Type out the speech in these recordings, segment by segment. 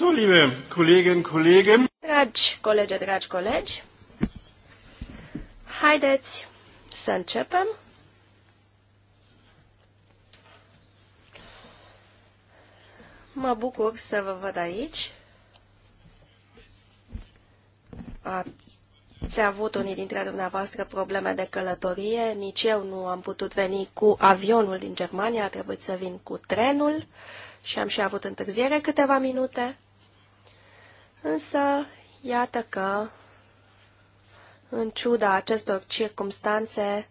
So, liebe Kolleginnen, Kollegen. Dragi colegi, dragi colegi, haideți să începem. Mă bucur să vă văd aici. Ați avut unii dintre dumneavoastră probleme de călătorie. Nici eu nu am putut veni cu avionul din Germania, a trebuit să vin cu trenul și am și avut întârziere câteva minute. Însă, iată că, în ciuda acestor circumstanțe,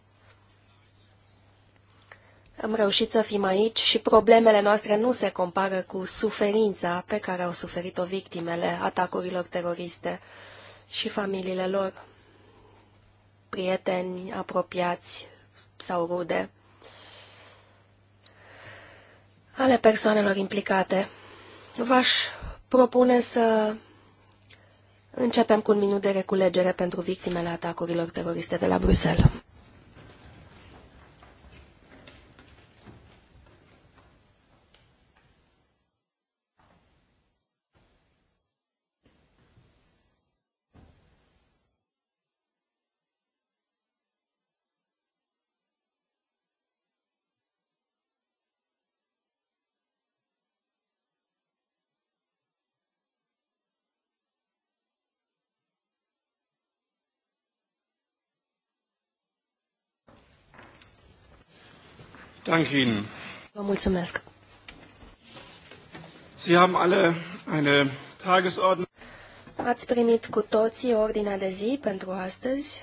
am reușit să fim aici și problemele noastre nu se compară cu suferința pe care au suferit-o victimele atacurilor teroriste și familiile lor, prieteni apropiați sau rude, ale persoanelor implicate. V-aș propune să Începem cu un minut de reculegere pentru victimele atacurilor teroriste de la Bruxelles. Danke Ihnen. Vă mulțumesc. Sie haben alle eine Tagesordnung. Ați primit cu toții ordinea de zi pentru astăzi.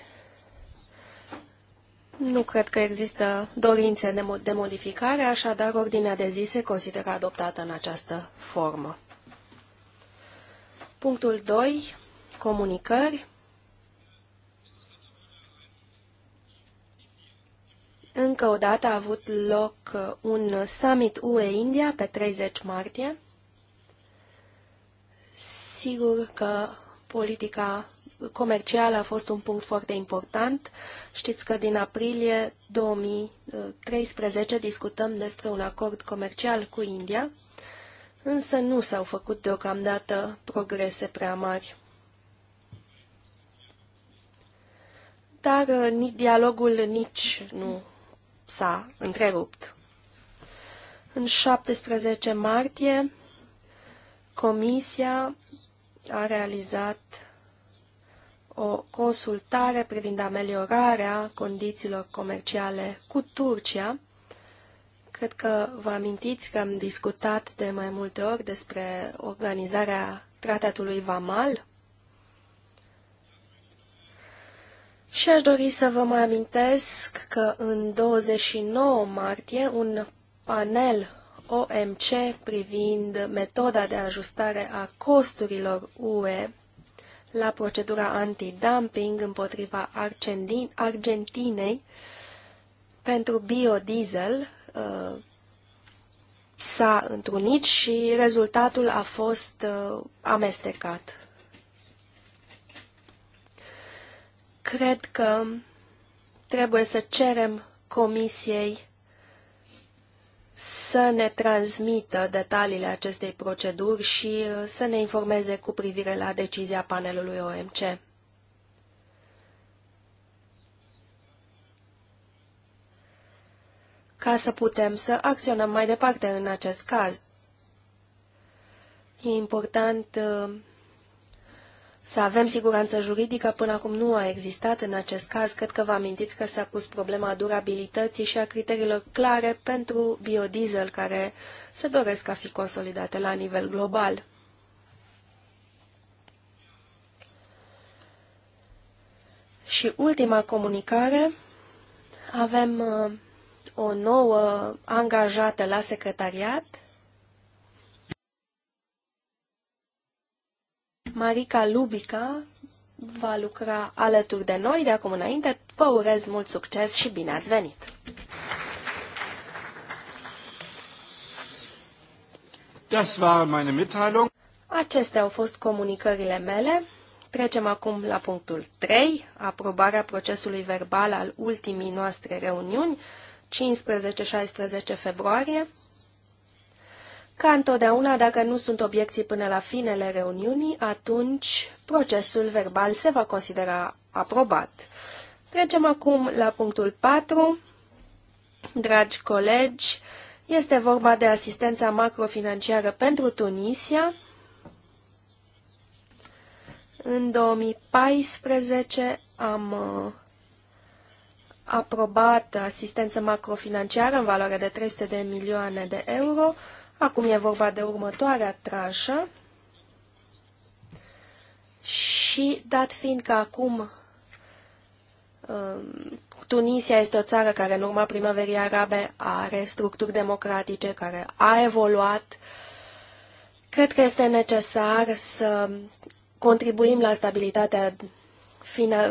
Nu cred că există dorințe de modificare, așadar ordinea de zi se consideră adoptată în această formă. Punctul 2. Comunicări. Încă o dată a avut loc uh, un summit UE-India pe 30 martie. Sigur că politica comercială a fost un punct foarte important. Știți că din aprilie 2013 discutăm despre un acord comercial cu India, însă nu s-au făcut deocamdată progrese prea mari. Dar uh, nici dialogul nici nu s-a întrerupt. În 17 martie, Comisia a realizat o consultare privind ameliorarea condițiilor comerciale cu Turcia. Cred că vă amintiți că am discutat de mai multe ori despre organizarea tratatului VAMAL, Și aș dori să vă mai amintesc că în 29 martie un panel OMC privind metoda de ajustare a costurilor UE la procedura antidumping împotriva Argentinei pentru biodiesel uh, s-a întrunit și rezultatul a fost uh, amestecat. Cred că trebuie să cerem comisiei să ne transmită detaliile acestei proceduri și uh, să ne informeze cu privire la decizia panelului OMC. ca să putem să acționăm mai departe în acest caz. E important uh, să avem siguranță juridică până acum nu a existat în acest caz. Cred că vă amintiți că s-a pus problema durabilității și a criteriilor clare pentru biodiesel care se doresc a fi consolidate la nivel global. Și ultima comunicare, avem uh, o nouă angajată la secretariat, Marica Lubica va lucra alături de noi de acum înainte. Vă urez mult succes și bine ați venit! Das war meine Mitteilung. Acestea au fost comunicările mele. Trecem acum la punctul 3, aprobarea procesului verbal al ultimii noastre reuniuni, 15-16 februarie. Ca întotdeauna, dacă nu sunt obiecții până la finele reuniunii, atunci procesul verbal se va considera aprobat. Trecem acum la punctul 4. Dragi colegi, este vorba de asistența macrofinanciară pentru Tunisia. În 2014 am uh, aprobat asistență macrofinanciară în valoare de 300 de milioane de euro Acum e vorba de următoarea tranșă și dat fiind că acum um, Tunisia este o țară care în urma primăverii arabe are structuri democratice, care a evoluat, cred că este necesar să contribuim la stabilitatea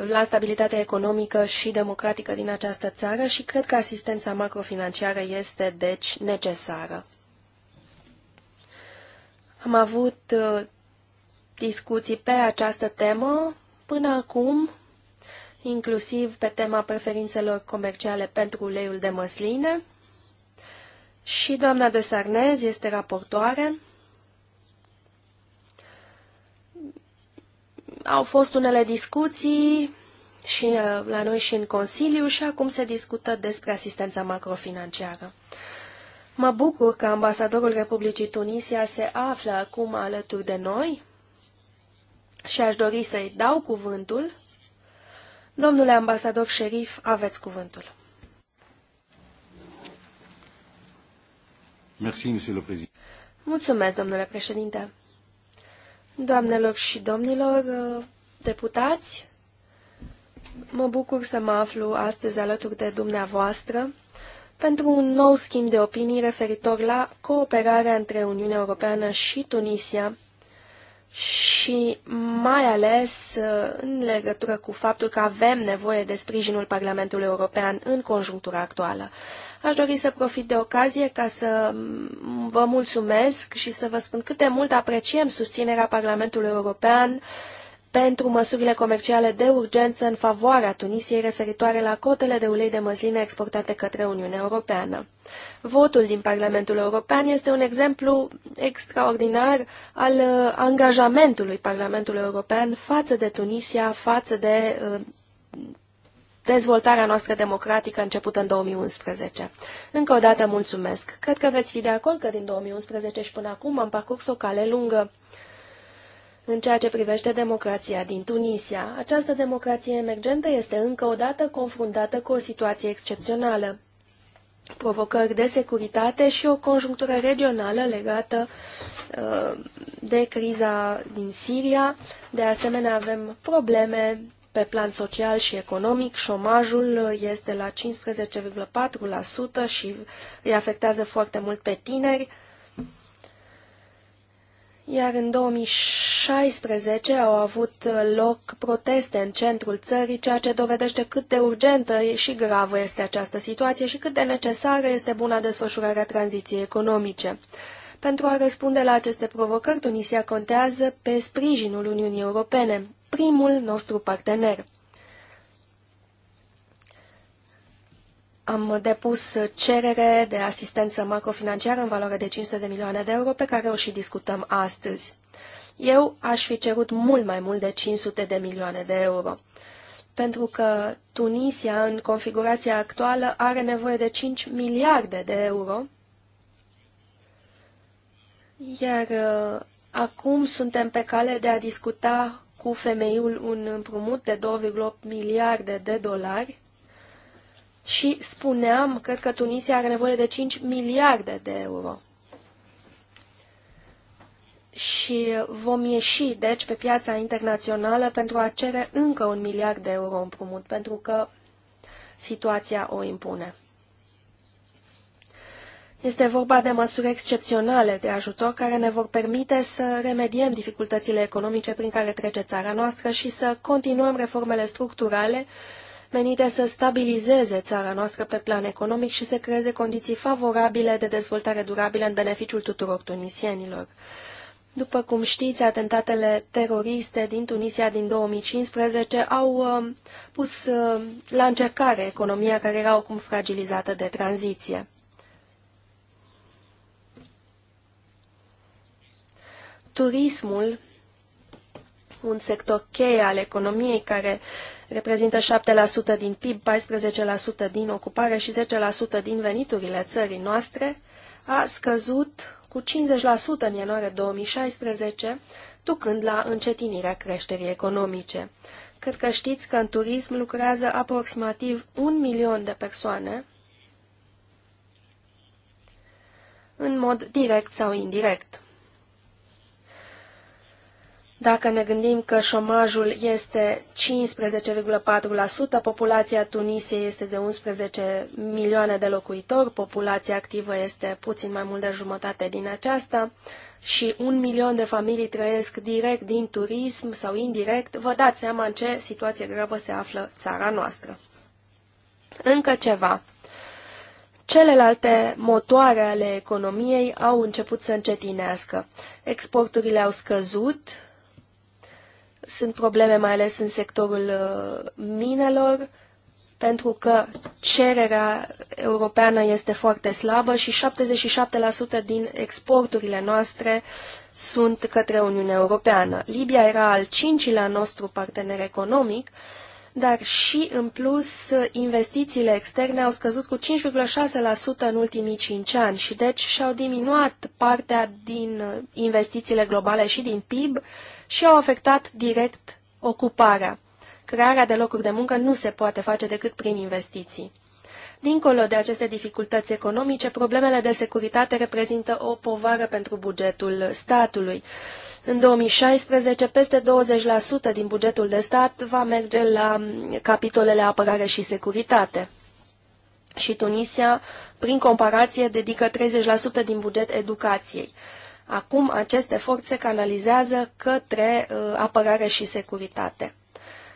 la stabilitatea economică și democratică din această țară și cred că asistența macrofinanciară este deci necesară. Am avut uh, discuții pe această temă până acum, inclusiv pe tema preferințelor comerciale pentru uleiul de măsline. Și doamna de Sarnez este raportoare. Au fost unele discuții și uh, la noi și în Consiliu și acum se discută despre asistența macrofinanciară. Mă bucur că ambasadorul Republicii Tunisia se află acum alături de noi și aș dori să-i dau cuvântul. Domnule ambasador șerif, aveți cuvântul. Merci, Mulțumesc, domnule președinte. Doamnelor și domnilor deputați, mă bucur să mă aflu astăzi alături de dumneavoastră pentru un nou schimb de opinii referitor la cooperarea între Uniunea Europeană și Tunisia și mai ales uh, în legătură cu faptul că avem nevoie de sprijinul Parlamentului European în conjunctura actuală. Aș dori să profit de ocazie ca să vă mulțumesc și să vă spun cât de mult apreciem susținerea Parlamentului European pentru măsurile comerciale de urgență în favoarea Tunisiei referitoare la cotele de ulei de măsline exportate către Uniunea Europeană. Votul din Parlamentul European este un exemplu extraordinar al uh, angajamentului Parlamentului European față de Tunisia, față de uh, dezvoltarea noastră democratică începută în 2011. Încă o dată mulțumesc. Cred că veți fi de acord că din 2011 și până acum am parcurs o cale lungă în ceea ce privește democrația din Tunisia. Această democrație emergentă este încă o dată confruntată cu o situație excepțională. Provocări de securitate și o conjunctură regională legată uh, de criza din Siria. De asemenea, avem probleme pe plan social și economic, șomajul este la 15,4% și îi afectează foarte mult pe tineri. Iar în 2016 au avut loc proteste în centrul țării, ceea ce dovedește cât de urgentă și gravă este această situație și cât de necesară este buna desfășurare a tranziției economice. Pentru a răspunde la aceste provocări, Tunisia contează pe sprijinul Uniunii Europene, primul nostru partener. Am depus cerere de asistență macrofinanciară în valoare de 500 de milioane de euro, pe care o și discutăm astăzi. Eu aș fi cerut mult mai mult de 500 de milioane de euro, pentru că Tunisia, în configurația actuală, are nevoie de 5 miliarde de euro, iar uh, acum suntem pe cale de a discuta cu femeiul un împrumut de 2,8 miliarde de dolari, și spuneam, cred că Tunisia are nevoie de 5 miliarde de euro. Și vom ieși, deci, pe piața internațională pentru a cere încă un miliard de euro împrumut, pentru că situația o impune. Este vorba de măsuri excepționale de ajutor care ne vor permite să remediem dificultățile economice prin care trece țara noastră și să continuăm reformele structurale menite să stabilizeze țara noastră pe plan economic și să creeze condiții favorabile de dezvoltare durabilă în beneficiul tuturor tunisienilor. După cum știți, atentatele teroriste din Tunisia din 2015 au uh, pus uh, la încercare economia care era acum fragilizată de tranziție. Turismul, un sector cheie al economiei care reprezintă 7% din PIB, 14% din ocupare și 10% din veniturile țării noastre, a scăzut cu 50% în ianuarie 2016, ducând la încetinirea creșterii economice. Cred că știți că în turism lucrează aproximativ un milion de persoane, în mod direct sau indirect. Dacă ne gândim că șomajul este 15,4%, populația Tunisiei este de 11 milioane de locuitori, populația activă este puțin mai mult de jumătate din aceasta și un milion de familii trăiesc direct din turism sau indirect, vă dați seama în ce situație gravă se află țara noastră. Încă ceva. Celelalte motoare ale economiei au început să încetinească. Exporturile au scăzut, sunt probleme mai ales în sectorul uh, minelor, pentru că cererea europeană este foarte slabă și 77% din exporturile noastre sunt către Uniunea Europeană. Libia era al cincilea nostru partener economic, dar și, în plus, investițiile externe au scăzut cu 5,6% în ultimii 5 ani și deci și-au diminuat partea din investițiile globale și din PIB, și au afectat direct ocuparea. Crearea de locuri de muncă nu se poate face decât prin investiții. Dincolo de aceste dificultăți economice, problemele de securitate reprezintă o povară pentru bugetul statului. În 2016, peste 20% din bugetul de stat va merge la capitolele apărare și securitate. Și Tunisia, prin comparație, dedică 30% din buget educației. Acum acest efort se canalizează către uh, apărare și securitate.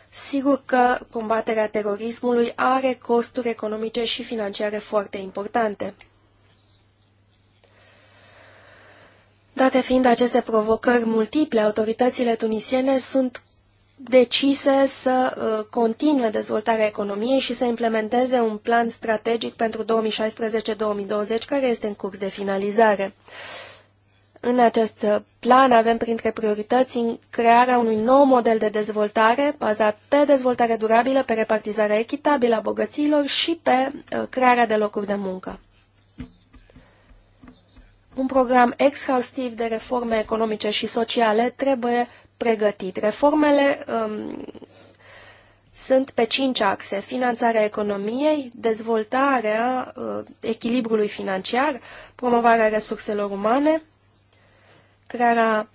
Sigur că combaterea terorismului are costuri economice și financiare foarte importante. Date fiind aceste provocări multiple, autoritățile tunisiene sunt decise să uh, continue dezvoltarea economiei și să implementeze un plan strategic pentru 2016-2020 care este în curs de finalizare. În acest plan avem printre priorități în crearea unui nou model de dezvoltare bazat pe dezvoltare durabilă, pe repartizarea echitabilă a bogăților și pe uh, crearea de locuri de muncă. Un program exhaustiv de reforme economice și sociale trebuie pregătit. Reformele um, sunt pe cinci axe. Finanțarea economiei, dezvoltarea uh, echilibrului financiar, promovarea resurselor umane, crearea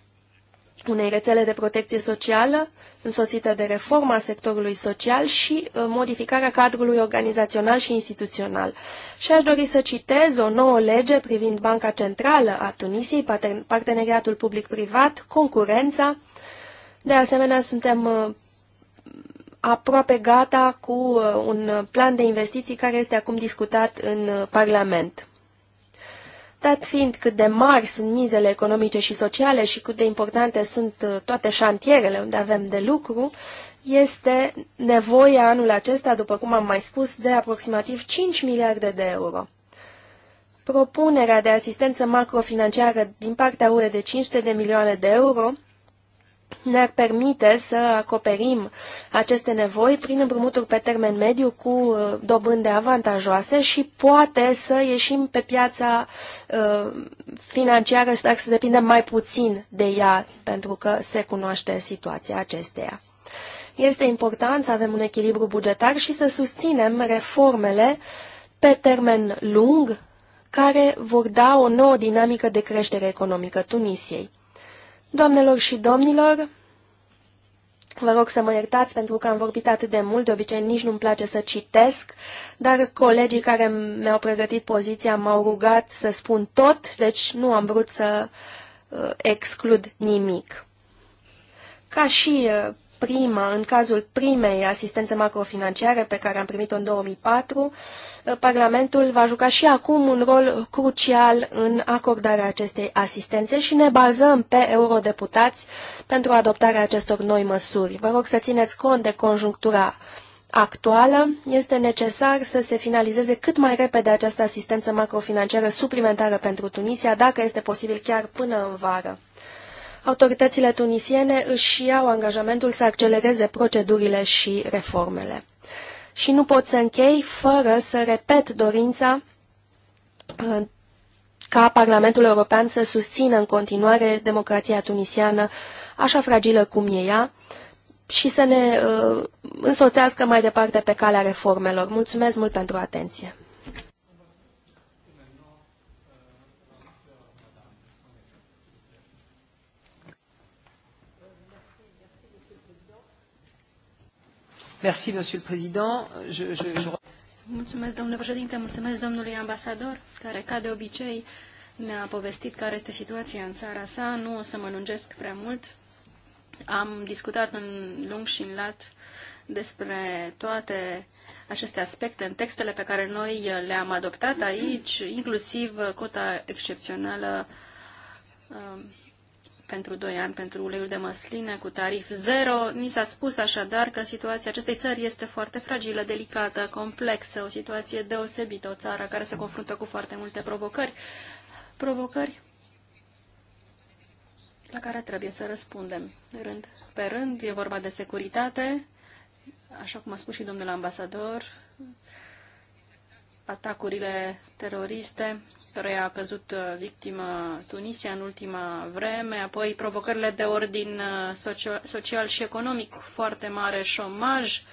unei rețele de protecție socială însoțită de reforma sectorului social și uh, modificarea cadrului organizațional și instituțional. Și aș dori să citez o nouă lege privind Banca Centrală a Tunisiei, parteneriatul public-privat, concurența. De asemenea, suntem uh, aproape gata cu uh, un plan de investiții care este acum discutat în Parlament. Dat fiind cât de mari sunt mizele economice și sociale și cât de importante sunt uh, toate șantierele unde avem de lucru, este nevoia anul acesta, după cum am mai spus, de aproximativ 5 miliarde de euro. Propunerea de asistență macrofinanciară din partea UE de 500 de milioane de euro ne-ar permite să acoperim aceste nevoi prin împrumuturi pe termen mediu cu uh, dobânde avantajoase și poate să ieșim pe piața uh, financiară, dar să depindem mai puțin de ea, pentru că se cunoaște situația acesteia. Este important să avem un echilibru bugetar și să susținem reformele pe termen lung care vor da o nouă dinamică de creștere economică Tunisiei. Doamnelor și domnilor, vă rog să mă iertați pentru că am vorbit atât de mult, de obicei nici nu-mi place să citesc, dar colegii care mi-au pregătit poziția m-au rugat să spun tot, deci nu am vrut să uh, exclud nimic. Ca și uh, prima, în cazul primei asistențe macrofinanciare pe care am primit-o în 2004, Parlamentul va juca și acum un rol crucial în acordarea acestei asistențe și ne bazăm pe eurodeputați pentru adoptarea acestor noi măsuri. Vă rog să țineți cont de conjunctura actuală, este necesar să se finalizeze cât mai repede această asistență macrofinanciară suplimentară pentru Tunisia, dacă este posibil chiar până în vară autoritățile tunisiene își iau angajamentul să accelereze procedurile și reformele. Și nu pot să închei fără să repet dorința uh, ca Parlamentul European să susțină în continuare democrația tunisiană, așa fragilă cum e ea, și să ne uh, însoțească mai departe pe calea reformelor. Mulțumesc mult pentru atenție! Mulțumesc, domnule președinte, mulțumesc domnului ambasador, care, ca de obicei, ne-a povestit care este situația în țara sa. Nu o să mă lungesc prea mult. Am discutat în lung și în lat despre toate aceste aspecte în textele pe care noi le-am adoptat aici, inclusiv cota excepțională um, pentru doi ani pentru uleiul de măsline cu tarif zero. Ni s-a spus așadar că situația acestei țări este foarte fragilă, delicată, complexă, o situație deosebită, o țară care se confruntă cu foarte multe provocări. Provocări la care trebuie să răspundem rând pe rând. E vorba de securitate, așa cum a spus și domnul ambasador, atacurile teroriste, căruia a căzut uh, victimă Tunisia în ultima vreme, apoi provocările de ordin uh, social și economic foarte mare, șomaj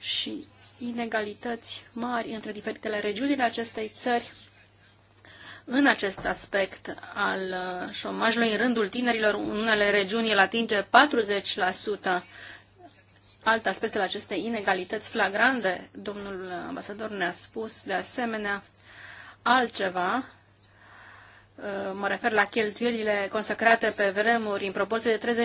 și inegalități mari între diferitele regiunile acestei țări. În acest aspect al uh, șomajului în rândul tinerilor, unele regiuni el atinge 40%. Alt aspect al acestei inegalități flagrante, domnul ambasador ne-a spus de asemenea, altceva, uh, mă refer la cheltuielile consacrate pe vremuri în proporție de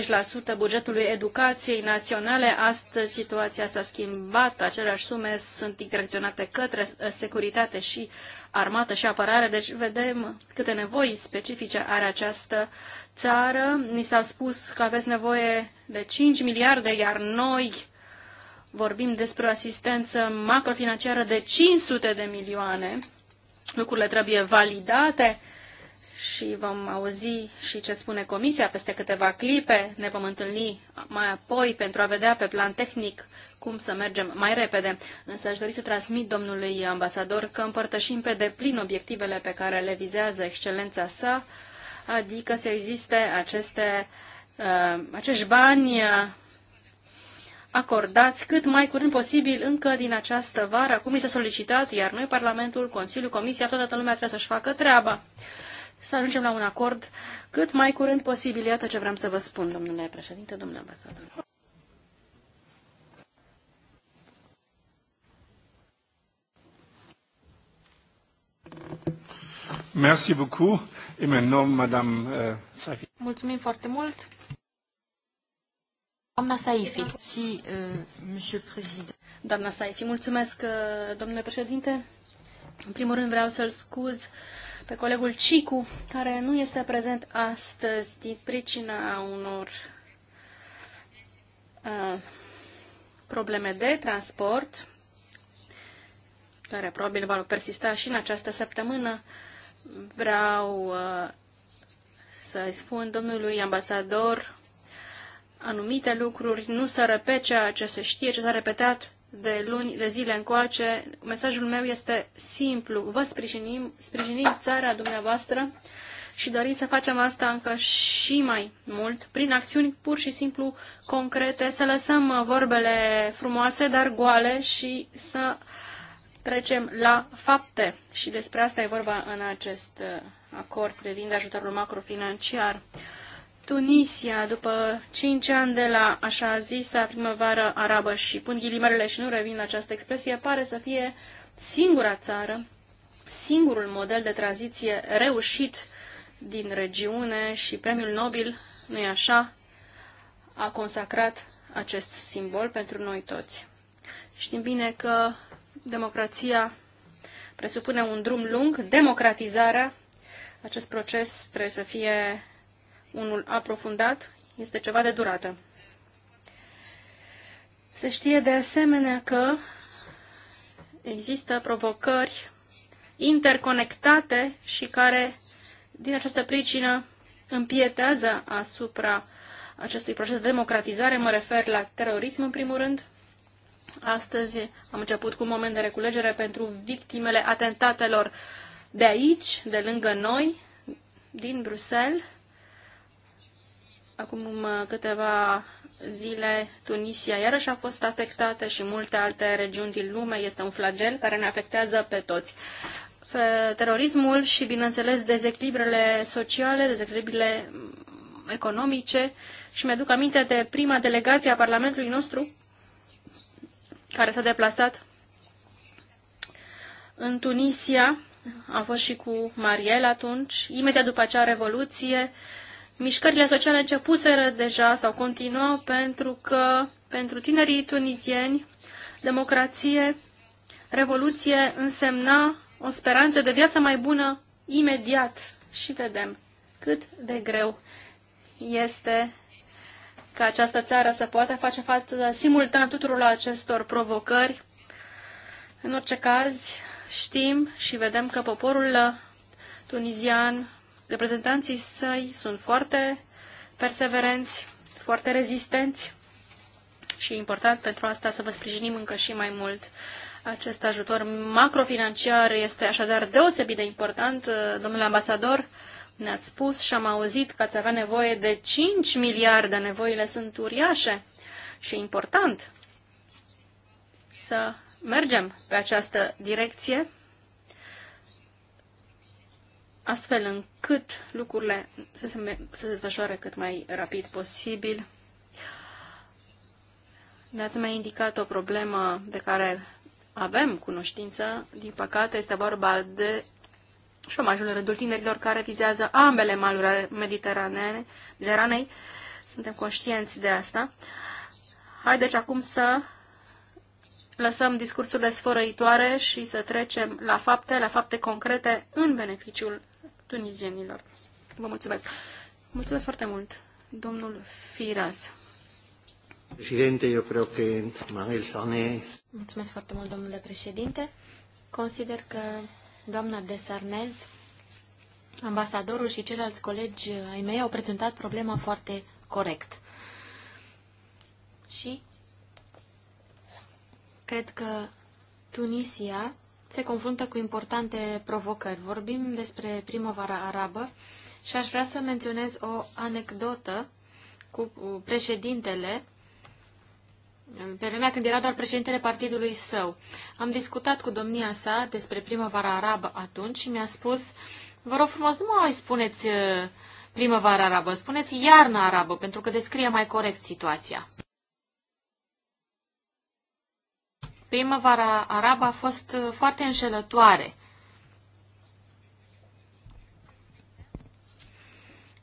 30% bugetului educației naționale. Astăzi situația s-a schimbat, aceleași sume sunt direcționate către securitate și armată și apărare, deci vedem câte nevoi specifice are această țară. Ni s-a spus că aveți nevoie de 5 miliarde, iar noi vorbim despre o asistență macrofinanciară de 500 de milioane lucrurile trebuie validate și vom auzi și ce spune Comisia peste câteva clipe. Ne vom întâlni mai apoi pentru a vedea pe plan tehnic cum să mergem mai repede. Însă aș dori să transmit domnului ambasador că împărtășim pe deplin obiectivele pe care le vizează excelența sa, adică să existe aceste, uh, acești bani uh, acordați cât mai curând posibil încă din această vară. Acum este solicitat, iar noi, Parlamentul, Consiliul, Comisia, toată lumea trebuie să-și facă treaba. Să ajungem la un acord cât mai curând posibil. Iată ce vreau să vă spun, domnule președinte, domnule ambasador. Euh, Mulțumim foarte mult. Doamna Saifi. Si, uh, Doamna Saifi, mulțumesc, uh, domnule președinte. În primul rând vreau să-l scuz pe colegul Cicu, care nu este prezent astăzi din pricina unor uh, probleme de transport, care probabil va persista și în această săptămână. Vreau uh, să-i spun domnului ambasador anumite lucruri, nu să repet ceea ce se știe, ce s-a repetat de luni, de zile încoace. Mesajul meu este simplu. Vă sprijinim, sprijinim țara dumneavoastră și dorim să facem asta încă și mai mult, prin acțiuni pur și simplu concrete, să lăsăm vorbele frumoase, dar goale și să trecem la fapte. Și despre asta e vorba în acest uh, acord privind ajutorul macrofinanciar. Tunisia, după 5 ani de la așa zisa primăvară arabă și pun ghilimelele și nu revin această expresie, pare să fie singura țară, singurul model de tranziție reușit din regiune și premiul Nobel, nu e așa, a consacrat acest simbol pentru noi toți. Știm bine că democrația presupune un drum lung, democratizarea, acest proces trebuie să fie unul aprofundat, este ceva de durată. Se știe de asemenea că există provocări interconectate și care, din această pricină, împietează asupra acestui proces de democratizare. Mă refer la terorism, în primul rând. Astăzi am început cu un moment de reculegere pentru victimele atentatelor de aici, de lângă noi, din Bruxelles Acum um, câteva zile Tunisia iarăși a fost afectată și multe alte regiuni din lume. Este un flagel care ne afectează pe toți. Terorismul și, bineînțeles, dezechilibrele sociale, dezechilibrele um, economice și mi-aduc aminte de prima delegație a Parlamentului nostru care s-a deplasat în Tunisia, a fost și cu Mariel atunci, imediat după acea revoluție, uh, Mișcările sociale începuseră deja sau continuau pentru că pentru tinerii tunizieni democrație, revoluție însemna o speranță de viață mai bună imediat și vedem cât de greu este ca această țară să poată face față simultan tuturor acestor provocări. În orice caz, știm și vedem că poporul tunizian reprezentanții săi sunt foarte perseverenți, foarte rezistenți și e important pentru asta să vă sprijinim încă și mai mult. Acest ajutor macrofinanciar este așadar deosebit de important. Domnule ambasador, ne-ați spus și am auzit că ați avea nevoie de 5 miliarde, nevoile sunt uriașe și e important să mergem pe această direcție astfel încât lucrurile să se, să se desfășoare cât mai rapid posibil. Ne-ați mai indicat o problemă de care avem cunoștință, din păcate, este vorba de șomajul în rândul tinerilor care vizează ambele maluri ale Mediteranei. Suntem conștienți de asta. Haideți acum să lăsăm discursurile sfărăitoare și să trecem la fapte, la fapte concrete în beneficiul tunizienilor. Vă mulțumesc. Mulțumesc foarte mult, domnul Firas. Președinte, eu cred că Manuel Sane... Mulțumesc foarte mult, domnule președinte. Consider că doamna de Sarnez, ambasadorul și ceilalți colegi ai mei au prezentat problema foarte corect. Și cred că Tunisia se confruntă cu importante provocări. Vorbim despre primăvara arabă și aș vrea să menționez o anecdotă cu președintele pe vremea când era doar președintele partidului său. Am discutat cu domnia sa despre primăvara arabă atunci și mi-a spus, vă rog frumos, nu mai spuneți uh, primăvara arabă, spuneți iarna arabă, pentru că descrie mai corect situația. primăvara arabă a fost uh, foarte înșelătoare.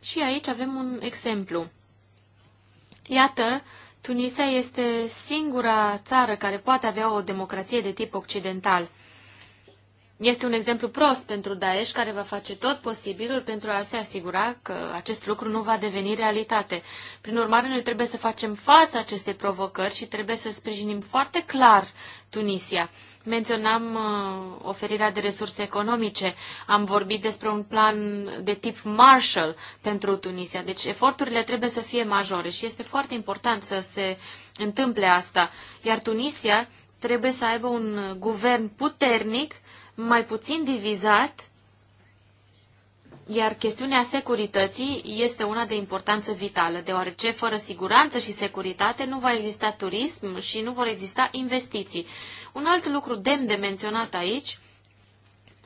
Și aici avem un exemplu. Iată, Tunisia este singura țară care poate avea o democrație de tip occidental – este un exemplu prost pentru Daesh, care va face tot posibilul pentru a se asigura că acest lucru nu va deveni realitate. Prin urmare, noi trebuie să facem față acestei provocări și trebuie să sprijinim foarte clar Tunisia. Menționam uh, oferirea de resurse economice, am vorbit despre un plan de tip Marshall pentru Tunisia. Deci eforturile trebuie să fie majore și este foarte important să se întâmple asta. Iar Tunisia trebuie să aibă un guvern puternic mai puțin divizat, iar chestiunea securității este una de importanță vitală, deoarece fără siguranță și securitate nu va exista turism și nu vor exista investiții. Un alt lucru demn de menționat aici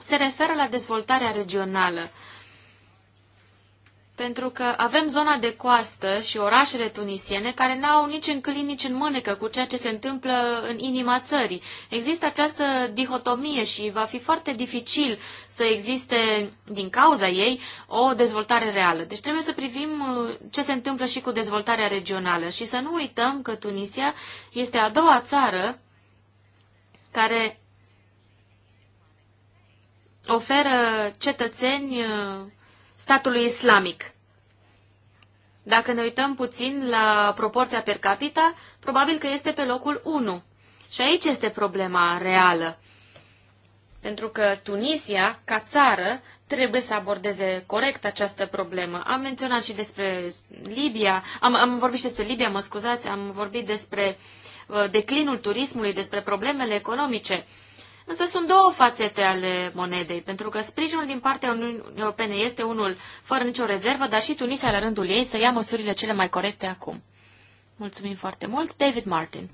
se referă la dezvoltarea regională. Uh, pentru că avem zona de coastă și orașele tunisiene care n-au nici în clin, nici în mânecă cu ceea ce se întâmplă în inima țării. Există această dihotomie și va fi foarte dificil să existe, din cauza ei, o dezvoltare reală. Deci trebuie să privim uh, ce se întâmplă și cu dezvoltarea regională și să nu uităm că Tunisia este a doua țară care oferă cetățeni uh, statului islamic. Dacă ne uităm puțin la proporția per capita, probabil că este pe locul 1. Și aici este problema reală. Pentru că Tunisia, ca țară, trebuie să abordeze corect această problemă. Am menționat și despre Libia, am, am vorbit și despre Libia, mă scuzați, am vorbit despre uh, declinul turismului, despre problemele economice. Însă sunt două fațete ale monedei, pentru că sprijinul din partea Uniunii Europene este unul fără nicio rezervă, dar și Tunisia, la rândul ei, să ia măsurile cele mai corecte acum. Mulțumim foarte mult. David Martin.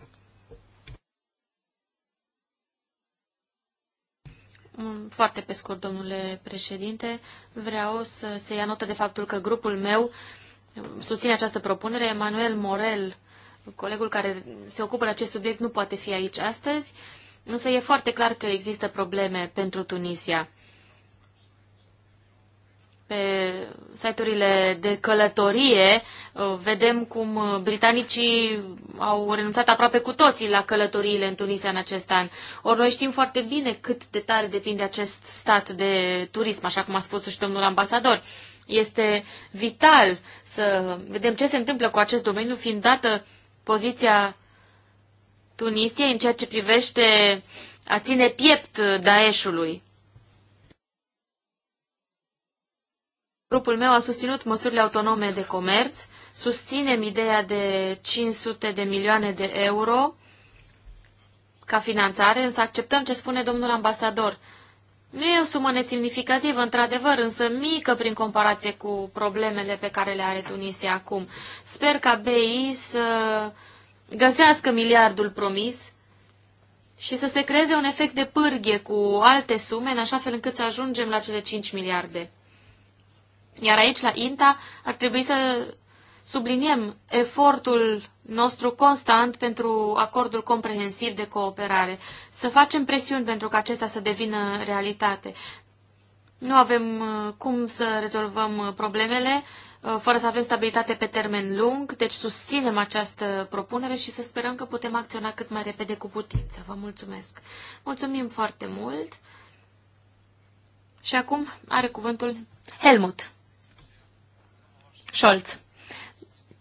Mm, foarte pe scurt, domnule președinte, vreau să se ia notă de faptul că grupul meu mm, susține această propunere. Emanuel Morel, colegul care se ocupă de acest subiect, nu poate fi aici astăzi însă e foarte clar că există probleme pentru Tunisia. Pe site-urile de călătorie uh, vedem cum uh, britanicii au renunțat aproape cu toții la călătoriile în Tunisia în acest an. Ori noi știm foarte bine cât de tare depinde acest stat de turism, așa cum a spus și domnul ambasador. Este vital să vedem ce se întâmplă cu acest domeniu, fiind dată poziția Tunisiei în ceea ce privește a ține piept Daeshului. Grupul meu a susținut măsurile autonome de comerț, susținem ideea de 500 de milioane de euro ca finanțare, însă acceptăm ce spune domnul ambasador. Nu e o sumă nesemnificativă, într-adevăr, însă mică prin comparație cu problemele pe care le are Tunisia acum. Sper ca BI să găsească miliardul promis și să se creeze un efect de pârghie cu alte sume, în așa fel încât să ajungem la cele 5 miliarde. Iar aici, la INTA, ar trebui să subliniem efortul nostru constant pentru acordul comprehensiv de cooperare, să facem presiuni pentru ca acesta să devină realitate. Nu avem uh, cum să rezolvăm uh, problemele Uh, fără să avem stabilitate pe termen lung, deci susținem această propunere și să sperăm că putem acționa cât mai repede cu putință. Vă mulțumesc! Mulțumim foarte mult! Și acum are cuvântul Helmut Scholz.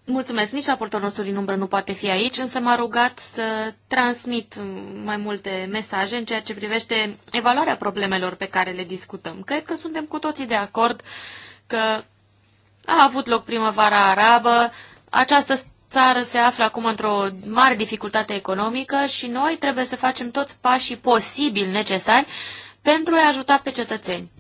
Mulțumesc, nici raportorul nostru din umbră nu poate fi aici, însă m-a rugat să transmit mai multe mesaje în ceea ce privește evaluarea problemelor pe care le discutăm. Cred că suntem cu toții de acord că a avut loc primăvara arabă, această țară se află acum într-o mare dificultate economică și noi trebuie să facem toți pașii posibil necesari pentru a ajuta pe cetățeni.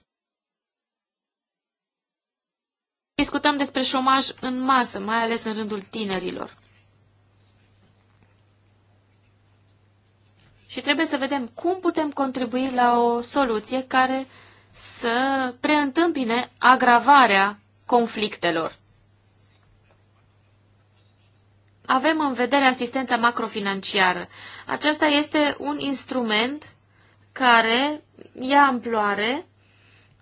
Discutăm despre șomaj în masă, mai ales în rândul tinerilor. Și trebuie să vedem cum putem contribui la o soluție care să preîntâmpine agravarea conflictelor. Avem în vedere asistența macrofinanciară. Aceasta este un instrument care ia amploare,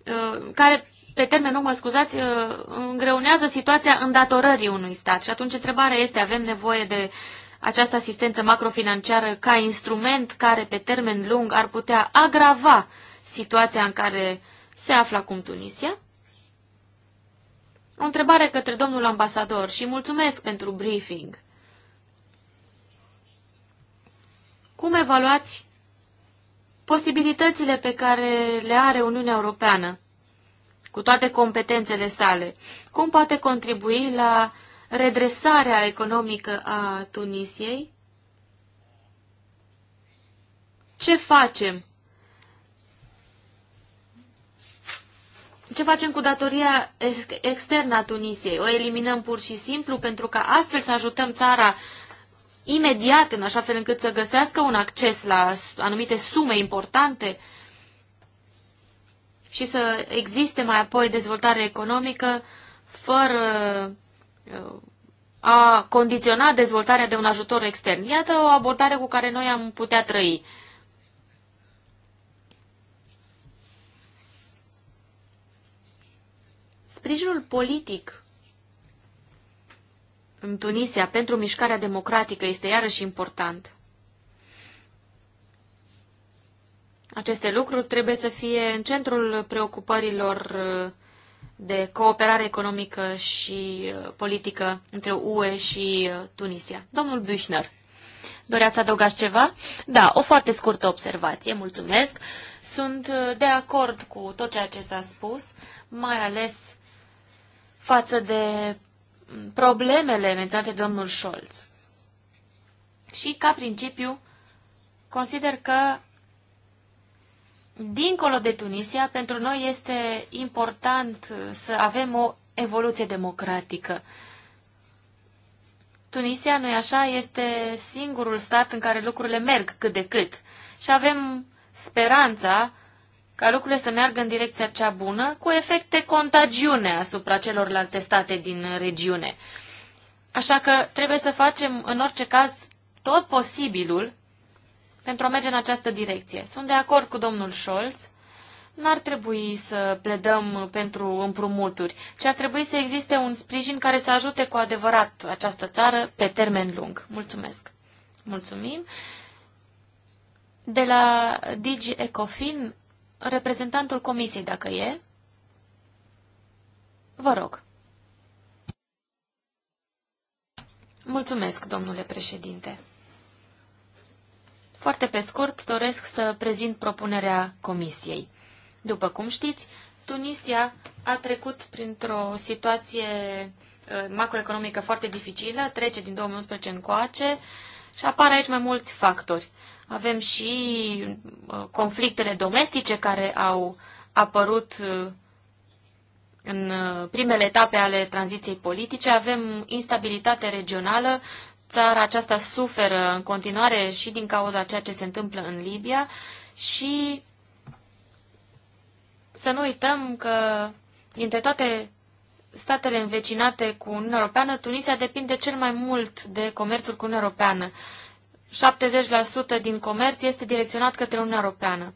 uh, care pe termen lung, mă scuzați, uh, îngreunează situația îndatorării unui stat. Și atunci întrebarea este, avem nevoie de această asistență macrofinanciară ca instrument care pe termen lung ar putea agrava situația în care se află acum Tunisia? O întrebare către domnul ambasador și mulțumesc pentru briefing. Cum evaluați posibilitățile pe care le are Uniunea Europeană, cu toate competențele sale? Cum poate contribui la redresarea economică a Tunisiei? Ce facem Ce facem cu datoria externă a Tunisiei? O eliminăm pur și simplu pentru că astfel să ajutăm țara imediat, în așa fel încât să găsească un acces la anumite sume importante și să existe mai apoi dezvoltare economică fără uh, a condiționa dezvoltarea de un ajutor extern. Iată o abordare cu care noi am putea trăi. Sprijinul politic în Tunisia pentru mișcarea democratică este iarăși important. Aceste lucruri trebuie să fie în centrul preocupărilor uh, de cooperare economică și uh, politică între UE și uh, Tunisia. Domnul Büchner, doreați să adăugați ceva? Da, o foarte scurtă observație, mulțumesc. Sunt de acord cu tot ceea ce s-a spus, mai ales față de problemele menționate de domnul Scholz. Și, ca principiu, consider că, dincolo de Tunisia, pentru noi este important să avem o evoluție democratică. Tunisia, nu așa, este singurul stat în care lucrurile merg cât de cât. Și avem speranța ca lucrurile să meargă în direcția cea bună, cu efecte contagiune asupra celorlalte state din regiune. Așa că trebuie să facem, în orice caz, tot posibilul pentru a merge în această direcție. Sunt de acord cu domnul Scholz. N-ar trebui să pledăm pentru împrumuturi, ci ar trebui să existe un sprijin care să ajute cu adevărat această țară pe termen lung. Mulțumesc! Mulțumim! De la Digi Ecofin reprezentantul comisiei, dacă e. Vă rog. Mulțumesc, domnule președinte. Foarte pe scurt, doresc să prezint propunerea comisiei. După cum știți, Tunisia a trecut printr-o situație uh, macroeconomică foarte dificilă, trece din 2011 încoace și apar aici mai mulți factori. Avem și uh, conflictele domestice care au apărut uh, în uh, primele etape ale tranziției politice. Avem instabilitate regională. Țara aceasta suferă în continuare și din cauza ceea ce se întâmplă în Libia și să nu uităm că dintre toate statele învecinate cu Uniunea Europeană, Tunisia depinde cel mai mult de comerțul cu Uniunea Europeană. 70% din comerț este direcționat către Uniunea Europeană.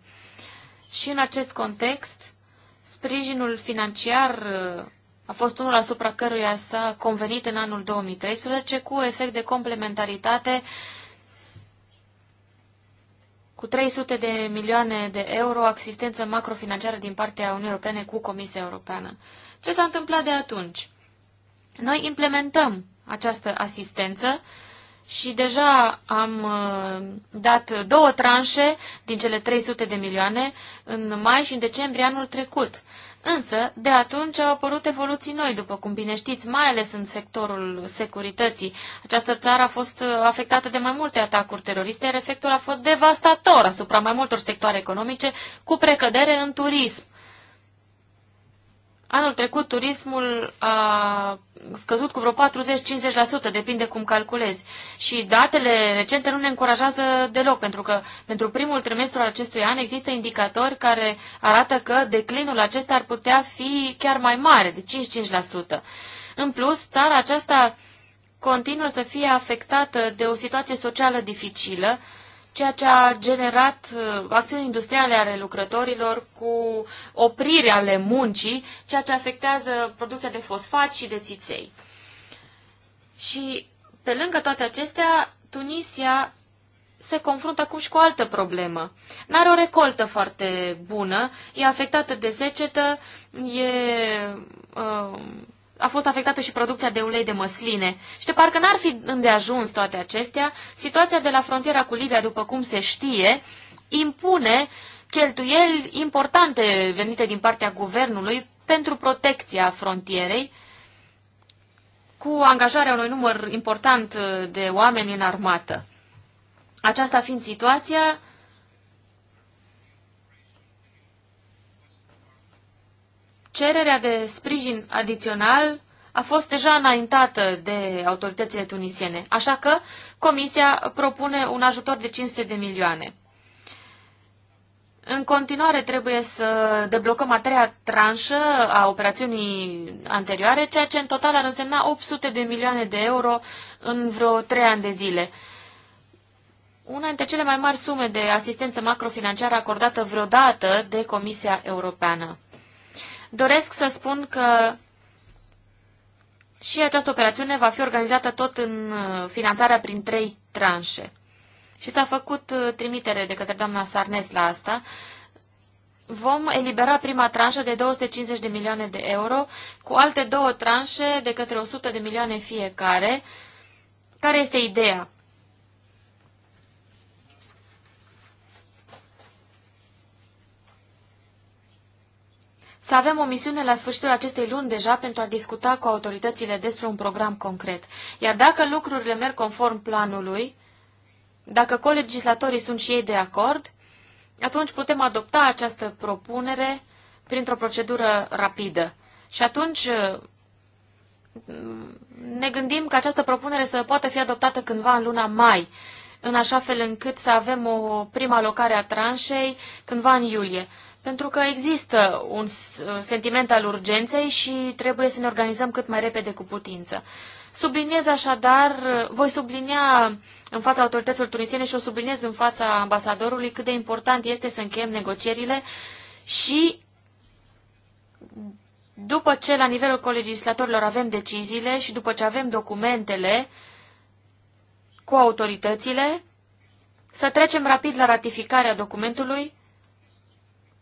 Și în acest context, sprijinul financiar uh, a fost unul asupra căruia s-a convenit în anul 2013 cu efect de complementaritate cu 300 de milioane de euro asistență macrofinanciară din partea Uniunii Europene cu Comisia Europeană. Ce s-a întâmplat de atunci? Noi implementăm această asistență și deja am uh, dat două tranșe din cele 300 de milioane în mai și în decembrie anul trecut. Însă, de atunci au apărut evoluții noi, după cum bine știți, mai ales în sectorul securității. Această țară a fost uh, afectată de mai multe atacuri teroriste, iar efectul a fost devastator asupra mai multor sectoare economice, cu precădere în turism. Anul trecut turismul a scăzut cu vreo 40-50%, depinde cum calculezi. Și datele recente nu ne încurajează deloc, pentru că pentru primul trimestru al acestui an există indicatori care arată că declinul acesta ar putea fi chiar mai mare, de 5-5%. În plus, țara aceasta continuă să fie afectată de o situație socială dificilă, ceea ce a generat uh, acțiuni industriale ale lucrătorilor cu oprire ale muncii, ceea ce afectează producția de fosfat și de țiței. Și pe lângă toate acestea, Tunisia se confruntă acum și cu o altă problemă. N-are o recoltă foarte bună, e afectată de secetă, e uh, a fost afectată și producția de ulei de măsline. Și de parcă n-ar fi îndeajuns toate acestea, situația de la frontiera cu Libia, după cum se știe, impune cheltuieli importante venite din partea guvernului pentru protecția frontierei, cu angajarea unui număr important de oameni în armată. Aceasta fiind situația, Cererea de sprijin adițional a fost deja înaintată de autoritățile tunisiene, așa că Comisia propune un ajutor de 500 de milioane. În continuare trebuie să deblocăm a treia tranșă a operațiunii anterioare, ceea ce în total ar însemna 800 de milioane de euro în vreo trei ani de zile. Una dintre cele mai mari sume de asistență macrofinanciară acordată vreodată de Comisia Europeană. Doresc să spun că și această operațiune va fi organizată tot în uh, finanțarea prin trei tranșe. Și s-a făcut uh, trimitere de către doamna Sarnes la asta. Vom elibera prima tranșă de 250 de milioane de euro cu alte două tranșe de către 100 de milioane fiecare. Care este ideea? să avem o misiune la sfârșitul acestei luni deja pentru a discuta cu autoritățile despre un program concret. Iar dacă lucrurile merg conform planului, dacă colegislatorii sunt și ei de acord, atunci putem adopta această propunere printr-o procedură rapidă. Și atunci mm, ne gândim că această propunere să poată fi adoptată cândva în luna mai, în așa fel încât să avem o prima alocare a tranșei cândva în iulie. Pentru că există un uh, sentiment al urgenței și trebuie să ne organizăm cât mai repede cu putință. Subliniez așadar, uh, voi sublinia în fața autorităților tunisiene și o subliniez în fața ambasadorului cât de important este să încheiem negocierile și după ce la nivelul colegislatorilor avem deciziile și după ce avem documentele cu autoritățile, să trecem rapid la ratificarea documentului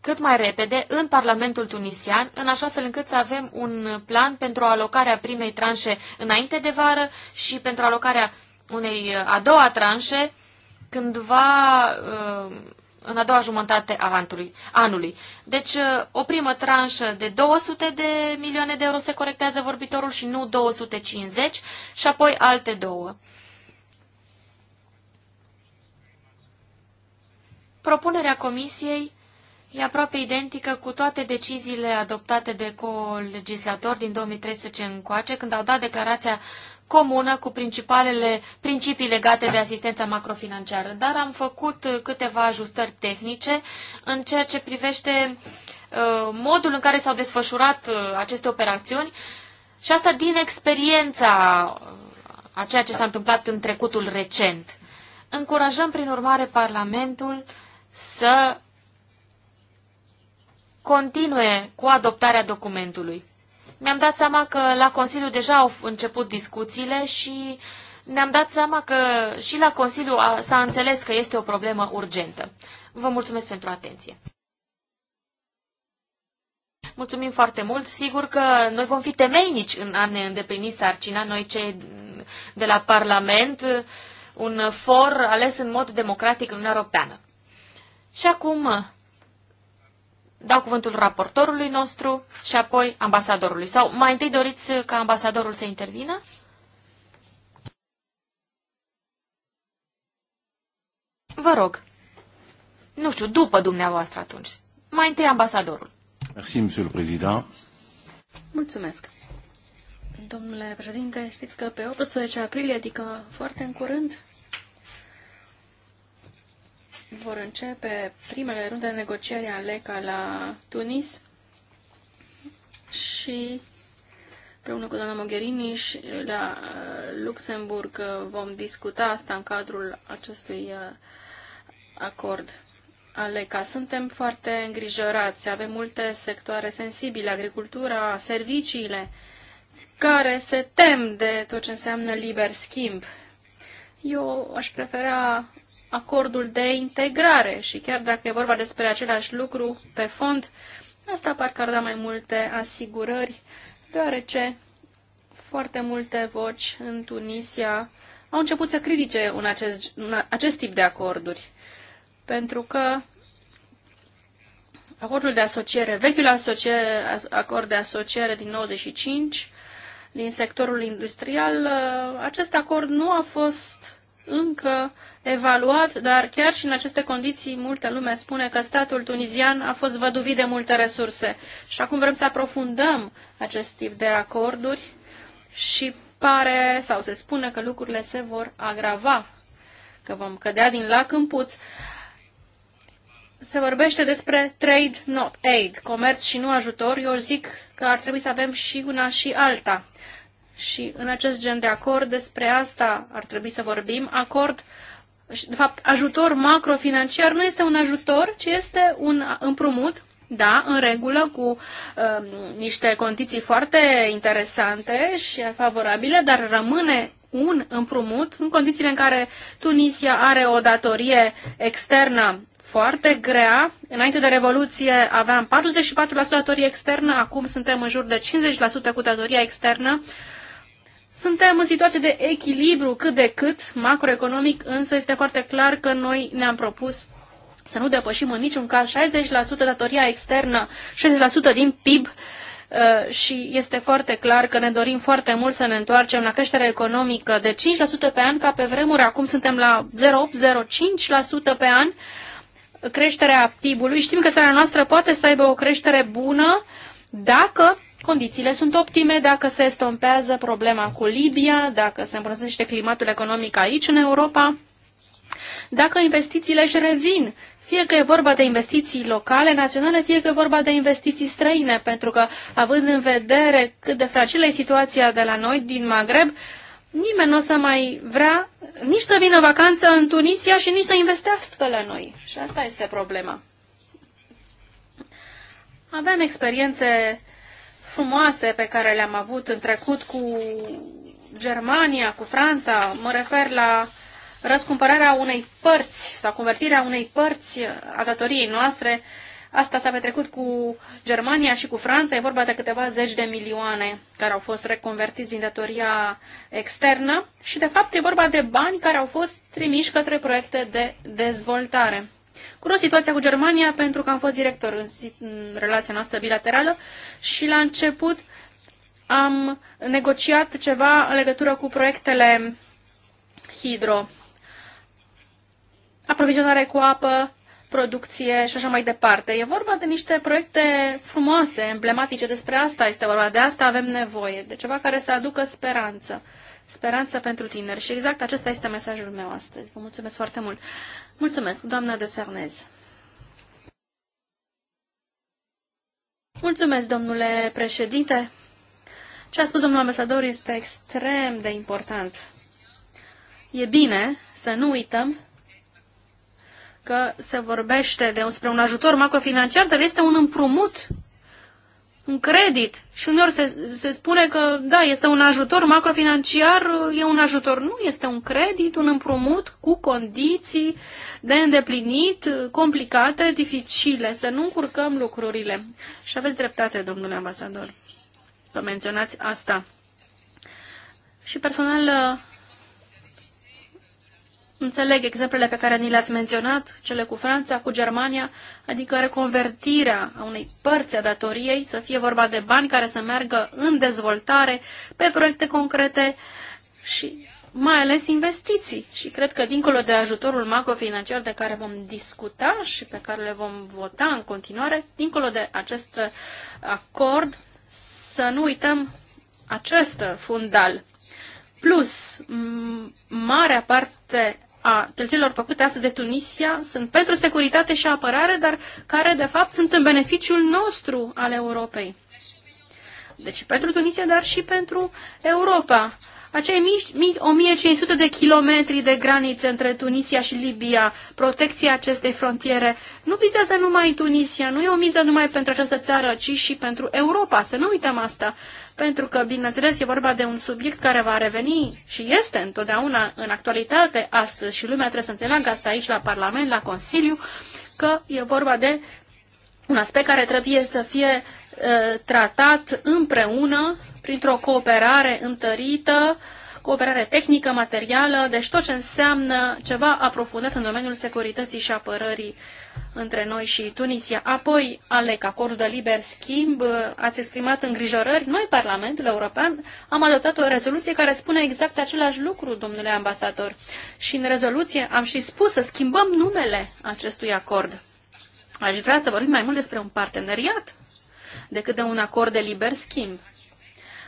cât mai repede în Parlamentul tunisian, în așa fel încât să avem un plan pentru alocarea primei tranșe înainte de vară și pentru alocarea unei uh, a doua tranșe cândva uh, în a doua jumătate a anului. Deci uh, o primă tranșă de 200 de milioane de euro se corectează vorbitorul și nu 250 și apoi alte două. Propunerea comisiei e aproape identică cu toate deciziile adoptate de co-legislatori din 2013 încoace, când au dat declarația comună cu principalele principii legate de asistența macrofinanciară, dar am făcut câteva ajustări tehnice în ceea ce privește uh, modul în care s-au desfășurat uh, aceste operațiuni și asta din experiența uh, a ceea ce s-a întâmplat în trecutul recent. Încurajăm, prin urmare, Parlamentul să continue cu adoptarea documentului. Mi-am dat seama că la Consiliu deja au început discuțiile și ne-am dat seama că și la Consiliu s-a înțeles că este o problemă urgentă. Vă mulțumesc pentru atenție. Mulțumim foarte mult. Sigur că noi vom fi temeinici în a ne îndeplini sarcina, noi cei de la Parlament, un for ales în mod democratic în Uniunea Europeană. Și acum dau cuvântul raportorului nostru și apoi ambasadorului. Sau mai întâi doriți ca ambasadorul să intervină? Vă rog. Nu știu, după dumneavoastră atunci. Mai întâi ambasadorul. Merci, monsieur le président. Mulțumesc. Domnule președinte, știți că pe 18 aprilie, adică foarte în curând, vor începe primele runde de negocieri ale ca la Tunis și împreună cu doamna Mogherini și la uh, Luxemburg uh, vom discuta asta în cadrul acestui uh, acord. Aleca, suntem foarte îngrijorați. Avem multe sectoare sensibile, agricultura, serviciile, care se tem de tot ce înseamnă liber schimb. Eu aș prefera acordul de integrare și chiar dacă e vorba despre același lucru pe fond, asta parcă ar da mai multe asigurări, deoarece foarte multe voci în Tunisia au început să critique un acest, un acest tip de acorduri, pentru că acordul de asociere, vechiul asociere, acord de asociere din 95, din sectorul industrial, ă, acest acord nu a fost încă evaluat, dar chiar și în aceste condiții multă lume spune că statul tunizian a fost văduvit de multe resurse. Și acum vrem să aprofundăm acest tip de acorduri și pare sau se spune că lucrurile se vor agrava, că vom cădea din lac în puț. Se vorbește despre trade, not aid, comerț și nu ajutor. Eu zic că ar trebui să avem și una și alta și în acest gen de acord, despre asta ar trebui să vorbim, acord, de fapt, ajutor macrofinanciar nu este un ajutor, ci este un împrumut, da, în regulă, cu uh, niște condiții foarte interesante și favorabile, dar rămâne un împrumut în condițiile în care Tunisia are o datorie externă foarte grea. Înainte de Revoluție aveam 44% datorie externă, acum suntem în jur de 50% cu datoria externă. Uh, suntem în situație de echilibru cât de cât macroeconomic, însă este foarte clar că noi ne-am propus să nu depășim în niciun caz 60% datoria externă, 60% din PIB uh, și este foarte clar că ne dorim foarte mult să ne întoarcem la creștere economică de 5% pe an, ca pe vremuri acum suntem la 0,8-0,5% pe an creșterea PIB-ului. Știm că țara noastră poate să aibă o creștere bună dacă Condițiile sunt optime dacă se estompează problema cu Libia, dacă se îmbunătățește climatul economic aici, în Europa, dacă investițiile își revin, fie că e vorba de investiții locale, naționale, fie că e vorba de investiții străine, pentru că, având în vedere cât de fragilă e situația de la noi, din Maghreb, nimeni nu o să mai vrea nici să vină vacanță în Tunisia și nici să investească la noi. Și asta este problema. Avem experiențe frumoase pe care le-am avut în trecut cu Germania, cu Franța, mă refer la răscumpărarea unei părți sau convertirea unei părți a datoriei noastre. Asta s-a petrecut cu Germania și cu Franța, e vorba de câteva zeci de milioane care au fost reconvertiți din datoria externă și, de fapt, e vorba de bani care au fost trimiși către proiecte de dezvoltare. Cunosc situația cu Germania pentru că am fost director în, în relația noastră bilaterală și la început am negociat ceva în legătură cu proiectele hidro, aprovizionare cu apă, producție și așa mai departe. E vorba de niște proiecte frumoase, emblematice, despre asta este vorba, de asta avem nevoie, de ceva care să aducă speranță. Speranță pentru tineri și exact acesta este mesajul meu astăzi. Vă mulțumesc foarte mult. Mulțumesc, doamna de Sarnez. Mulțumesc, domnule președinte. Ce a spus domnul ambasador este extrem de important. E bine să nu uităm că se vorbește despre un ajutor macrofinanciar, dar este un împrumut un credit și uneori se, se spune că, da, este un ajutor macrofinanciar, e un ajutor. Nu, este un credit, un împrumut cu condiții de îndeplinit, complicate, dificile. Să nu încurcăm lucrurile. Și aveți dreptate, domnule ambasador, că menționați asta. Și personal Înțeleg exemplele pe care ni le-ați menționat, cele cu Franța, cu Germania, adică reconvertirea a unei părți a datoriei, să fie vorba de bani care să meargă în dezvoltare, pe proiecte concrete și mai ales investiții. Și cred că dincolo de ajutorul macrofinanciar de care vom discuta și pe care le vom vota în continuare, dincolo de acest acord, să nu uităm acest fundal. Plus, marea parte a cheltuielor făcute astăzi de Tunisia sunt pentru securitate și apărare, dar care, de fapt, sunt în beneficiul nostru al Europei. Deci pentru Tunisia, dar și pentru Europa acei mici, 1500 de kilometri de graniță între Tunisia și Libia, protecția acestei frontiere, nu vizează numai Tunisia, nu e o miză numai pentru această țară, ci și pentru Europa. Să nu uităm asta, pentru că, bineînțeles, e vorba de un subiect care va reveni și este întotdeauna în actualitate astăzi și lumea trebuie să înțeleagă asta aici la Parlament, la Consiliu, că e vorba de un aspect care trebuie să fie Uh, tratat împreună, printr-o cooperare întărită, cooperare tehnică, materială, deci tot ce înseamnă ceva aprofundat în domeniul securității și apărării între noi și Tunisia. Apoi, Alec, acordul de liber schimb, uh, ați exprimat îngrijorări. Noi, Parlamentul European, am adoptat o rezoluție care spune exact același lucru, domnule ambasador. Și în rezoluție am și spus să schimbăm numele acestui acord. Aș vrea să vorbim mai mult despre un parteneriat decât de un acord de liber schimb.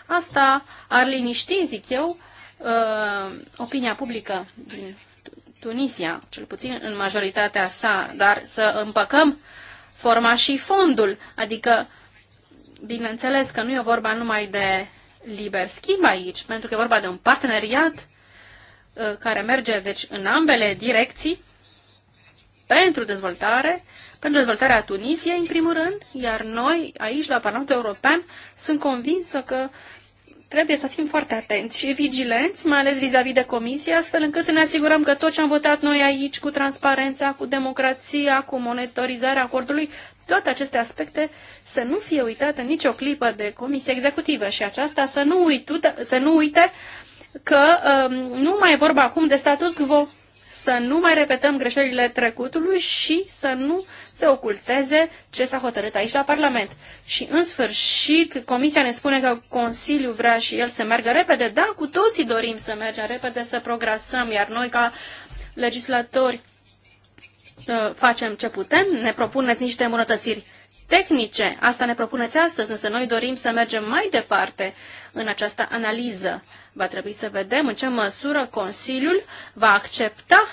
Asta ar liniști, zic eu, uh, opinia publică din Tunisia, cel puțin în majoritatea sa, dar să împăcăm forma și fondul, adică bineînțeles că nu e vorba numai de liber schimb aici, pentru că e vorba de un parteneriat uh, care merge deci în ambele direcții pentru dezvoltare, pentru dezvoltarea Tunisiei, în primul rând, iar noi, aici, la Parlamentul European, sunt convinsă că trebuie să fim foarte atenți și vigilenți, mai ales vis-a-vis -vis de comisie, astfel încât să ne asigurăm că tot ce am votat noi aici, cu transparența, cu democrația, cu monitorizarea acordului, toate aceste aspecte să nu fie uitate nicio clipă de comisie executivă și aceasta să nu, uită, să nu uite că um, nu mai e vorba acum de status quo, să nu mai repetăm greșelile trecutului și să nu se oculteze ce s-a hotărât aici la Parlament. Și în sfârșit, Comisia ne spune că Consiliul vrea și el să meargă repede. Da, cu toții dorim să mergem repede, să progresăm, iar noi ca legislatori uh, facem ce putem, ne propuneți niște îmbunătățiri tehnice. Asta ne propuneți astăzi, însă noi dorim să mergem mai departe în această analiză. Va trebui să vedem în ce măsură Consiliul va accepta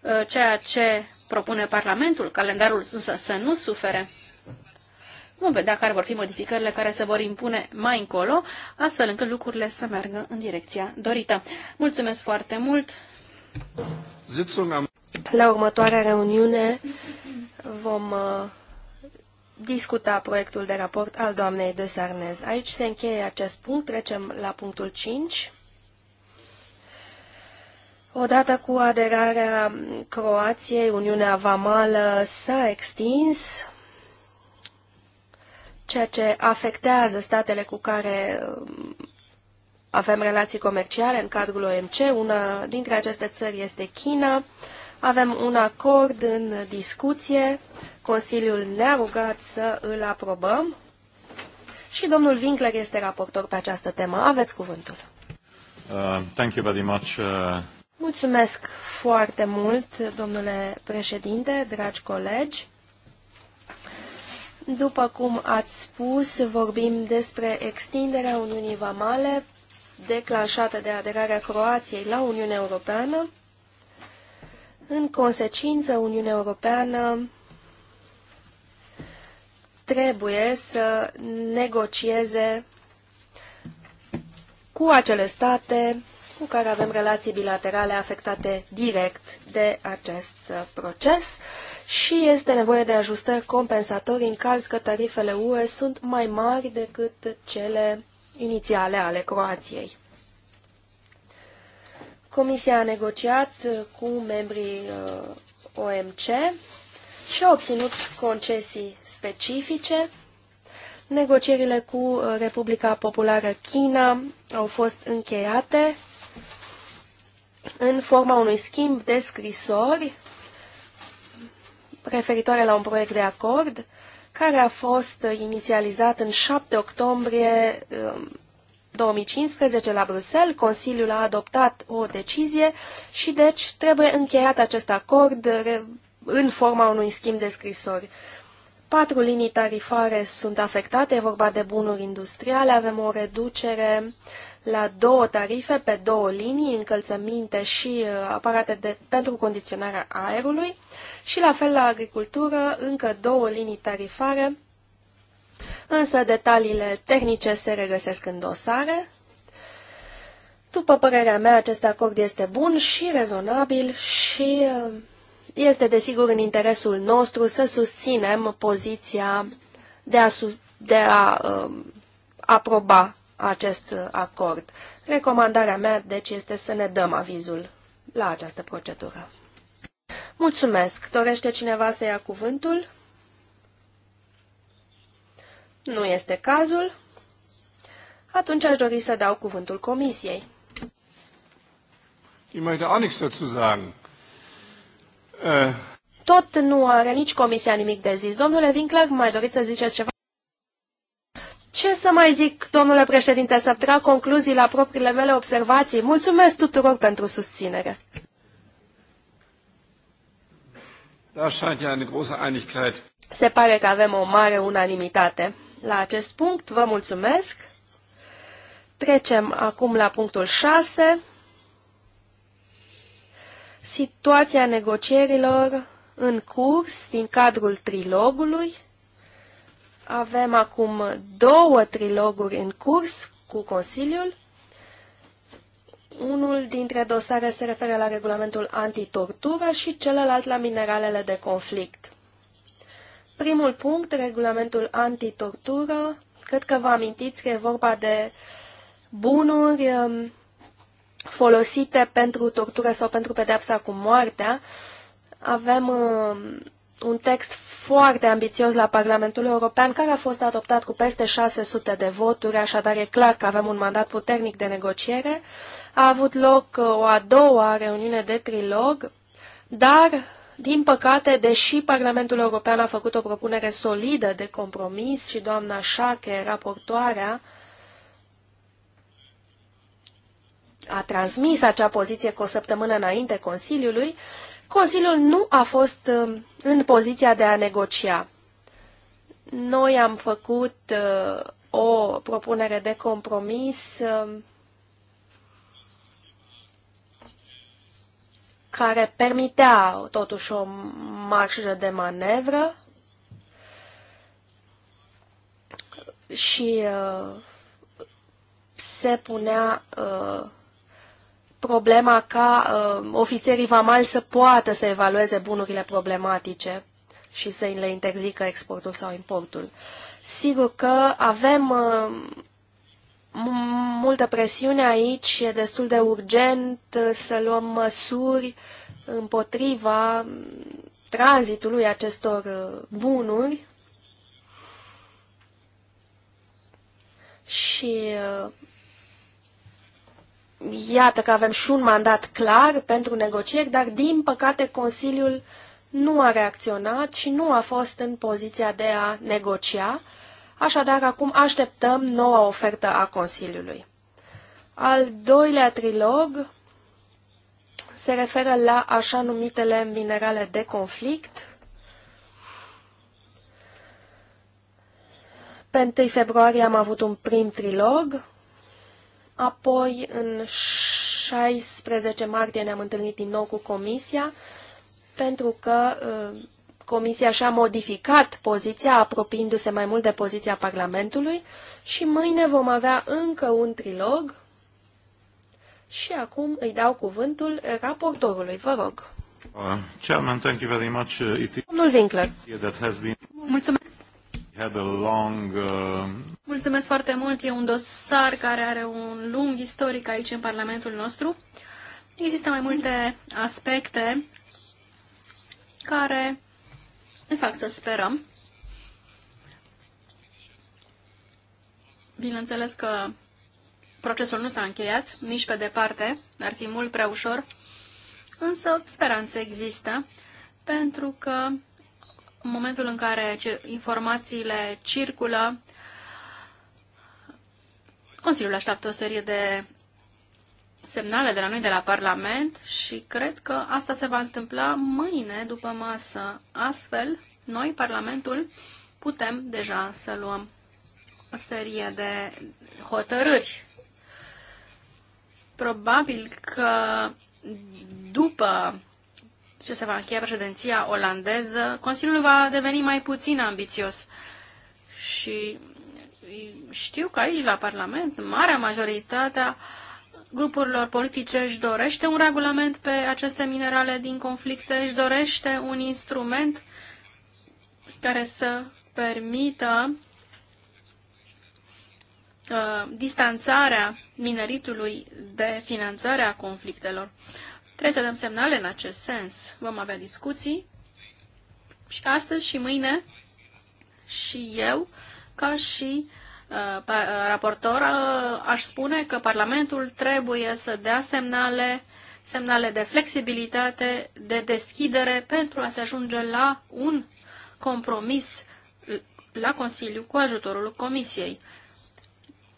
uh, ceea ce propune Parlamentul, calendarul însă să nu sufere. Vom vedea care vor fi modificările care se vor impune mai încolo, astfel încât lucrurile să meargă în direcția dorită. Mulțumesc foarte mult! La următoarea reuniune vom uh, discuta proiectul de raport al doamnei de Sarnez. Aici se încheie acest punct. Trecem la punctul 5. Odată cu aderarea Croației, Uniunea Vamală s-a extins, ceea ce afectează statele cu care um, avem relații comerciale în cadrul OMC. Una dintre aceste țări este China. Avem un acord în discuție, Consiliul ne-a rugat să îl aprobăm și domnul Winkler este raportor pe această temă. Aveți cuvântul. Uh, thank you very much. Uh... Mulțumesc foarte mult, domnule președinte, dragi colegi. După cum ați spus, vorbim despre extinderea Uniunii Vamale declanșată de aderarea Croației la Uniunea Europeană în consecință, Uniunea Europeană trebuie să negocieze cu acele state cu care avem relații bilaterale afectate direct de acest proces și este nevoie de ajustări compensatorii în caz că tarifele UE sunt mai mari decât cele inițiale ale Croației. Comisia a negociat uh, cu membrii uh, OMC și a obținut concesii specifice. Negocierile cu uh, Republica Populară China au fost încheiate în forma unui schimb de scrisori referitoare la un proiect de acord care a fost inițializat în 7 octombrie um, 2015 la Bruxelles, Consiliul a adoptat o decizie și deci trebuie încheiat acest acord în forma unui schimb de scrisori. Patru linii tarifare sunt afectate, e vorba de bunuri industriale, avem o reducere la două tarife pe două linii, încălțăminte și uh, aparate de, pentru condiționarea aerului și la fel la agricultură încă două linii tarifare Însă detaliile tehnice se regăsesc în dosare. După părerea mea, acest acord este bun și rezonabil și uh, este desigur în interesul nostru să susținem poziția de a, de a uh, aproba acest acord. Recomandarea mea, deci, este să ne dăm avizul la această procedură. Mulțumesc. Dorește cineva să ia cuvântul? Nu este cazul. Atunci aș dori să dau cuvântul comisiei. Äh, Tot nu are nici comisia nimic de zis. Domnule Winkler, mai doriți să ziceți ceva? Ce să mai zic, domnule președinte, să trag concluzii la propriile mele observații? Mulțumesc tuturor pentru susținere. Da, Se pare că avem o mare unanimitate la acest punct. Vă mulțumesc. Trecem acum la punctul 6. Situația negocierilor în curs din cadrul trilogului. Avem acum două triloguri în curs cu Consiliul. Unul dintre dosare se referă la regulamentul antitortură și celălalt la mineralele de conflict. Primul punct, regulamentul antitortură. Cred că vă amintiți că e vorba de bunuri um, folosite pentru tortură sau pentru pedepsa cu moartea. Avem um, un text foarte ambițios la Parlamentul European, care a fost adoptat cu peste 600 de voturi, așadar e clar că avem un mandat puternic de negociere. A avut loc uh, o a doua reuniune de trilog, dar din păcate, deși Parlamentul European a făcut o propunere solidă de compromis și doamna Șache, raportoarea, a transmis acea poziție cu o săptămână înainte Consiliului, Consiliul nu a fost um, în poziția de a negocia. Noi am făcut uh, o propunere de compromis um, care permitea totuși o marjă de manevră și uh, se punea uh, problema ca uh, ofițerii vamali să poată să evalueze bunurile problematice și să le interzică exportul sau importul. Sigur că avem uh, multă presiune aici, e destul de urgent să luăm măsuri împotriva tranzitului acestor uh, bunuri și uh, iată că avem și un mandat clar pentru negocieri, dar din păcate Consiliul nu a reacționat și nu a fost în poziția de a negocia Așadar, acum așteptăm noua ofertă a Consiliului. Al doilea trilog se referă la așa numitele minerale de conflict. Pe 1 februarie am avut un prim trilog, apoi în 16 martie ne-am întâlnit din nou cu Comisia, pentru că uh, Comisia și-a modificat poziția, apropiindu-se mai mult de poziția Parlamentului și mâine vom avea încă un trilog. Și acum îi dau cuvântul raportorului, vă rog. Uh, chairman, thank you very much. Uh, it Domnul Winkler. That has been... Mulțumesc. Had a long, uh... Mulțumesc foarte mult. E un dosar care are un lung istoric aici în Parlamentul nostru. Există mai multe aspecte care ne fac să sperăm. Bineînțeles că procesul nu s-a încheiat, nici pe departe, ar fi mult prea ușor, însă speranță există, pentru că în momentul în care informațiile circulă, Consiliul așteaptă o serie de semnale de la noi de la Parlament și cred că asta se va întâmpla mâine după masă. Astfel, noi, Parlamentul, putem deja să luăm o serie de hotărâri. Probabil că după ce se va încheia președinția olandeză, Consiliul va deveni mai puțin ambițios. Și știu că aici, la Parlament, marea majoritatea uh, grupurilor politice își dorește un regulament pe aceste minerale din conflicte, își dorește un instrument care să permită uh, distanțarea mineritului de finanțarea conflictelor. Trebuie să dăm semnale în acest sens. Vom avea discuții și astăzi și mâine și eu, ca și Uh, uh, raportor, uh, aș spune că Parlamentul trebuie să dea semnale, semnale de flexibilitate, de deschidere pentru a se ajunge la un compromis la Consiliu cu ajutorul Comisiei.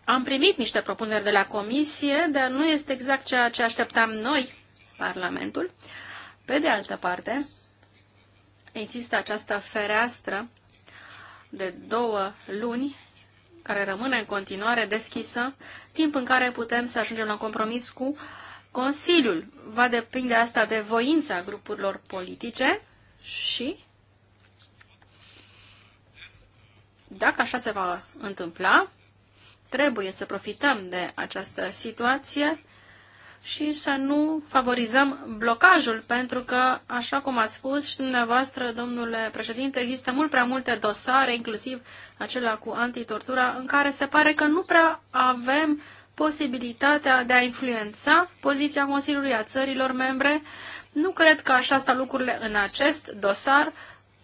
Am primit niște propuneri de la Comisie, dar nu este exact ceea ce așteptam noi, Parlamentul. Pe de altă parte, există această fereastră de două luni care rămâne în continuare deschisă, timp în care putem să ajungem la compromis cu Consiliul. Va depinde asta de voința grupurilor politice și dacă așa se va întâmpla, trebuie să profităm de această situație și să nu favorizăm blocajul, pentru că, așa cum ați spus și dumneavoastră, domnule președinte, există mult prea multe dosare, inclusiv acela cu antitortura, în care se pare că nu prea avem posibilitatea de a influența poziția Consiliului a țărilor membre. Nu cred că așa stau lucrurile în acest dosar.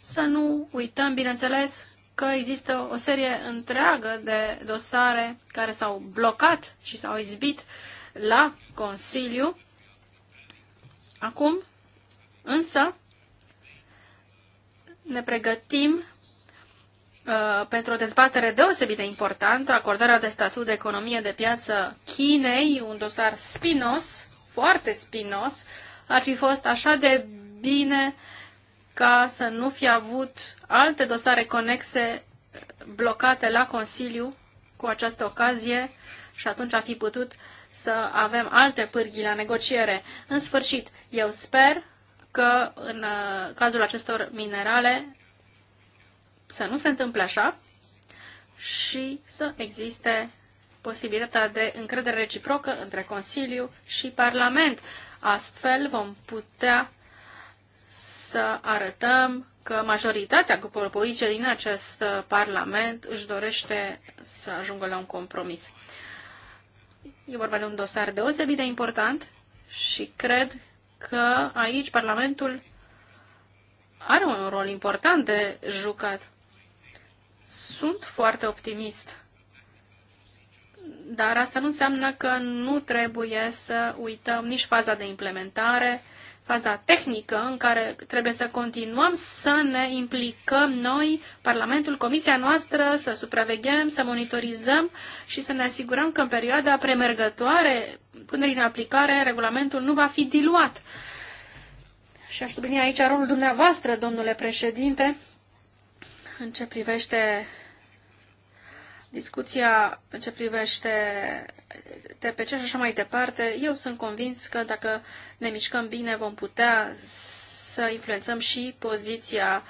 Să nu uităm, bineînțeles, că există o serie întreagă de dosare care s-au blocat și s-au izbit uh, la Consiliu. Acum, însă, ne pregătim uh, pentru o dezbatere deosebit de importantă, acordarea de statut de economie de piață Chinei, un dosar spinos, foarte spinos, ar fi fost așa de bine ca să nu fi avut alte dosare conexe blocate la Consiliu cu această ocazie și atunci a fi putut să avem alte pârghii la negociere. În sfârșit, eu sper că în uh, cazul acestor minerale să nu se întâmple așa și să existe posibilitatea de încredere reciprocă între Consiliu și Parlament. Astfel vom putea să arătăm că majoritatea grupurilor politice din acest Parlament își dorește să ajungă la un compromis. E vorba de un dosar deosebit de important și cred că aici Parlamentul are un rol important de jucat. Sunt foarte optimist, dar asta nu înseamnă că nu trebuie să uităm nici faza de implementare, faza tehnică în care trebuie să continuăm să ne implicăm noi, Parlamentul, Comisia noastră, să supraveghem, să monitorizăm și să ne asigurăm că în perioada premergătoare, până în aplicare, regulamentul nu va fi diluat. Și aș sublinia aici rolul dumneavoastră, domnule președinte, în ce privește discuția în ce privește TPC și așa mai departe, eu sunt convins că dacă ne mișcăm bine vom putea să influențăm și poziția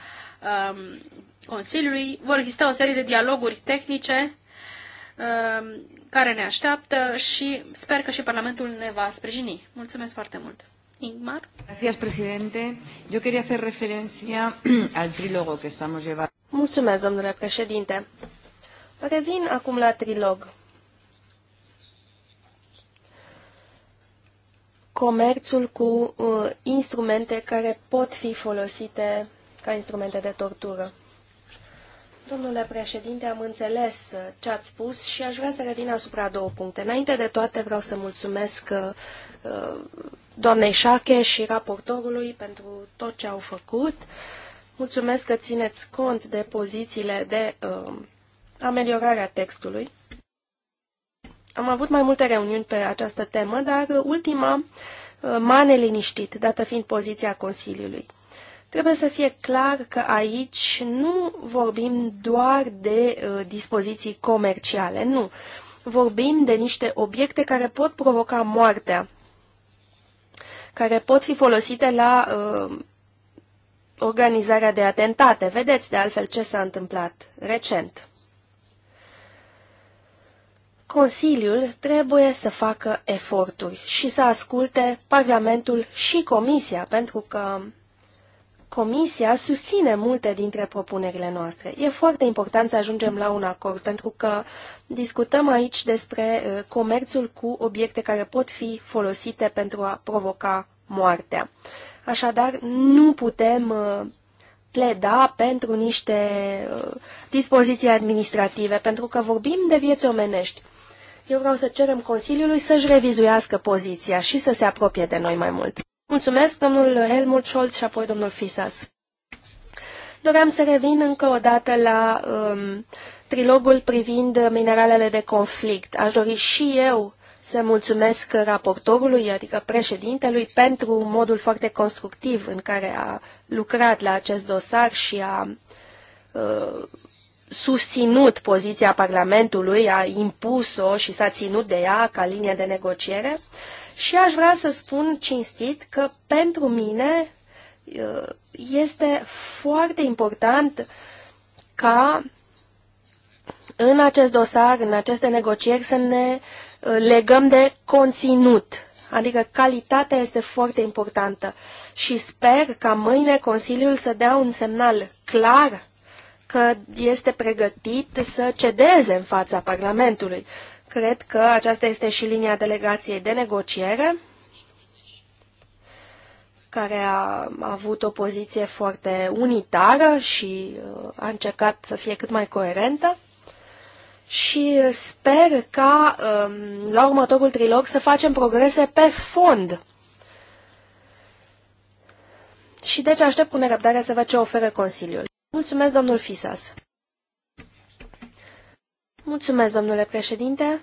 um, Consiliului. Vor exista o serie de dialoguri tehnice um, care ne așteaptă și sper că și Parlamentul ne va sprijini. Mulțumesc foarte mult! Ingmar. Gracias, presidente. Yo quería hacer referencia al trílogo que estamos llevando. Mulțumesc, domnule președinte. Revin acum la trilog. Comerțul cu uh, instrumente care pot fi folosite ca instrumente de tortură. Domnule președinte, am înțeles uh, ce ați spus și aș vrea să revin asupra două puncte. Înainte de toate vreau să mulțumesc uh, doamnei Șache și raportorului pentru tot ce au făcut. Mulțumesc că țineți cont de pozițiile de uh, ameliorarea textului. Am avut mai multe reuniuni pe această temă, dar ultima uh, m-a neliniștit, dată fiind poziția Consiliului. Trebuie să fie clar că aici nu vorbim doar de uh, dispoziții comerciale, nu. Vorbim de niște obiecte care pot provoca moartea, care pot fi folosite la uh, organizarea de atentate. Vedeți de altfel ce s-a întâmplat recent. Consiliul trebuie să facă eforturi și să asculte Parlamentul și Comisia, pentru că Comisia susține multe dintre propunerile noastre. E foarte important să ajungem la un acord, pentru că discutăm aici despre uh, comerțul cu obiecte care pot fi folosite pentru a provoca moartea. Așadar, nu putem uh, pleda pentru niște uh, dispoziții administrative, pentru că vorbim de vieți omenești. Eu vreau să cerem Consiliului să-și revizuiască poziția și să se apropie de noi mai mult. Mulțumesc, domnul Helmut Scholz și apoi domnul Fisas. Doream să revin încă o dată la um, trilogul privind mineralele de conflict. Aș dori și eu să mulțumesc raportorului, adică președintelui, pentru modul foarte constructiv în care a lucrat la acest dosar și a uh, susținut poziția Parlamentului, a impus-o și s-a ținut de ea ca linie de negociere și aș vrea să spun cinstit că pentru mine uh, este foarte important ca în acest dosar, în aceste negocieri, să ne uh, legăm de conținut. Adică calitatea este foarte importantă și sper ca mâine Consiliul să dea un semnal clar că este pregătit să cedeze în fața Parlamentului. Cred că aceasta este și linia delegației de negociere, care a avut o poziție foarte unitară și uh, a încercat să fie cât mai coerentă și sper ca um, la următorul trilog să facem progrese pe fond. Și deci aștept cu nerăbdare să văd ce oferă Consiliul. Mulțumesc, domnul Fisas. Mulțumesc, domnule președinte.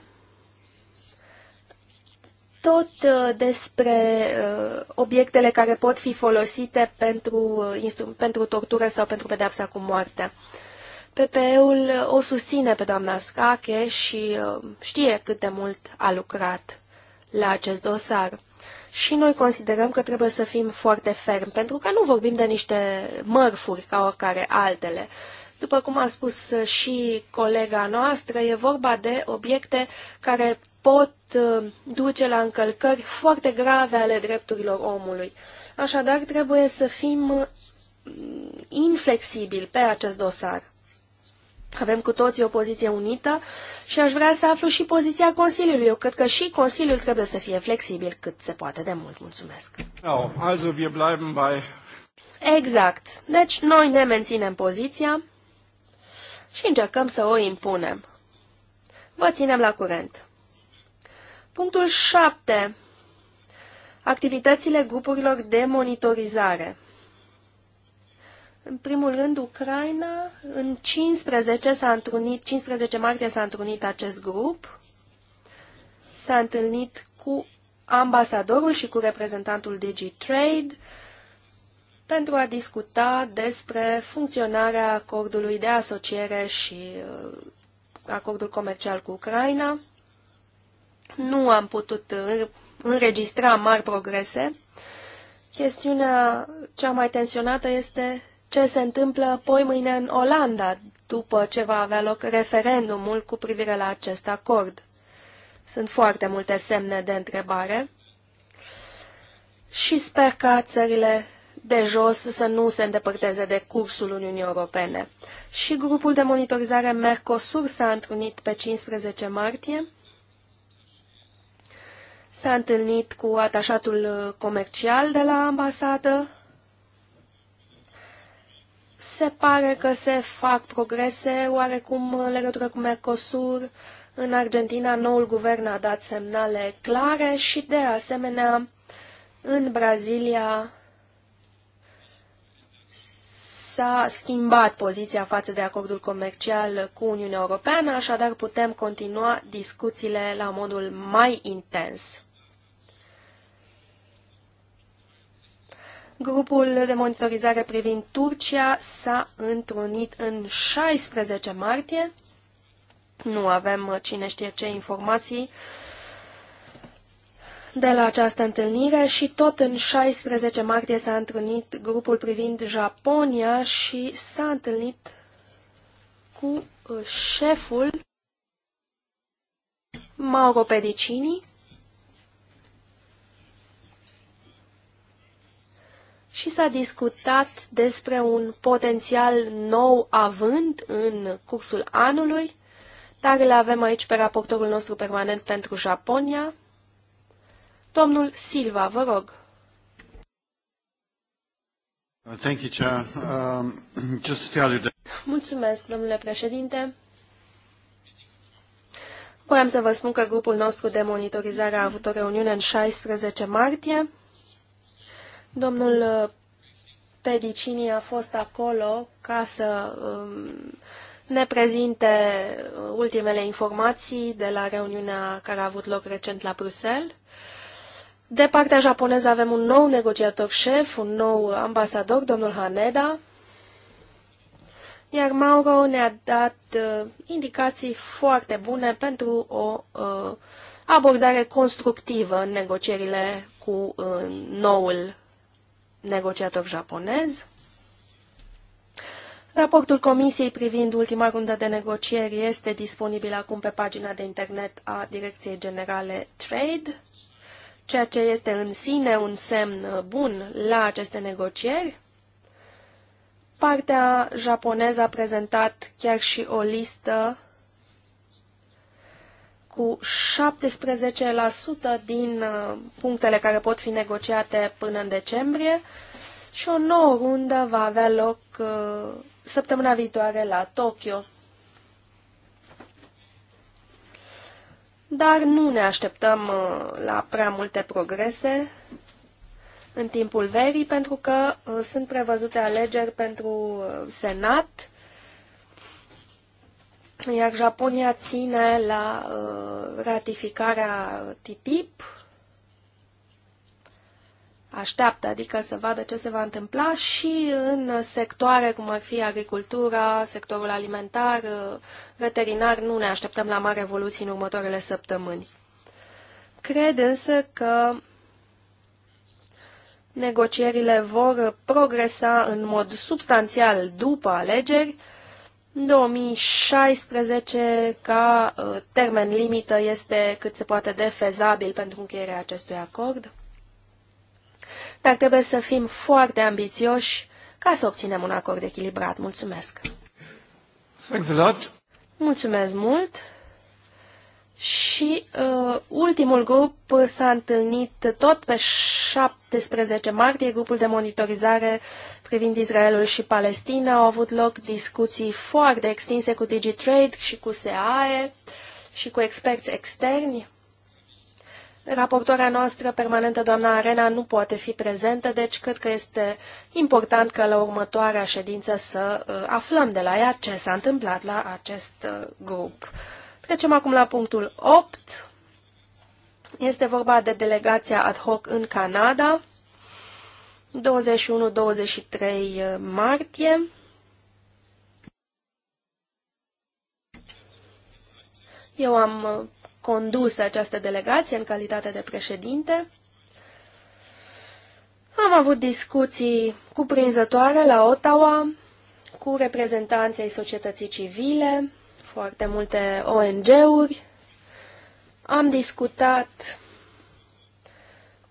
Tot uh, despre uh, obiectele care pot fi folosite pentru, uh, pentru tortură sau pentru pedepsa cu moartea. PPE-ul o susține pe doamna Scache și știe cât de mult a lucrat la acest dosar și noi considerăm că trebuie să fim foarte fermi, pentru că nu vorbim de niște mărfuri ca oricare altele. După cum a spus și colega noastră, e vorba de obiecte care pot uh, duce la încălcări foarte grave ale drepturilor omului. Așadar, trebuie să fim uh, inflexibili pe acest dosar. Avem cu toții o poziție unită și aș vrea să aflu și poziția Consiliului. Eu cred că și Consiliul trebuie să fie flexibil cât se poate de mult. Mulțumesc. No, also wir bleiben bei... Exact. Deci noi ne menținem poziția și încercăm să o impunem. Vă ținem la curent. Punctul 7. Activitățile grupurilor de monitorizare. În primul rând, Ucraina, în 15 s-a întrunit, 15 martie s-a întrunit acest grup, s-a întâlnit cu ambasadorul și cu reprezentantul DigiTrade pentru a discuta despre funcționarea acordului de asociere și uh, acordul comercial cu Ucraina. Nu am putut uh, înregistra mari progrese. Chestiunea cea mai tensionată este ce se întâmplă poi mâine în Olanda, după ce va avea loc referendumul cu privire la acest acord. Sunt foarte multe semne de întrebare și sper ca țările de jos să nu se îndepărteze de cursul Uniunii Europene. Și grupul de monitorizare Mercosur s-a întrunit pe 15 martie. S-a întâlnit cu atașatul comercial de la ambasadă, se pare că se fac progrese oarecum în legătură cu Mercosur. În Argentina, noul guvern a dat semnale clare și, de asemenea, în Brazilia s-a schimbat poziția față de acordul comercial cu Uniunea Europeană, așadar putem continua discuțiile la modul mai intens. Grupul de monitorizare privind Turcia s-a întrunit în 16 martie. Nu avem cine știe ce informații de la această întâlnire și tot în 16 martie s-a întâlnit grupul privind Japonia și s-a întâlnit cu șeful Mauro Pedicini și s-a discutat despre un potențial nou avânt în cursul anului, dar îl avem aici pe raportorul nostru permanent pentru Japonia. Domnul Silva, vă rog. Thank you, Chair. Um, just to tell you that... Mulțumesc, domnule președinte. Voiam să vă spun că grupul nostru de monitorizare a avut o reuniune în 16 martie Domnul uh, Pedicini a fost acolo ca să um, ne prezinte uh, ultimele informații de la reuniunea care a avut loc recent la Bruxelles. De partea japoneză avem un nou negociator șef, un nou ambasador, domnul Haneda, iar Mauro ne-a dat uh, indicații foarte bune pentru o uh, abordare constructivă în negocierile cu uh, noul negociator japonez. Raportul Comisiei privind ultima rundă de negocieri este disponibil acum pe pagina de internet a Direcției Generale Trade, ceea ce este în sine un semn bun la aceste negocieri. Partea japoneză a prezentat chiar și o listă cu 17% din uh, punctele care pot fi negociate până în decembrie și o nouă rundă va avea loc uh, săptămâna viitoare la Tokyo. Dar nu ne așteptăm uh, la prea multe progrese în timpul verii, pentru că sunt prevăzute alegeri pentru Senat iar Japonia ține la uh, ratificarea TTIP, așteaptă, adică să vadă ce se va întâmpla și în sectoare cum ar fi agricultura, sectorul alimentar, uh, veterinar, nu ne așteptăm la mari evoluții în următoarele săptămâni. Cred însă că negocierile vor progresa în mod substanțial după alegeri, în 2016, ca ă, termen limită, este cât se poate de fezabil pentru încheierea acestui acord, dar trebuie să fim foarte ambițioși ca să obținem un acord echilibrat. Mulțumesc! Thanks a lot. Mulțumesc mult! Și uh, ultimul grup s-a întâlnit tot pe 17 martie, grupul de monitorizare privind Israelul și Palestina. Au avut loc discuții foarte extinse cu DigiTrade și cu SEAE și cu experți externi. Raportoarea noastră permanentă, doamna Arena, nu poate fi prezentă, deci cred că este important că la următoarea ședință să uh, aflăm de la ea ce s-a întâmplat la acest uh, grup. Trecem acum la punctul 8. Este vorba de delegația ad hoc în Canada. 21-23 uh, martie. Eu am uh, condus această delegație în calitate de președinte. Am avut discuții cuprinzătoare la Ottawa cu reprezentanții societății civile, foarte multe ONG-uri. Am discutat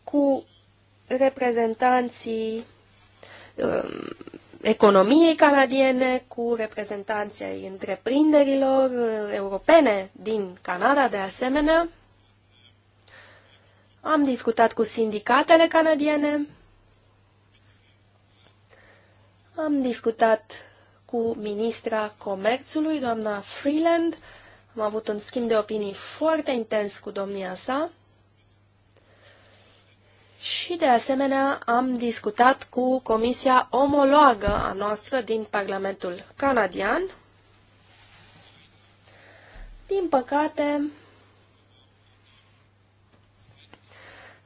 cu reprezentanții um, economiei canadiene, cu reprezentanții ai întreprinderilor uh, europene din Canada, de asemenea. Am discutat cu sindicatele canadiene, am discutat cu ministra comerțului, doamna Freeland, am avut un schimb de opinii foarte intens cu domnia sa și, de asemenea, am discutat cu comisia omologă a noastră din Parlamentul Canadian. Din păcate,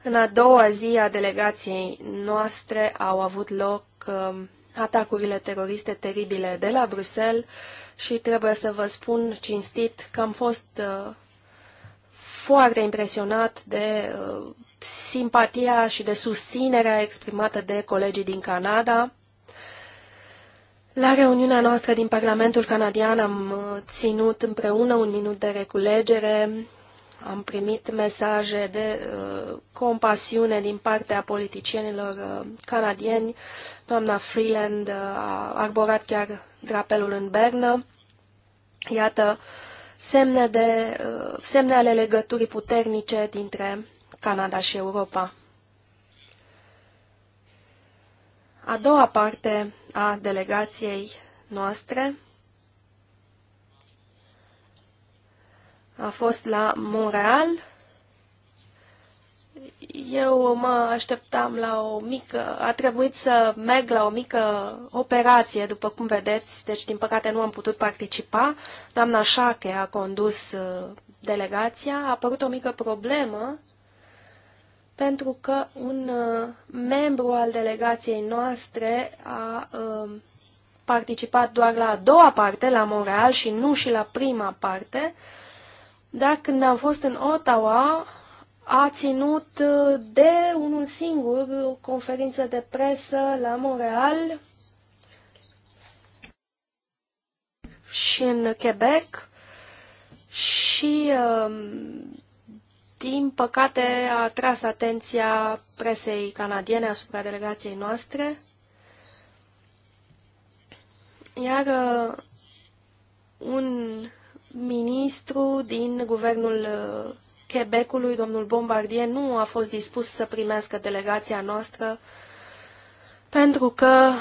În a doua zi a delegației noastre au avut loc um, atacurile teroriste teribile de la Bruxelles și trebuie să vă spun cinstit că am fost uh, foarte impresionat de uh, simpatia și de susținerea exprimată de colegii din Canada. La reuniunea noastră din Parlamentul Canadian am uh, ținut împreună un minut de reculegere, am primit mesaje de uh, compasiune din partea politicienilor uh, canadieni. Doamna Freeland uh, a arborat chiar drapelul în Bernă. Iată semne, de, uh, semne ale legăturii puternice dintre Canada și Europa. A doua parte a delegației noastre a fost la Montreal. Eu mă așteptam la o mică... A trebuit să merg la o mică operație, după cum vedeți, deci din păcate nu am putut participa. Doamna Șache a condus uh, delegația, a apărut o mică problemă pentru că un uh, membru al delegației noastre a um, participat doar la a doua parte, la Montreal, și nu și la prima parte, dar când am fost în Ottawa, a ținut uh, de unul singur o conferință de presă la Montreal și în Quebec și uh, din păcate, a atras atenția presei canadiene asupra delegației noastre. Iar uh, un ministru din guvernul uh, Quebecului, domnul Bombardier, nu a fost dispus să primească delegația noastră pentru că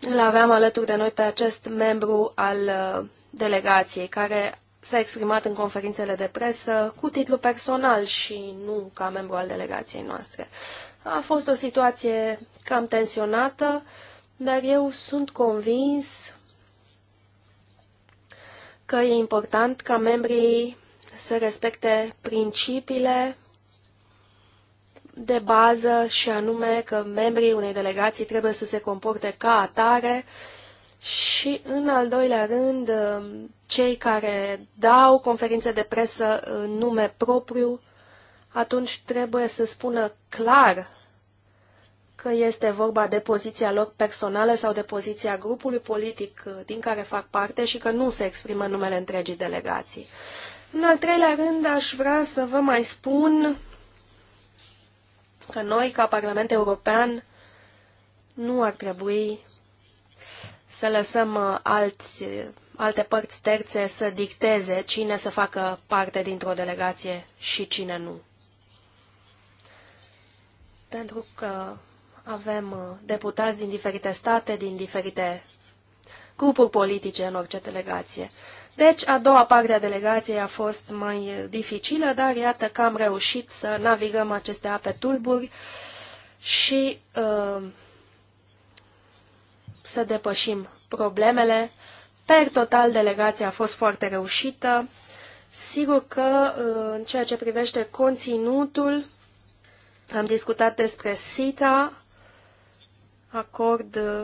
îl aveam alături de noi pe acest membru al uh, delegației, care s-a exprimat în conferințele de presă cu titlu personal și nu ca membru al delegației noastre. A fost o situație cam tensionată, dar eu sunt convins că e important ca membrii să respecte principiile de bază și anume că membrii unei delegații trebuie să se comporte ca atare uh, și, în al doilea rând, um, cei care dau conferințe de presă în nume propriu, atunci trebuie să spună clar că este vorba de poziția lor personală sau de poziția grupului politic uh, din care fac parte și că nu se exprimă numele întregii delegații. În al treilea rând, aș vrea să vă mai spun că noi, ca Parlament European, nu ar trebui să lăsăm uh, alți, alte părți terțe să dicteze cine să facă parte dintr-o delegație și cine nu. Pentru că avem uh, deputați din diferite state, din diferite grupuri politice în orice delegație. Deci, a doua parte a delegației a fost mai dificilă, dar iată că am reușit să navigăm aceste ape tulburi și uh, să depășim problemele. Per total, delegația a fost foarte reușită. Sigur că uh, în ceea ce privește conținutul, am discutat despre SITA, acord uh,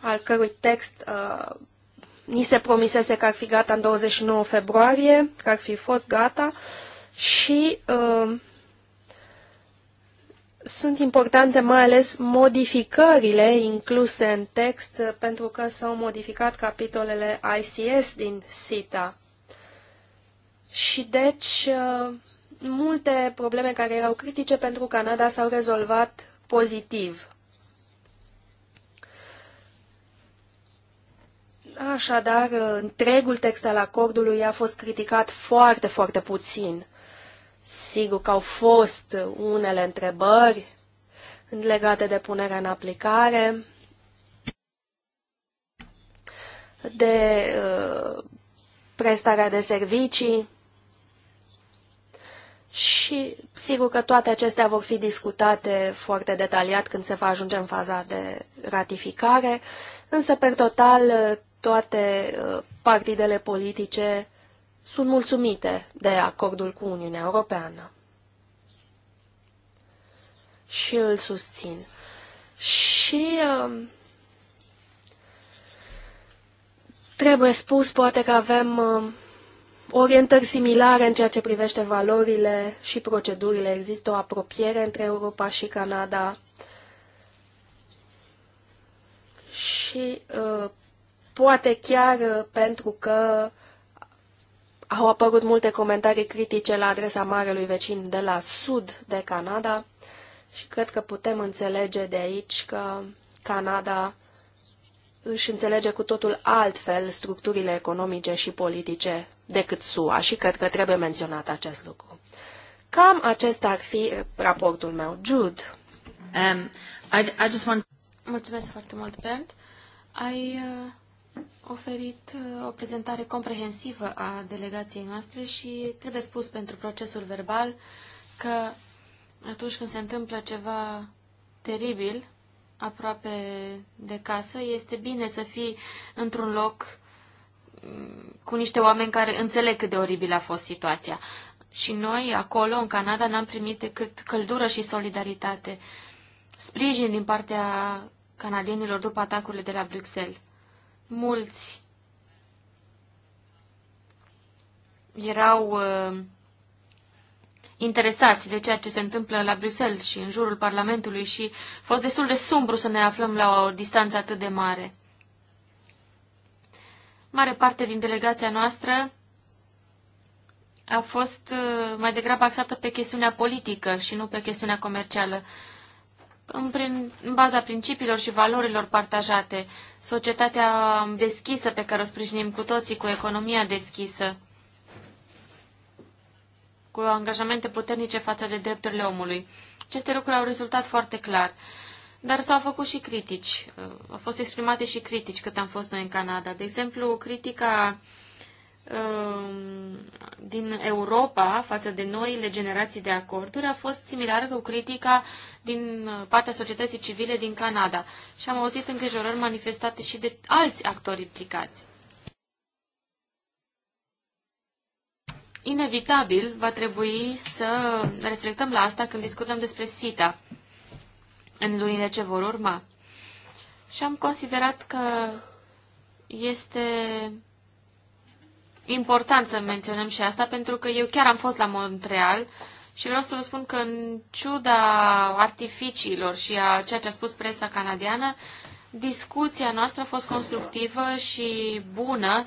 al cărui text uh, ni se promisese că ar fi gata în 29 februarie, că ar fi fost gata și uh, sunt importante mai ales modificările incluse în text pentru că s-au modificat capitolele ICS din SITA. Și deci uh, multe probleme care erau critice pentru Canada s-au rezolvat pozitiv. Așadar, întregul text al acordului a fost criticat foarte, foarte puțin. Sigur că au fost unele întrebări legate de punerea în aplicare, de uh, prestarea de servicii și sigur că toate acestea vor fi discutate foarte detaliat când se va ajunge în faza de ratificare, însă, per total, toate uh, partidele politice sunt mulțumite de acordul cu Uniunea Europeană. Și îl susțin. Și um, trebuie spus, poate că avem um, orientări similare în ceea ce privește valorile și procedurile. Există o apropiere între Europa și Canada și uh, poate chiar uh, pentru că au apărut multe comentarii critice la adresa marelui vecin de la sud de Canada și cred că putem înțelege de aici că Canada își înțelege cu totul altfel structurile economice și politice decât SUA și cred că trebuie menționat acest lucru. Cam acesta ar fi raportul meu. Jude. Um, I, I just want... Mulțumesc foarte mult, Bernd. I, uh, oferit uh, o prezentare comprehensivă a delegației noastre și trebuie spus pentru procesul verbal că atunci când se întâmplă ceva teribil aproape de casă, este bine să fii într-un loc mm, cu niște oameni care înțeleg cât de oribil a fost situația. Și noi, acolo, în Canada, n-am primit decât căldură și solidaritate, sprijin din partea canadienilor după atacurile de la Bruxelles. Mulți erau uh, interesați de ceea ce se întâmplă la Bruxelles și în jurul Parlamentului și a fost destul de sumbru să ne aflăm la o distanță atât de mare. Mare parte din delegația noastră a fost uh, mai degrabă axată pe chestiunea politică și nu pe chestiunea comercială în, prin, în baza principiilor și valorilor partajate, societatea deschisă pe care o sprijinim cu toții, cu economia deschisă, cu angajamente puternice față de drepturile omului. Aceste lucruri au rezultat foarte clar. Dar s-au făcut și critici, au fost exprimate și critici cât am fost noi în Canada. De exemplu, critica Um, din Europa față de noile generații de acorduri a fost similară cu critica din partea societății civile din Canada și am auzit îngrijorări manifestate și de alți actori implicați. Inevitabil va trebui să reflectăm la asta când discutăm despre SITA în lunile ce vor urma. Și am considerat că este important să menționăm și asta, pentru că eu chiar am fost la Montreal și vreau să vă spun că în ciuda artificiilor și a ceea ce a spus presa canadiană, discuția noastră a fost constructivă și bună.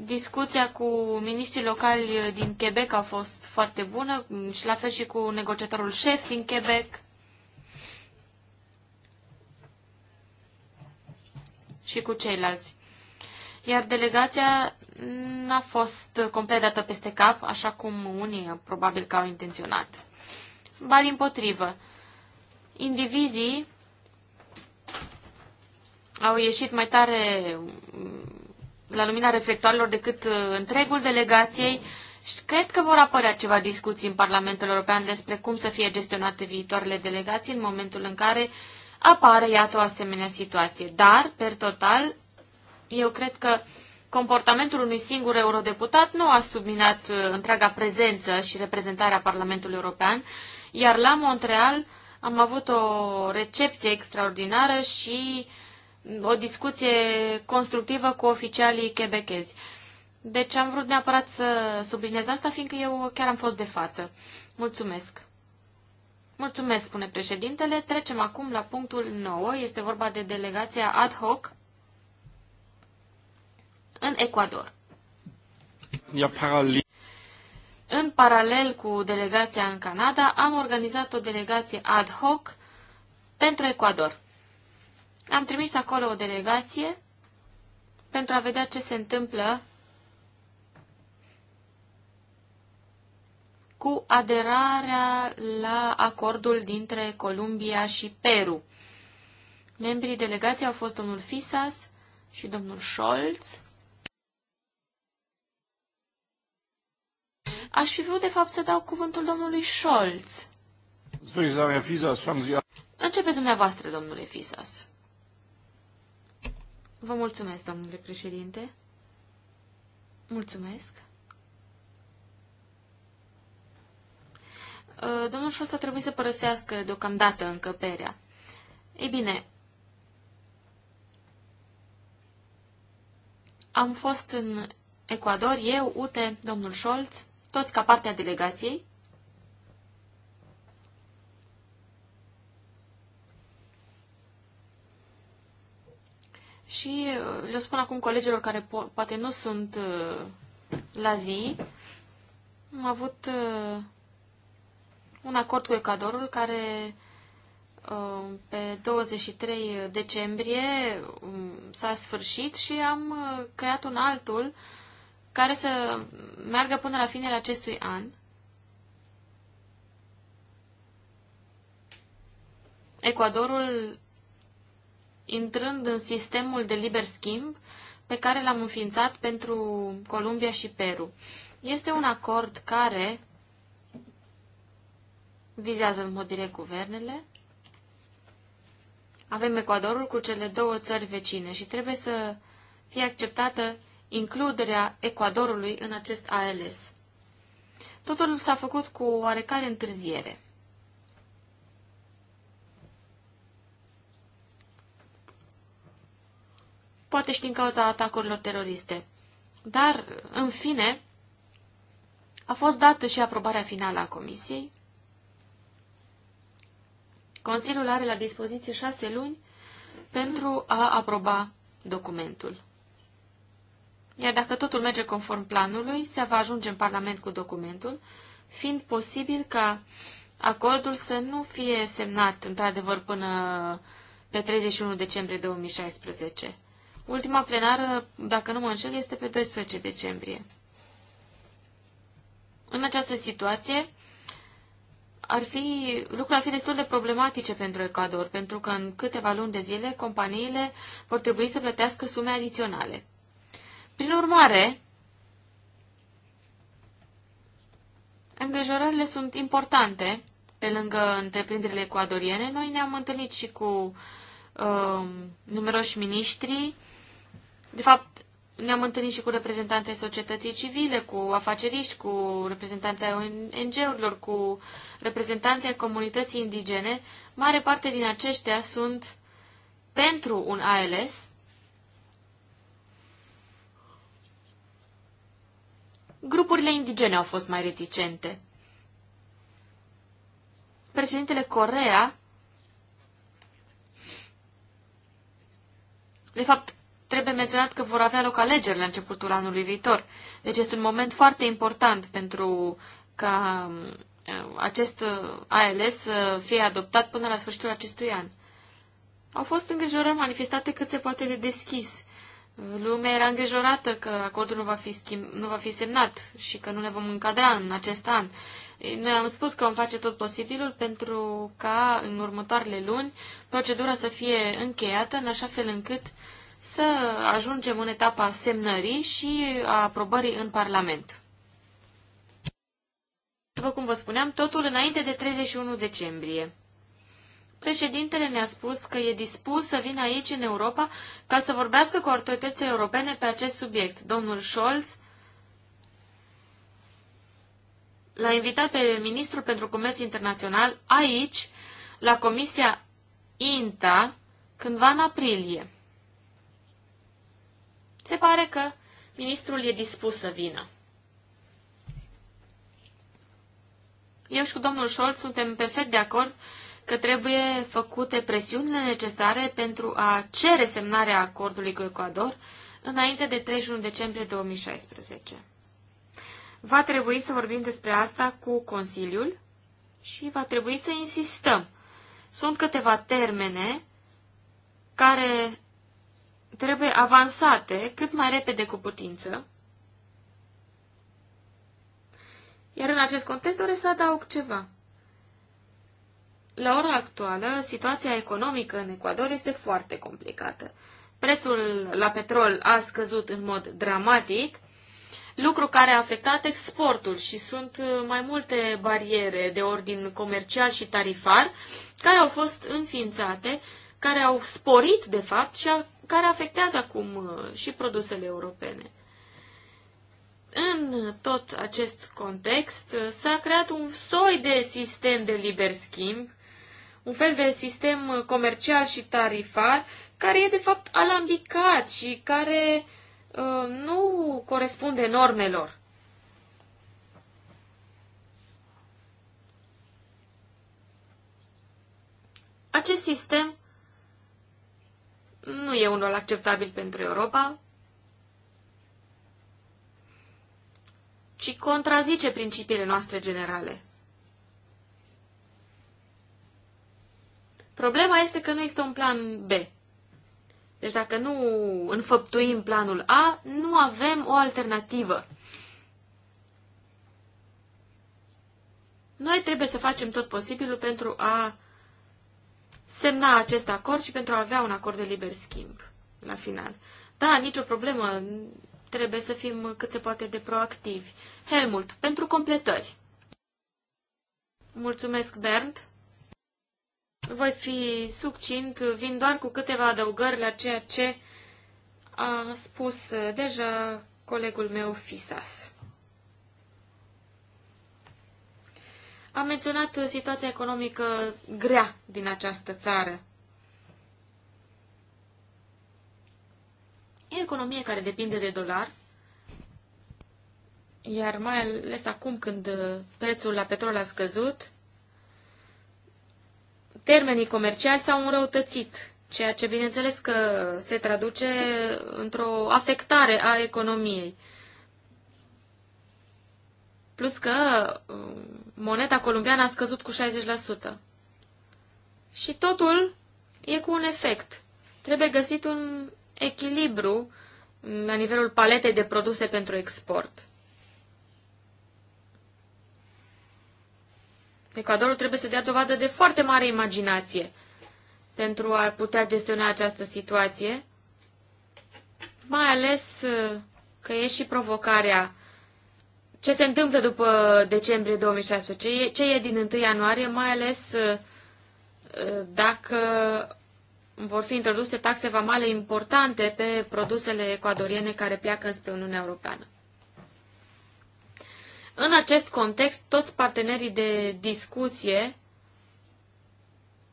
Discuția cu miniștrii locali din Quebec a fost foarte bună și la fel și cu negociatorul șef din Quebec. și cu ceilalți. Iar delegația n-a fost complet dată peste cap, așa cum unii probabil că au intenționat. Ba din potrivă, indivizii au ieșit mai tare mm, la lumina reflectoarelor decât uh, întregul delegației și cred că vor apărea ceva discuții în Parlamentul European despre cum să fie gestionate viitoarele delegații în momentul în care apare, iată, o asemenea situație. Dar, per total, eu cred că uh, comportamentul unui singur eurodeputat nu a subminat uh, întreaga prezență și reprezentarea Parlamentului European, iar la Montreal am avut o recepție extraordinară și mm, o discuție constructivă cu oficialii quebechezi. Deci am vrut neapărat să subliniez asta, fiindcă eu chiar am fost de față. Mulțumesc! Mulțumesc, spune președintele. Trecem acum la punctul 9. Este vorba de delegația ad hoc în Ecuador. În paralel cu delegația în Canada, am organizat o delegație ad hoc pentru Ecuador. Am trimis acolo o delegație pentru a vedea ce se întâmplă cu aderarea la acordul dintre Columbia și Peru. Membrii delegației au fost domnul Fisas și domnul Scholz. Aș fi vrut, de fapt, să dau cuvântul domnului Scholz. Începeți dumneavoastră, domnule Fisas. Vă mulțumesc, domnule președinte. Mulțumesc. Uh, domnul Scholz a trebuit să părăsească deocamdată încăperea. Ei bine, am fost în Ecuador, eu, Ute, domnul Scholz, toți ca parte a delegației. Și uh, le spun acum colegilor care po- poate nu sunt uh, la zi, am avut uh, un acord cu Ecuadorul care uh, pe 23 decembrie um, s-a sfârșit și am uh, creat un altul uh, care să meargă până la finele acestui an. Ecuadorul intrând în sistemul de liber schimb pe care l-am înființat pentru Columbia și Peru. Este un acord care vizează în mod direct guvernele. Avem Ecuadorul cu cele două țări vecine și trebuie să fie acceptată includerea Ecuadorului în acest ALS. Totul s-a făcut cu oarecare întârziere. Poate și din cauza atacurilor teroriste. Dar, în fine, a fost dată și aprobarea finală a Comisiei. Consiliul are la dispoziție șase luni pentru a aproba documentul. Iar dacă totul merge conform planului, se va ajunge în Parlament cu documentul, fiind posibil ca acordul să nu fie semnat într-adevăr până pe 31 decembrie 2016. Ultima plenară, dacă nu mă înșel, este pe 12 decembrie. În această situație, ar fi, lucrurile ar fi destul de problematice pentru Ecuador, pentru că în câteva luni de zile companiile vor trebui să plătească sume adiționale. Prin urmare, Îngrijorările sunt importante. Pe lângă întreprinderile ecuadoriene, noi ne-am întâlnit și cu uh, numeroși miniștri. De fapt, ne-am întâlnit și cu reprezentanții societății civile, cu afaceriști, cu reprezentanții ONG-urilor, cu reprezentanții comunității indigene. Mare parte din aceștia sunt pentru un ALS, Grupurile indigene au fost mai reticente. Președintele Corea, de fapt, trebuie menționat că vor avea loc alegeri la începutul anului viitor. Deci este un moment foarte important pentru ca um, acest uh, ALS să fie adoptat până la sfârșitul acestui an. Au fost îngrijorări manifestate cât se poate de deschis Lumea era îngrijorată că acordul nu va, fi schimb, nu va fi semnat și că nu ne vom încadra în acest an. Noi am spus că vom face tot posibilul pentru ca în următoarele luni procedura să fie încheiată în așa fel încât să ajungem în etapa semnării și a aprobării în Parlament. După cum vă spuneam, totul înainte de 31 decembrie. Președintele ne-a spus că e dispus să vină aici, în Europa, ca să vorbească cu autoritățile europene pe acest subiect. Domnul Scholz l-a invitat pe ministrul pentru comerț internațional aici, la Comisia INTA, cândva în aprilie. Se pare că ministrul e dispus să vină. Eu și cu domnul Scholz suntem perfect de acord că trebuie făcute presiunile necesare pentru a cere semnarea acordului cu Ecuador înainte de 31 decembrie 2016. Va trebui să vorbim despre asta cu Consiliul și va trebui să insistăm. Sunt câteva termene care trebuie avansate cât mai repede cu putință. Iar în acest context doresc să adaug ceva. La ora actuală, situația economică în Ecuador este foarte complicată. Prețul la petrol a scăzut în mod dramatic, lucru care a afectat exportul și sunt mai multe bariere de ordin comercial și tarifar care au fost înființate, care au sporit, de fapt, și a, care afectează acum uh, și produsele europene. În tot acest context uh, s-a creat un soi de sistem de liber schimb un fel de sistem comercial și tarifar care e de fapt alambicat și care uh, nu corespunde normelor. Acest sistem nu e unul acceptabil pentru Europa, ci contrazice principiile noastre generale. Problema este că nu există un plan B. Deci dacă nu înfăptuim planul A, nu avem o alternativă. Noi trebuie să facem tot posibilul pentru a semna acest acord și pentru a avea un acord de liber schimb la final. Da, nicio problemă. Trebuie să fim cât se poate de proactivi. Helmut, pentru completări. Mulțumesc, Bernd. Voi fi succint, vin doar cu câteva adăugări la ceea ce a spus uh, deja colegul meu Fisas. Am menționat uh, situația economică grea din această țară. E economie care depinde de dolar, iar mai ales acum când uh, prețul la petrol a scăzut, termenii comerciali s-au înrăutățit, ceea ce bineînțeles că se traduce într-o afectare a economiei. Plus că um, moneta colombiană a scăzut cu 60%. Și totul e cu un efect. Trebuie găsit un echilibru la nivelul paletei de produse pentru export. Ecuadorul trebuie să dea dovadă de foarte mare imaginație pentru a putea gestiona această situație, mai ales uh, că e și provocarea ce se întâmplă după decembrie 2016, ce e din 1 ianuarie, mai ales uh, uh, dacă vor fi introduse taxe vamale importante pe produsele ecuadoriene care pleacă înspre Uniunea Europeană. În acest context, toți partenerii de discuție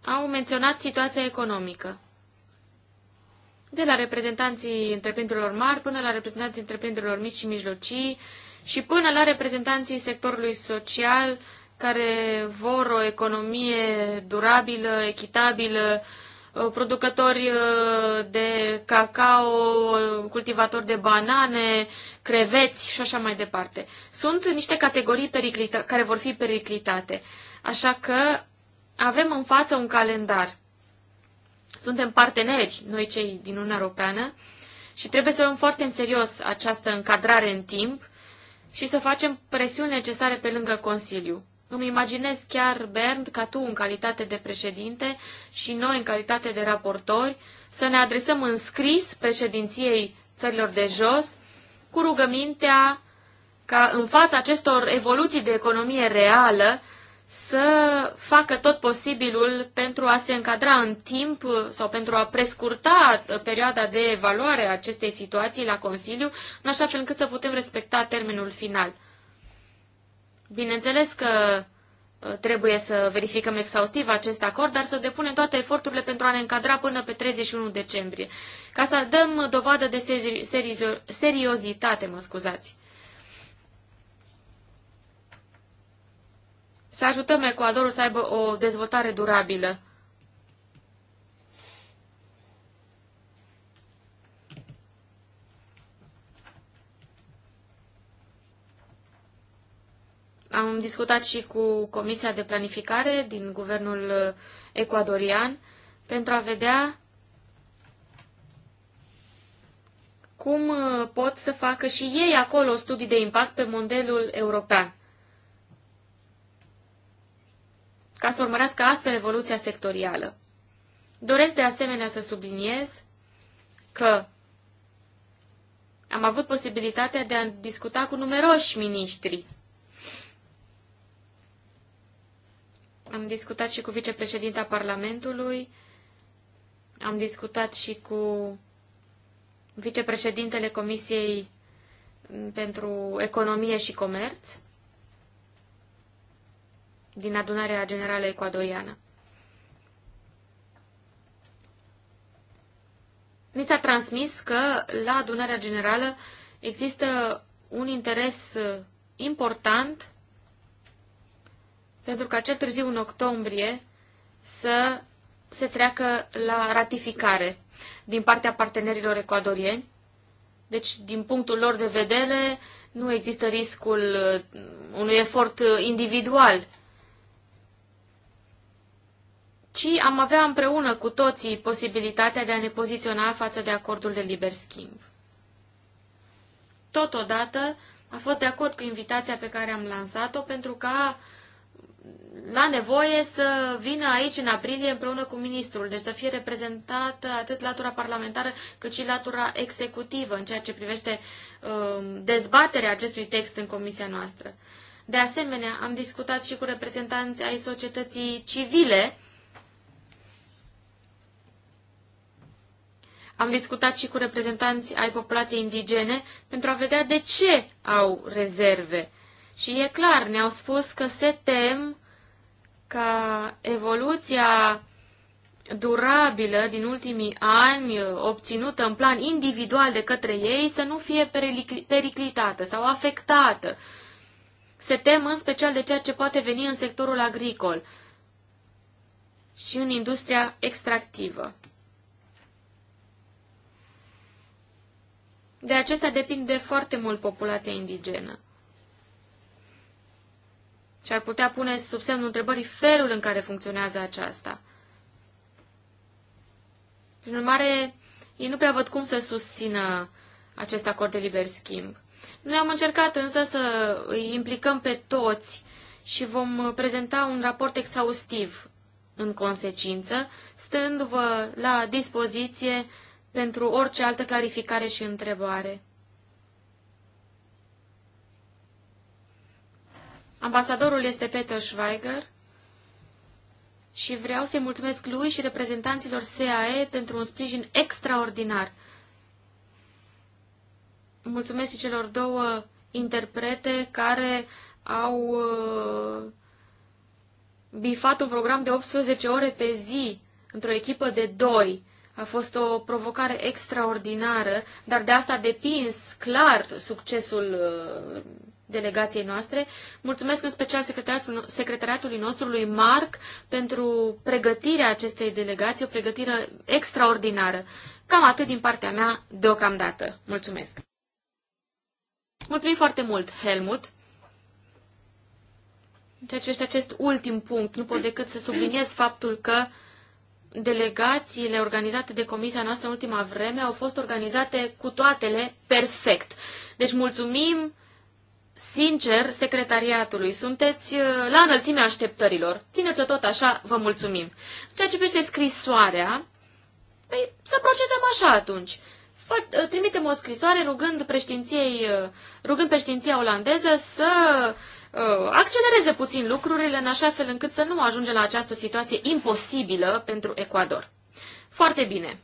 au menționat situația economică. De la reprezentanții întreprinderilor mari până la reprezentanții întreprinderilor mici și mijlocii și până la reprezentanții sectorului social care vor o economie durabilă, echitabilă, Uh, producători uh, de cacao, uh, cultivatori de banane, creveți și așa mai departe. Sunt niște categorii care vor fi periclitate. Așa că avem în față un calendar. Suntem parteneri, noi cei din Uniunea Europeană, și trebuie să luăm foarte în serios această încadrare în timp și să facem presiuni necesare pe lângă Consiliu. Îmi imaginez chiar, Bernd, ca tu în calitate de președinte și noi în calitate de raportori să ne adresăm în scris președinției țărilor de jos cu rugămintea ca în fața acestor evoluții de economie reală să facă tot posibilul pentru a se încadra în timp sau pentru a prescurta perioada de evaluare a acestei situații la Consiliu, în așa fel încât să putem respecta termenul final. Bineînțeles că uh, trebuie să verificăm exhaustiv acest acord, dar să depunem toate eforturile pentru a ne încadra până pe 31 decembrie, ca să dăm dovadă de seriozitate, mă scuzați. Să ajutăm Ecuadorul să aibă o dezvoltare durabilă. Am discutat și cu Comisia de Planificare din guvernul ecuadorian pentru a vedea cum uh, pot să facă și ei acolo studii de impact pe modelul european, ca să urmărească astfel evoluția sectorială. Doresc de asemenea să subliniez că am avut posibilitatea de a discuta cu numeroși miniștri Am discutat și cu vicepreședinta Parlamentului, am discutat și cu vicepreședintele Comisiei pentru Economie și Comerț din adunarea generală ecuadoriană. Mi s-a transmis că la adunarea generală există un interes important pentru ca cel târziu în octombrie să se treacă la ratificare din partea partenerilor ecuadorieni. Deci, din punctul lor de vedere, nu există riscul uh, unui efort uh, individual, ci am avea împreună cu toții posibilitatea de a ne poziționa față de acordul de liber schimb. Totodată, a fost de acord cu invitația pe care am lansat-o pentru ca la nevoie să vină aici în aprilie împreună cu ministrul, deci să fie reprezentată atât latura parlamentară cât și latura executivă în ceea ce privește uh, dezbaterea acestui text în comisia noastră. De asemenea, am discutat și cu reprezentanți ai societății civile. Am discutat și cu reprezentanți ai populației indigene pentru a vedea de ce au rezerve și e clar, ne-au spus că se tem ca evoluția durabilă din ultimii ani, obținută în plan individual de către ei, să nu fie periclitată sau afectată. Se tem în special de ceea ce poate veni în sectorul agricol și în industria extractivă. De acestea depinde foarte mult populația indigenă. Și ar putea pune sub semnul întrebării felul în care funcționează aceasta. Prin urmare, ei nu prea văd cum să susțină acest acord de liber schimb. Noi am încercat însă să îi implicăm pe toți și vom prezenta un raport exhaustiv în consecință, stându-vă la dispoziție pentru orice altă clarificare și întrebare. Ambasadorul este Peter Schweiger și vreau să-i mulțumesc lui și reprezentanților SAE pentru un sprijin extraordinar. Mulțumesc și celor două interprete care au uh, bifat un program de 18 ore pe zi într-o echipă de doi. A fost o provocare extraordinară, dar de asta a depins clar succesul uh, delegației noastre. Mulțumesc în special secretariatului nostru, lui Marc, pentru pregătirea acestei delegații, o pregătire extraordinară. Cam atât din partea mea deocamdată. Mulțumesc! Mulțumim foarte mult, Helmut! În ceea ce este acest ultim punct, nu pot decât să subliniez faptul că delegațiile organizate de comisia noastră în ultima vreme au fost organizate cu toatele perfect. Deci mulțumim sincer secretariatului. Sunteți uh, la înălțimea așteptărilor. Țineți-o tot așa, vă mulțumim. Ceea ce privește scrisoarea, păi, să procedăm așa atunci. Uh, trimitem o scrisoare rugând, preștinției, uh, rugând preștinția olandeză să accelereze puțin lucrurile în așa fel încât să nu ajungem la această situație imposibilă pentru Ecuador. Foarte bine.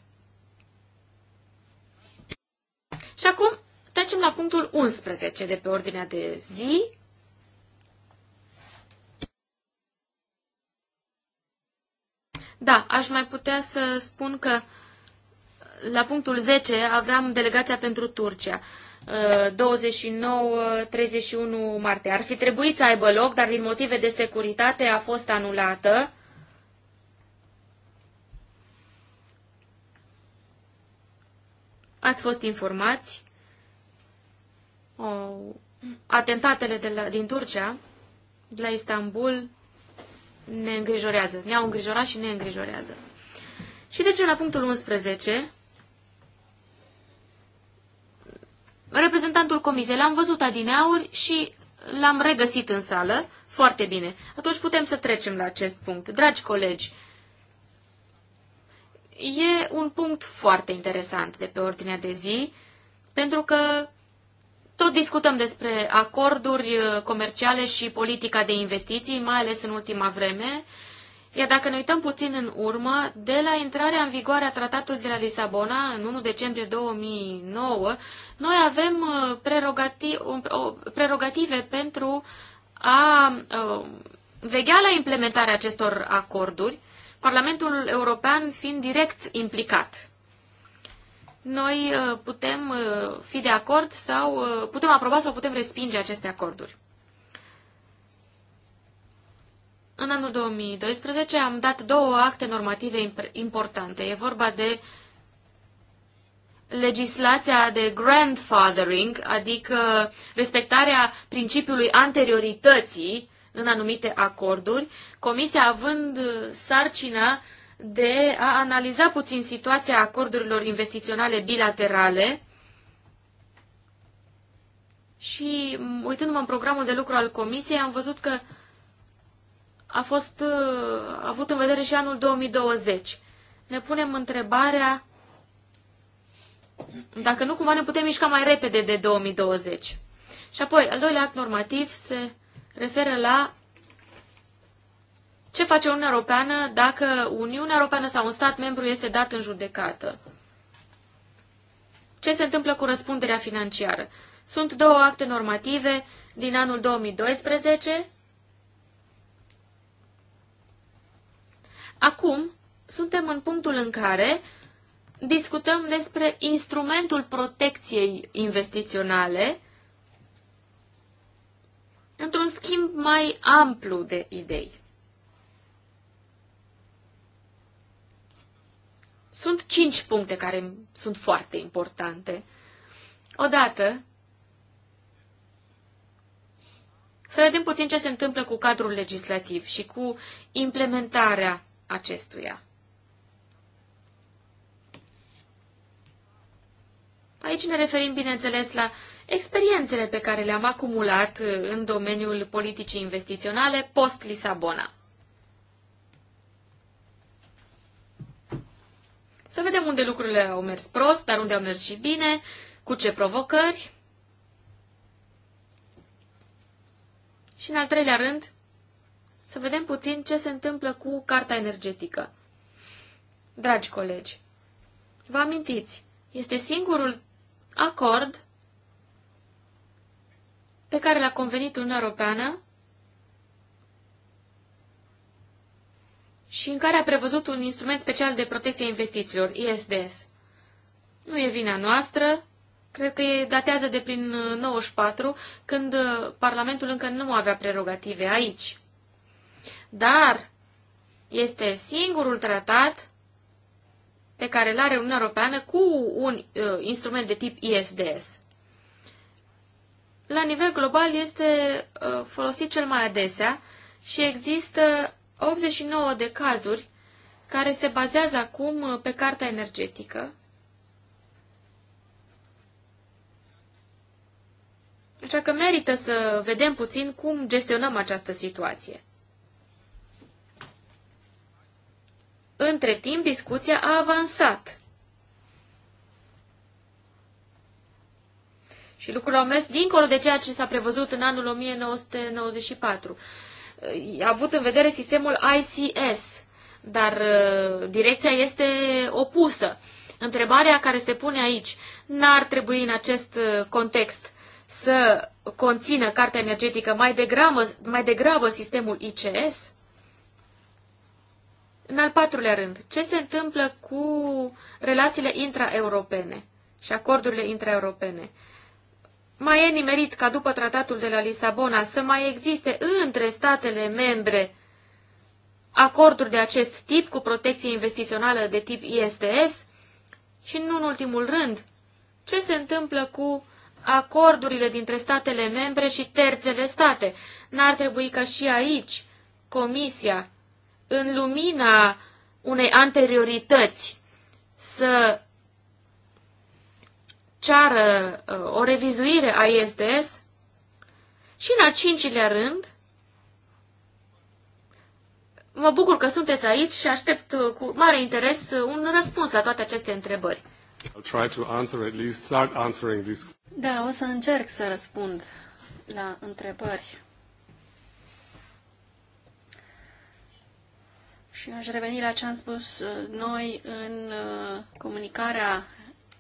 Și acum Trecem la punctul 11 de pe ordinea de zi. Da, aș mai putea să spun că uh, la punctul 10 aveam delegația pentru Turcia. 29-31 uh, martie. Ar fi trebuit să aibă loc, dar din motive de securitate a fost anulată. Ați fost informați? uh, atentatele de la, din Turcia, de la Istanbul, ne îngrijorează. Ne-au îngrijorat și ne îngrijorează. Și de ce la punctul 11, reprezentantul comisiei l-am văzut adineauri și l-am regăsit în sală. Foarte bine. Atunci putem să trecem la acest punct. Dragi colegi, e un punct foarte interesant de pe ordinea de zi, pentru că tot discutăm despre acorduri uh, comerciale și politica de investiții, mai ales în ultima vreme. Iar dacă ne uităm puțin în urmă, de la intrarea în vigoare a tratatului de la Lisabona, în 1 decembrie 2009, noi avem uh, prerogative, pentru a uh, veghea la implementarea acestor acorduri, Parlamentul European fiind direct implicat noi uh, putem uh, fi de acord sau uh, putem aproba sau putem respinge aceste acorduri. În anul 2012 am dat două acte normative importante. E vorba de legislația de grandfathering, adică respectarea principiului anteriorității în anumite acorduri, Comisia având sarcina de a analiza puțin situația acordurilor investiționale bilaterale și mm, uitându-mă în programul de lucru al Comisiei, am văzut că a fost a uh, avut în vedere și anul 2020. Ne punem întrebarea dacă nu cumva ne putem mișca mai repede de 2020. Și apoi, al doilea act normativ se referă la ce face Uniunea Europeană dacă Uniunea Europeană sau un stat membru este dat în judecată? Ce se întâmplă cu răspunderea financiară? Sunt două acte normative din anul 2012. Acum suntem în punctul în care discutăm despre instrumentul protecției investiționale într-un schimb mai amplu de idei. Sunt cinci puncte care sunt foarte importante. Odată, să vedem puțin ce se întâmplă cu cadrul legislativ și cu implementarea acestuia. Aici ne referim, bineînțeles, la experiențele pe care le-am acumulat uh, în domeniul politicii investiționale post-Lisabona. Să vedem unde lucrurile au mers prost, dar unde au mers și bine, cu ce provocări. Și în al treilea rând, să vedem puțin ce se întâmplă cu carta energetică. Dragi colegi, vă amintiți, este singurul acord pe care l-a convenit Uniunea Europeană și în care a prevăzut un instrument special de protecție a investițiilor, ISDS. Nu e vina noastră, cred că e datează de prin 94, uh, când uh, Parlamentul încă nu avea prerogative aici. Dar este singurul tratat pe care îl are Uniunea Europeană cu un uh, instrument de tip ISDS. La nivel global este uh, folosit cel mai adesea și există 89 de cazuri care se bazează acum uh, pe carta energetică. Așa că merită să vedem puțin cum gestionăm această situație. Între timp, discuția a avansat. Și lucrurile au mers dincolo de ceea ce s-a prevăzut în anul 1994. Uh, avut în vedere sistemul ICS, dar uh, direcția este opusă. Întrebarea care se pune aici, n-ar trebui în acest uh, context să conțină cartea energetică mai degrabă, mai degrabă sistemul ICS? În al patrulea rând, ce se întâmplă cu relațiile intraeuropene și acordurile intraeuropene? mai e nimerit ca după tratatul de la Lisabona să mai existe între statele membre acorduri de acest tip cu protecție investițională de tip ISDS și, nu în ultimul rând, ce se întâmplă cu acordurile dintre statele membre și terțele state. N-ar trebui ca și aici Comisia, în lumina unei anteriorități, să ceară uh, o revizuire a ISDS și în al cincilea rând, mă bucur că sunteți aici și aștept uh, cu mare interes uh, un răspuns la toate aceste întrebări. Da, o să încerc să răspund la întrebări. Și aș reveni la ce am spus noi în comunicarea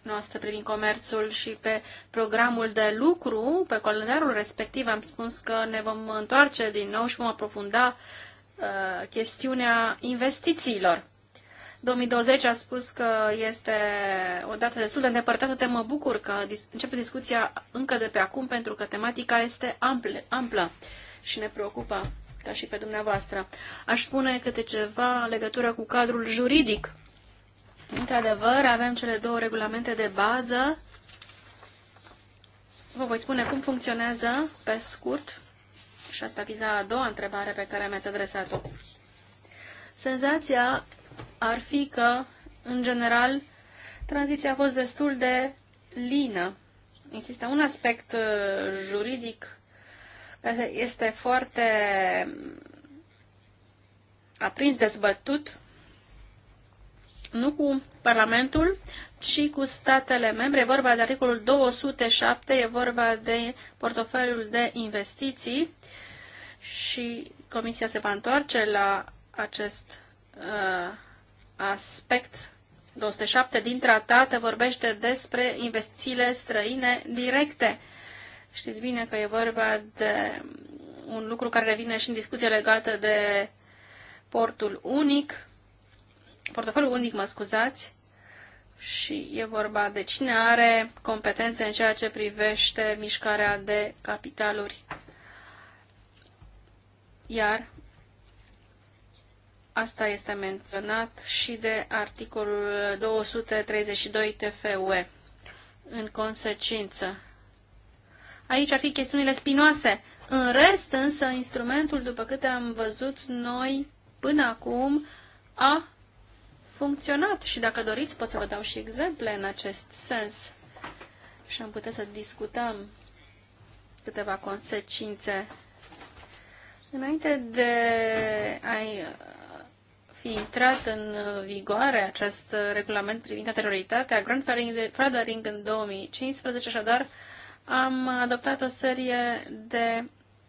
noastră privind comerțul și pe programul de lucru, pe calendarul respectiv, am spus că ne vom întoarce din nou și vom aprofunda uh, chestiunea investițiilor. 2020 a spus că este o dată destul de îndepărtată, te mă bucur că începe discuția încă de pe acum, pentru că tematica este ample, amplă și ne preocupă, ca și pe dumneavoastră. Aș spune câte ceva în legătură cu cadrul juridic Într-adevăr, avem cele două regulamente de bază. Vă voi spune cum funcționează pe scurt. Și asta viza a doua întrebare pe care mi-ați adresat-o. Senzația ar fi că, în general, tranziția a fost destul de lină. Există un aspect uh, juridic care este foarte mm, aprins dezbătut nu cu Parlamentul, ci cu statele membre. E vorba de articolul 207, e vorba de portofeliul de investiții și Comisia se va întoarce la acest uh, aspect. 207 din tratat vorbește despre investițiile străine directe. Știți bine că e vorba de un lucru care revine și în discuție legată de portul unic portofoliu unic, mă scuzați, și e vorba de cine are competențe în ceea ce privește mișcarea de capitaluri. Iar asta este menționat și de articolul 232 TFUE. În consecință, aici ar fi chestiunile spinoase. În rest, însă, instrumentul, după câte am văzut noi până acum, a funcționat și dacă doriți pot să vă dau și exemple în acest sens și am putea să discutăm câteva consecințe. Înainte de a fi intrat în vigoare acest regulament privind anterioritatea, grandfathering în 2015, așadar am adoptat o serie de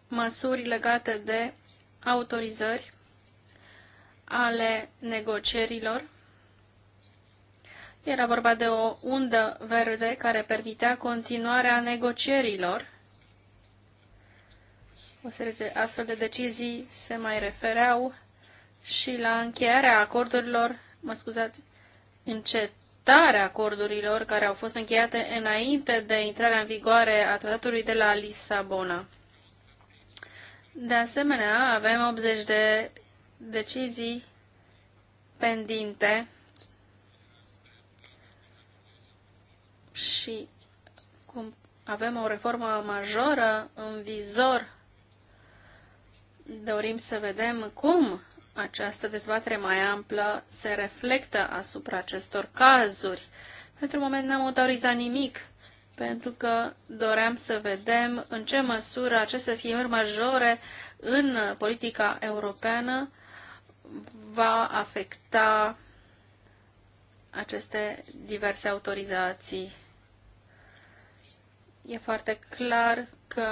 măsuri legate de autorizări ale negocierilor era vorba de o undă verde care permitea continuarea negocierilor. O serie de astfel de decizii se mai refereau și la încheierea acordurilor, mă scuzați, încetarea acordurilor care au fost încheiate înainte de intrarea în vigoare a tratatului de la Lisabona. De asemenea, avem 80 de decizii pendinte și cum avem o reformă majoră în vizor, dorim să vedem cum această dezbatere mai amplă se reflectă asupra acestor cazuri. Pentru moment n-am autorizat nimic, pentru că doream să vedem în ce măsură aceste schimbări majore în politica europeană va afecta aceste diverse autorizații e foarte clar că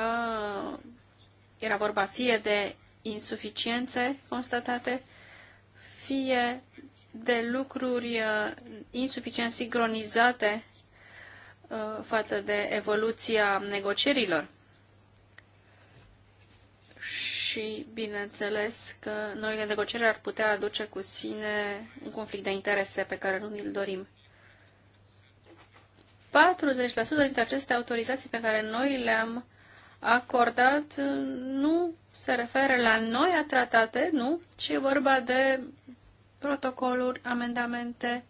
era vorba fie de insuficiențe constatate, fie de lucruri uh, insuficient sincronizate uh, față de evoluția negocierilor. Și, bineînțeles, că noile negocieri ar putea aduce cu sine un conflict de interese pe care nu îl dorim. 40% dintre aceste autorizații pe care noi le-am acordat nu se referă la noi a tratate, nu, ci e vorba de protocoluri, amendamente.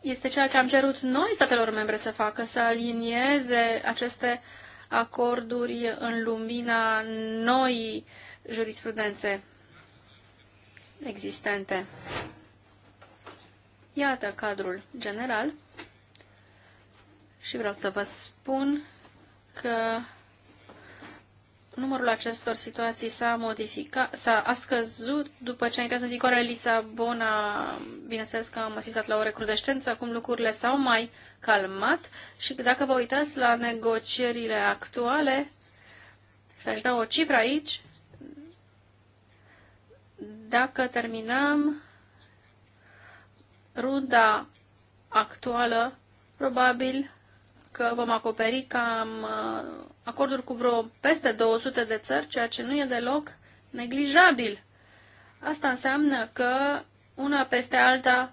Este ceea ce am cerut noi statelor membre să facă, să alinieze aceste acorduri în lumina noi jurisprudențe existente. Iată cadrul general și vreau să vă spun că numărul acestor situații s-a modificat, s-a a scăzut după ce a intrat în vigoare Lisabona. Bineînțeles că am asistat la o recrudescență, acum lucrurile s-au mai calmat și dacă vă uitați la negocierile actuale, și aș da o cifră aici, dacă terminăm runda actuală, probabil că vom acoperi cam uh, acorduri cu vreo peste 200 de țări, ceea ce nu e deloc neglijabil. Asta înseamnă că una peste alta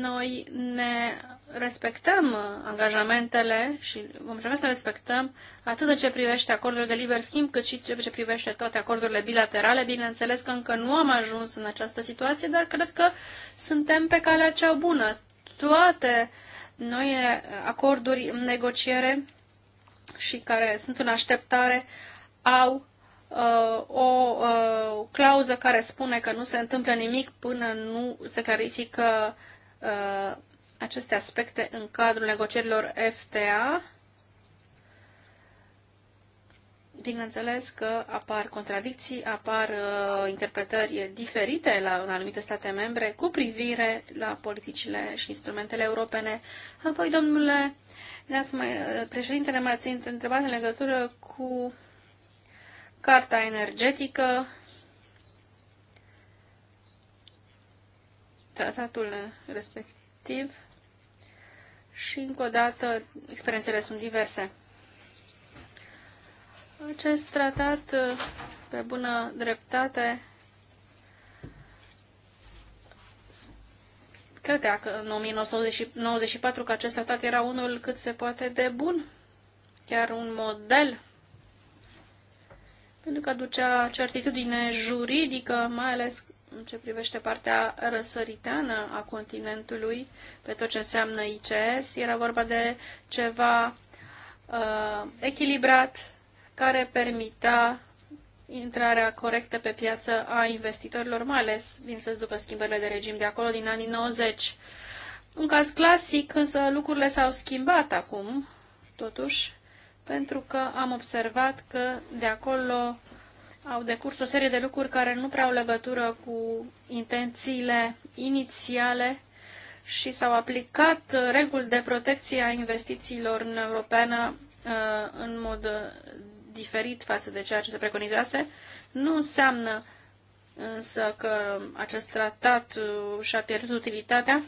noi ne respectăm uh, angajamentele și vom trebui să respectăm atât în ce privește acordurile de liber schimb, cât și ce privește toate acordurile bilaterale. Bineînțeles că încă nu am ajuns în această situație, dar cred că suntem pe calea cea bună. Toate noi acorduri în negociere și care sunt în așteptare au uh, o uh, clauză care spune că nu se întâmplă nimic până nu se clarifică uh, aceste aspecte în cadrul negocierilor FTA. Bineînțeles că apar contradicții, apar uh, interpretări diferite la în anumite state membre cu privire la politicile și instrumentele europene. Apoi, domnule ne-ați mai, uh, președintele, m-ați întrebat în legătură cu carta energetică, tratatul respectiv și, încă o dată, experiențele sunt diverse. Acest tratat, pe bună dreptate, credea că în 1994 că acest tratat era unul cât se poate de bun, chiar un model, pentru că aducea certitudine juridică, mai ales în ce privește partea răsăriteană a continentului, pe tot ce înseamnă ICS, era vorba de ceva uh, echilibrat care permita intrarea corectă pe piață a investitorilor, mai ales, bineînțeles, după schimbările de regim de acolo din anii 90. Un caz clasic, însă lucrurile s-au schimbat acum, totuși, pentru că am observat că de acolo au decurs o serie de lucruri care nu prea au legătură cu intențiile inițiale și s-au aplicat reguli de protecție a investițiilor în europeană uh, în mod diferit față de ceea ce se preconizase. Nu înseamnă însă că acest tratat uh, și-a pierdut utilitatea.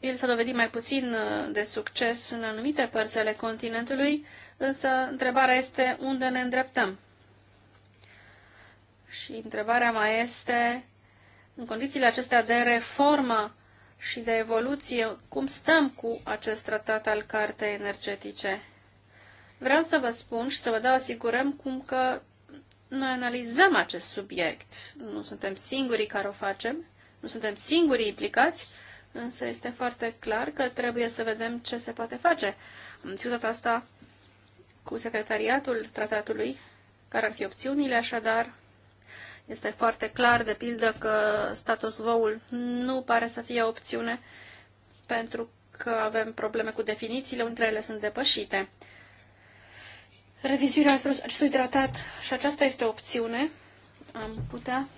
El s-a dovedit mai puțin uh, de succes în anumite părți ale continentului, însă întrebarea este unde ne îndreptăm. Și întrebarea mai este, în condițiile acestea de reformă și de evoluție, cum stăm cu acest tratat al cartei energetice? Vreau să vă spun și să vă dau asigurăm cum că noi analizăm acest subiect. Nu suntem singurii care o facem, nu suntem singurii implicați, însă este foarte clar că trebuie să vedem ce se poate face. Am ținut asta cu secretariatul tratatului care ar fi opțiunile, așadar este foarte clar, de pildă, că status voul nu pare să fie o opțiune pentru că avem probleme cu definițiile, între ele sunt depășite. Revizuirea acestui tratat și aceasta este o opțiune. Am putea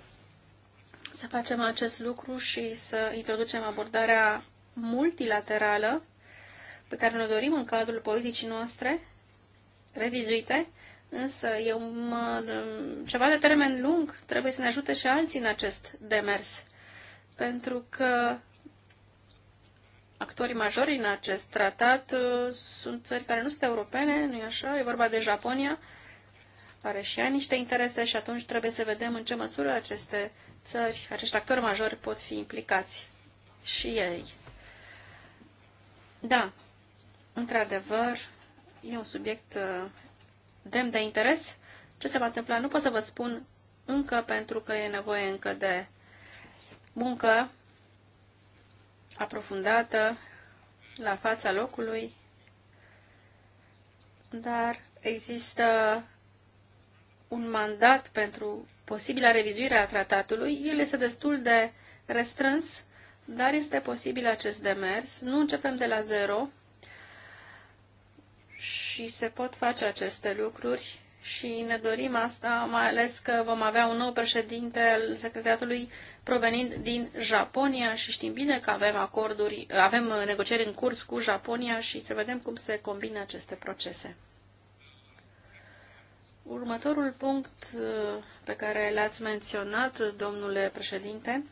să facem acest lucru și să introducem abordarea multilaterală pe care ne dorim în cadrul politicii noastre revizuite, însă e un, ceva de termen lung, trebuie să ne ajute și alții în acest demers, pentru că actorii majori în acest tratat uh, sunt țări care nu sunt europene, nu-i așa? E vorba de Japonia, are și ea niște interese și atunci trebuie să vedem în ce măsură aceste țări, acești actori majori pot fi implicați și ei. Da, într-adevăr, e un subiect uh, demn de interes. Ce se va întâmpla? Nu pot să vă spun încă pentru că e nevoie încă de muncă aprofundată la fața locului, dar există un mandat pentru posibilă revizuire a tratatului. El este destul de restrâns, dar este posibil acest demers. Nu începem de la zero, și se pot face aceste lucruri și ne dorim asta, mai ales că vom avea un nou președinte al secretariatului provenind din Japonia și știm bine că avem acorduri, avem negocieri în curs cu Japonia și să vedem cum se combină aceste procese. Următorul punct uh, pe care l-ați menționat, domnule președinte,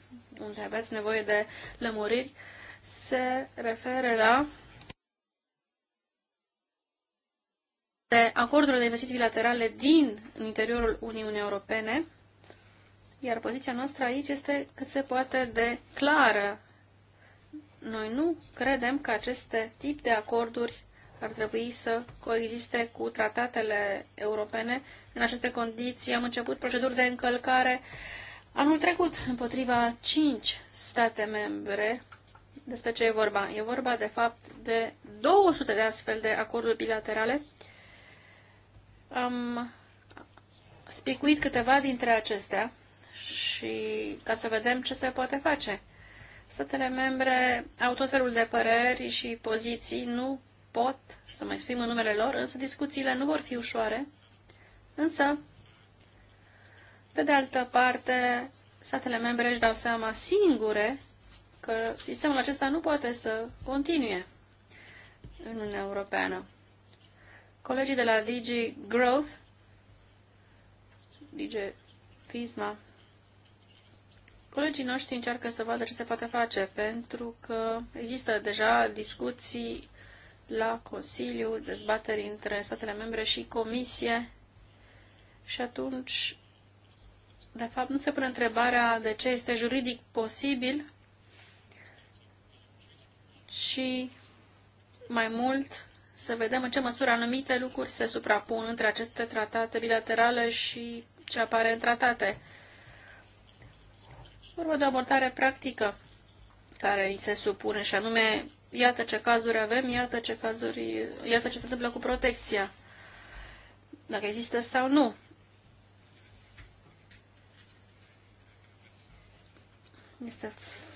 unde aveți nevoie de lămuriri, se referă la de acordurile de investiții bilaterale din interiorul Uniunii Europene, iar poziția noastră aici este cât se poate de clară. Noi nu credem că aceste tip de acorduri ar trebui să coexiste cu tratatele europene. În aceste condiții am început proceduri de încălcare anul trecut împotriva cinci state membre. Despre ce e vorba? E vorba, de fapt, de 200 de astfel de acorduri bilaterale am spicuit câteva dintre acestea și ca să vedem ce se poate face. Statele membre au tot felul de păreri și poziții, nu pot să mai exprim numele lor, însă discuțiile nu vor fi ușoare. Însă, pe de altă parte, statele membre își dau seama singure că sistemul acesta nu poate să continue în Uniunea Europeană. Colegii de la DG Growth, DG Fisma, colegii noștri încearcă să vadă ce se poate face, pentru că există deja discuții la Consiliu, dezbateri între statele membre și Comisie și atunci, de fapt, nu se pune întrebarea de ce este juridic posibil, și mai mult să vedem în ce măsură anumite lucruri se suprapun între aceste tratate bilaterale și ce apare în tratate. Vorba de o abordare practică care îi se supune și anume, iată ce cazuri avem, iată ce, cazuri, iată ce se întâmplă cu protecția, dacă există sau nu. Este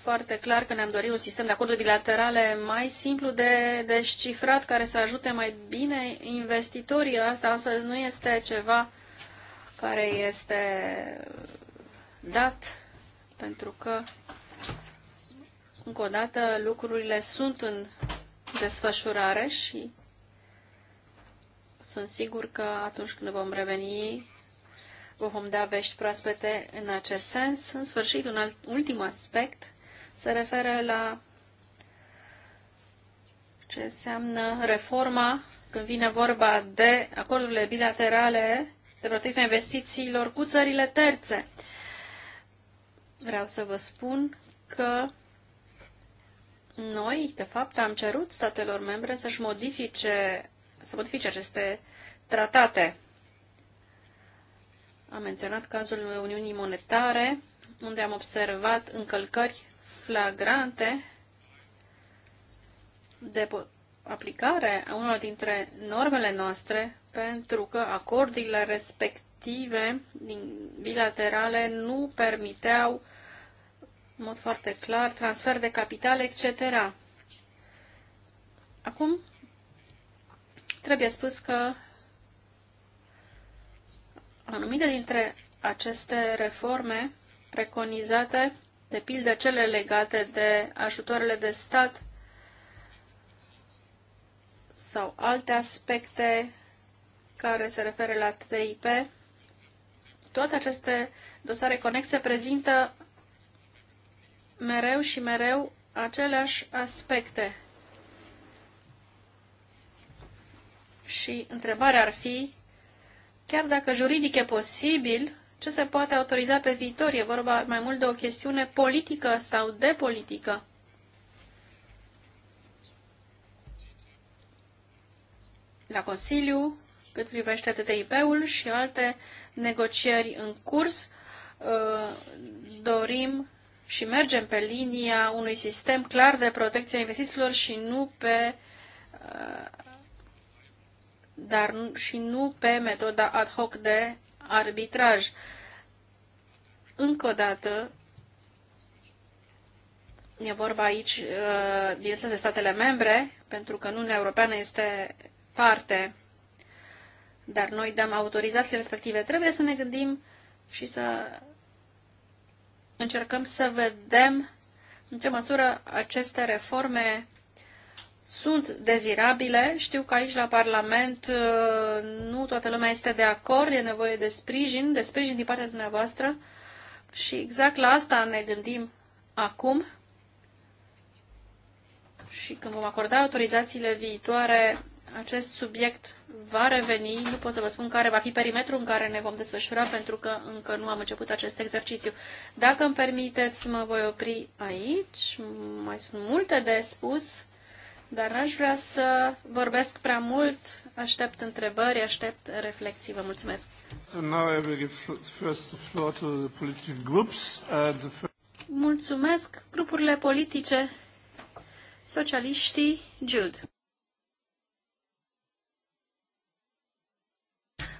foarte clar că ne-am dorit un sistem de acorduri bilaterale mai simplu de descifrat, care să ajute mai bine investitorii. Asta astăzi nu este ceva care este dat, pentru că, încă o dată, lucrurile sunt în desfășurare și sunt sigur că atunci când vom reveni vom da vești proaspete în acest sens. În sfârșit, un alt, ultim aspect se referă la ce înseamnă reforma când vine vorba de acordurile bilaterale de protecția investițiilor cu țările terțe. Vreau să vă spun că noi, de fapt, am cerut statelor membre să-și modifice, să modifice aceste tratate. Am menționat cazul Uniunii Monetare, unde am observat încălcări flagrante de aplicare a unor dintre normele noastre pentru că acordurile respective bilaterale nu permiteau în mod foarte clar transfer de capital, etc. Acum, trebuie spus că anumite dintre aceste reforme preconizate de pildă cele legate de ajutoarele de stat sau alte aspecte care se referă la TIP. Toate aceste dosare conexe prezintă mereu și mereu aceleași aspecte. Și întrebarea ar fi, chiar dacă juridic e posibil, ce se poate autoriza pe viitor. E vorba mai mult de o chestiune politică sau de politică. La Consiliu, cât privește TTIP-ul și alte negocieri în curs, uh, dorim și mergem pe linia unui sistem clar de protecție a investițiilor și nu pe uh, dar și nu pe metoda ad hoc de arbitraj. Încă o dată, e vorba aici, uh, bineînțeles, de statele membre, pentru că Uniunea Europeană este parte, dar noi dăm autorizații respective. Trebuie să ne gândim și să încercăm să vedem în ce măsură aceste reforme sunt dezirabile. Știu că aici la Parlament uh, nu toată lumea este de acord, e nevoie de sprijin, de sprijin din partea dumneavoastră și exact la asta ne gândim acum și când vom acorda autorizațiile viitoare, acest subiect va reveni. Nu pot să vă spun care va fi perimetrul în care ne vom desfășura, pentru că încă nu am început acest exercițiu. Dacă îmi permiteți, mă voi opri aici. Mai sunt multe de spus dar n-aș vrea să vorbesc prea mult. Aștept întrebări, aștept reflexii. Vă mulțumesc. Uh, mulțumesc. Grupurile politice, socialiștii, Jude.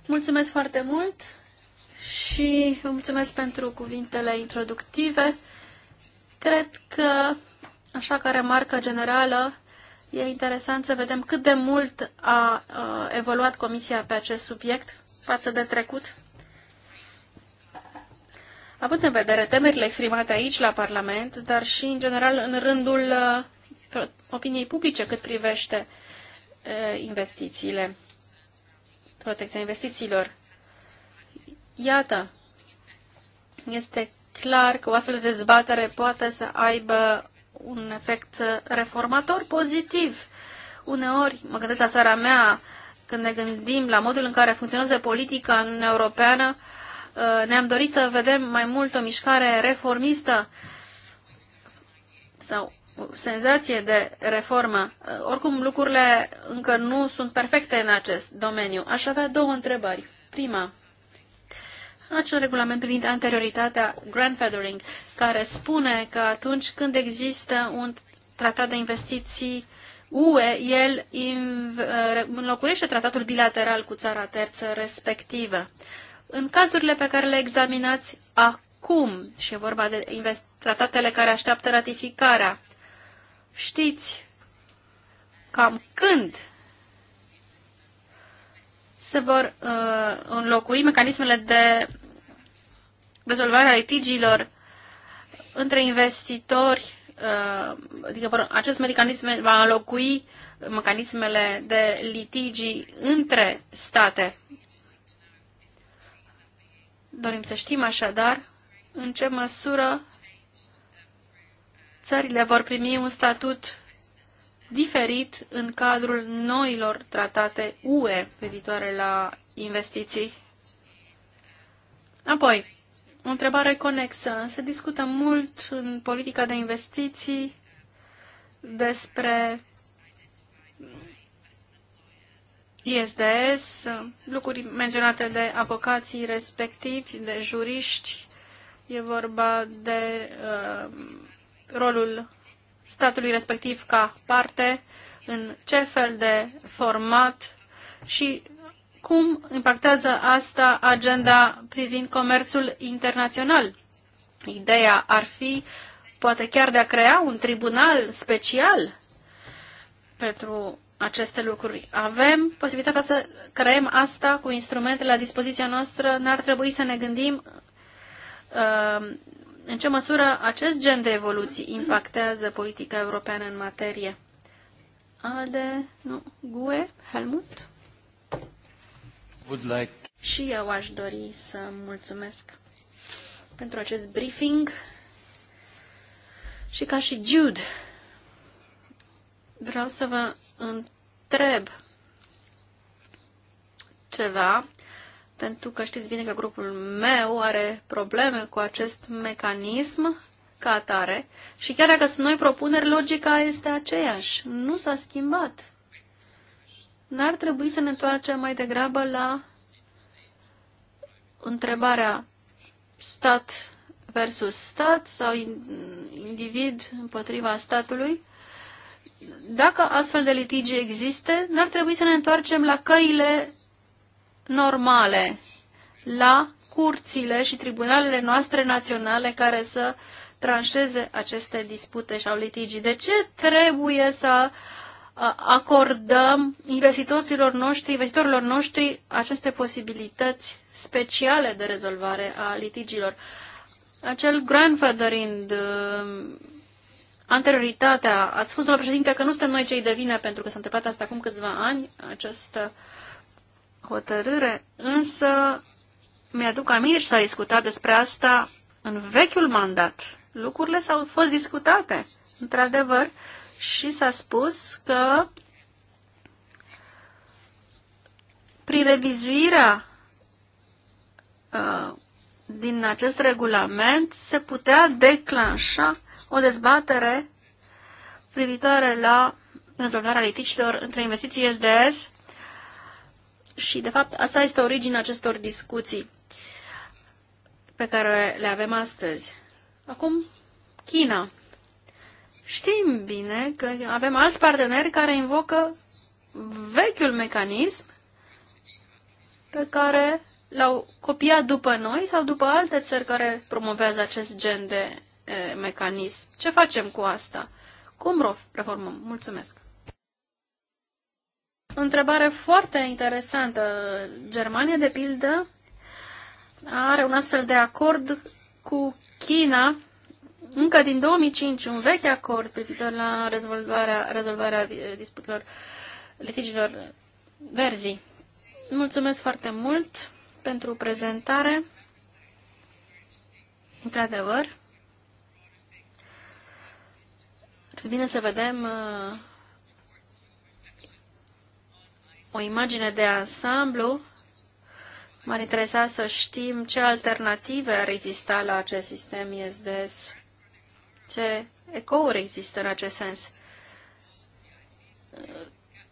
Mulțumesc foarte mult și vă mulțumesc pentru cuvintele introductive. Cred că, așa ca remarcă generală, E interesant să vedem cât de mult a evoluat Comisia pe acest subiect față de trecut. Având în vedere temerile exprimate aici la Parlament, dar și în general în rândul opiniei publice cât privește investițiile, protecția investițiilor. Iată, este clar că o astfel de dezbatere poate să aibă un efect reformator pozitiv. Uneori, mă gândesc la țara mea, când ne gândim la modul în care funcționează politica în europeană, uh, ne-am dorit să vedem mai mult o mișcare reformistă sau senzație de reformă. Uh, oricum, lucrurile încă nu sunt perfecte în acest domeniu. Aș avea două întrebări. Prima, acel regulament privind anterioritatea grandfathering, care spune că atunci când există un tratat de investiții UE, el înlocuiește tratatul bilateral cu țara terță respectivă. În cazurile pe care le examinați acum, și e vorba de tratatele care așteaptă ratificarea, știți cam când se vor uh, înlocui mecanismele de rezolvare a litigiilor între investitori, uh, adică acest mecanism va înlocui mecanismele de litigii între state. Dorim să știm așadar în ce măsură țările vor primi un statut diferit în cadrul noilor tratate UE privitoare la investiții. Apoi, o întrebare conexă. Se discută mult în politica de investiții despre ISDS, lucruri menționate de avocații respectivi, de juriști. E vorba de uh, rolul statului respectiv ca parte, în ce fel de format și cum impactează asta agenda privind comerțul internațional. Ideea ar fi poate chiar de a crea un tribunal special pentru aceste lucruri. Avem posibilitatea să creăm asta cu instrumentele la dispoziția noastră. N-ar trebui să ne gândim uh, în ce măsură acest gen de evoluții impactează politica europeană în materie. Alde, nu, Gue, Helmut? Would like... Și eu aș dori să mulțumesc pentru acest briefing și ca și Jude vreau să vă întreb ceva pentru că știți bine că grupul meu are probleme cu acest mecanism ca atare și chiar dacă sunt noi propuneri, logica este aceeași. Nu s-a schimbat. N-ar trebui să ne întoarcem mai degrabă la întrebarea stat versus stat sau individ împotriva statului. Dacă astfel de litigi există, n-ar trebui să ne întoarcem la căile normale la curțile și tribunalele noastre naționale care să tranșeze aceste dispute și au litigii. De ce trebuie să acordăm investitorilor noștri, investitorilor noștri aceste posibilități speciale de rezolvare a litigilor? Acel grandfathering, uh, anterioritatea, ați spus, la președinte, că nu suntem noi cei de vină pentru că s-a întâmplat asta acum câțiva ani, această uh, hotărâre, însă mi-aduc aminte și s-a discutat despre asta în vechiul mandat. Lucrurile s-au fost discutate, într-adevăr, și s-a spus că prin revizuirea uh, din acest regulament se putea declanșa o dezbatere privitoare la rezolvarea litigilor între investiții SDS și, de fapt, asta este originea acestor discuții pe care le avem astăzi. Acum, China. Știm bine că avem alți parteneri care invocă vechiul mecanism pe care l-au copiat după noi sau după alte țări care promovează acest gen de e, mecanism. Ce facem cu asta? Cum reformăm? Mulțumesc! Întrebare foarte interesantă. Germania, de pildă, are un astfel de acord cu China încă din 2005, un vechi acord privitor la rezolvarea, rezolvarea disputelor litigilor verzi. Mulțumesc foarte mult pentru prezentare. Într-adevăr, bine să vedem uh, o imagine de ansamblu. M-ar interesa să știm ce alternative ar exista la acest sistem ISDS, ce ecouri există în acest sens.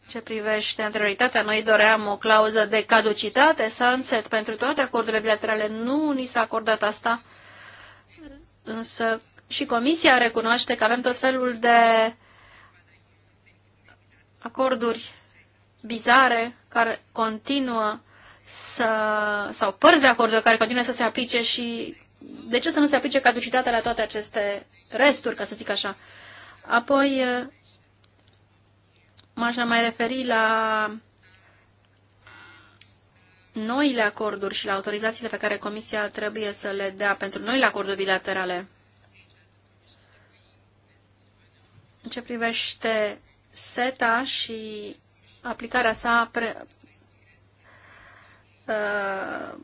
Ce privește anterioritatea, noi doream o clauză de caducitate, sunset, pentru toate acordurile bilaterale. Nu ni s-a acordat asta, însă și Comisia recunoaște că avem tot felul de acorduri bizare care continuă să, sau părți de acorduri care continuă să se aplice și de ce să nu se aplice caducitatea la toate aceste resturi, ca să zic așa. Apoi m-aș mai referi la noile acorduri și la autorizațiile pe care Comisia trebuie să le dea pentru noile acorduri bilaterale. În ce privește SETA și aplicarea sa pre, uh,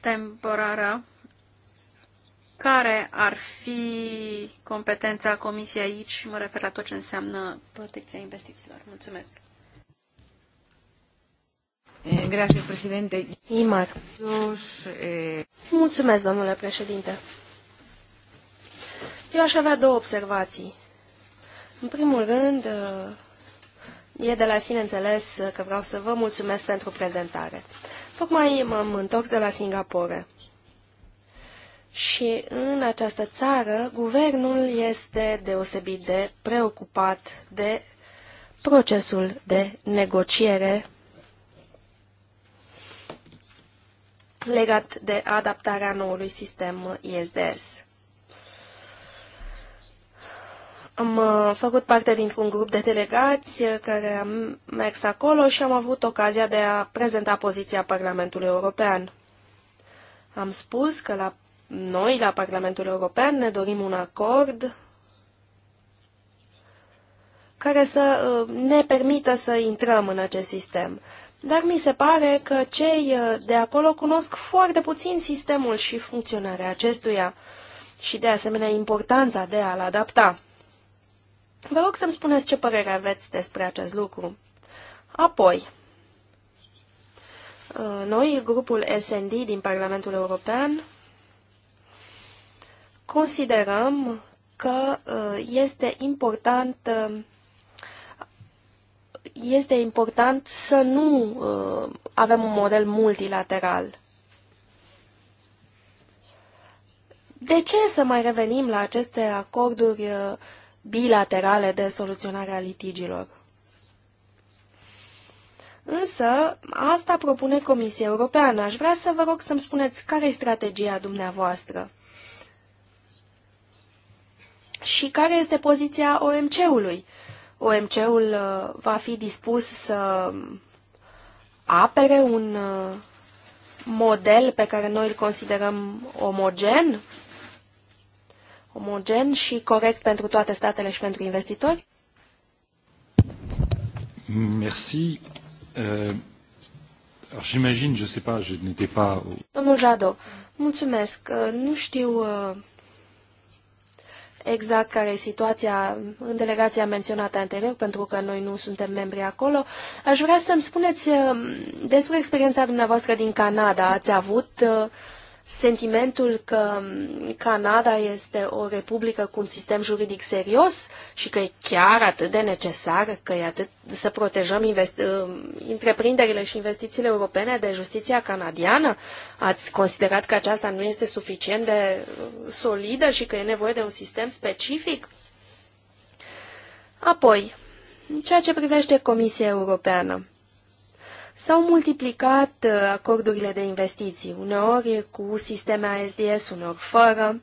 temporară, care ar fi competența Comisiei aici și mă refer la tot ce înseamnă protecția investițiilor. Mulțumesc. Eh, Grazie, președinte. Imar. Eh, Mulțumesc, domnule președinte. Eu aș avea două observații. În primul rând, eh, E de la sine înțeles că vreau să vă mulțumesc pentru prezentare. Tocmai m-am întors de la Singapore. Și în această țară, guvernul este deosebit de preocupat de procesul de negociere legat de adaptarea noului sistem ISDS. Am uh, făcut parte dintr-un grup de delegați uh, care am mers acolo și am avut ocazia de a prezenta poziția Parlamentului European. Am spus că la noi, la Parlamentul European, ne dorim un acord care să uh, ne permită să intrăm în acest sistem. Dar mi se pare că cei de acolo cunosc foarte puțin sistemul și funcționarea acestuia și, de asemenea, importanța de a-l adapta. Vă rog să-mi spuneți ce părere aveți despre acest lucru. Apoi, uh, noi, grupul SND din Parlamentul European, considerăm că uh, este important uh, este important să nu avem un model multilateral. De ce să mai revenim la aceste acorduri uh, bilaterale de soluționare a litigilor. Însă, asta propune Comisia Europeană. Aș vrea să vă rog să-mi spuneți care e strategia dumneavoastră și care este poziția OMC-ului. OMC-ul uh, va fi dispus să apere un uh, model pe care noi îl considerăm omogen omogen și corect pentru toate statele și pentru investitori? Merci. Uh, j'imagine, je sais pas, je n'étais pas... Domnul Jado, mulțumesc. Uh, nu știu uh, exact care e situația în delegația menționată anterior, pentru că noi nu suntem membri acolo. Aș vrea să-mi spuneți uh, despre experiența dumneavoastră din Canada. Ați avut uh, sentimentul că Canada este o republică cu un sistem juridic serios și că e chiar atât de necesar că e atât să protejăm uh, întreprinderile și investițiile europene de justiția canadiană? Ați considerat că aceasta nu este suficient de uh, solidă și că e nevoie de un sistem specific? Apoi, în ceea ce privește Comisia Europeană, S-au multiplicat uh, acordurile de investiții, uneori cu sisteme ASDS, uneori fără,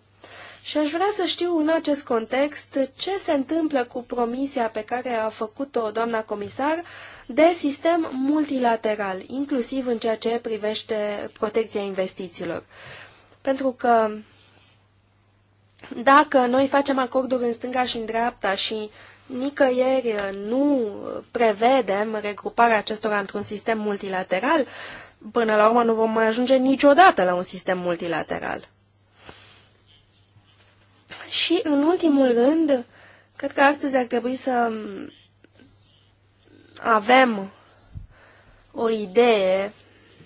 și aș vrea să știu în acest context ce se întâmplă cu promisia pe care a făcut-o doamna comisar de sistem multilateral, inclusiv în ceea ce privește protecția investițiilor. Pentru că dacă noi facem acorduri în stânga și în dreapta și Nicăieri nu prevedem regruparea acestora într-un sistem multilateral. Până la urmă nu vom mai ajunge niciodată la un sistem multilateral. Și în ultimul rând, cred că astăzi ar trebui să avem o idee,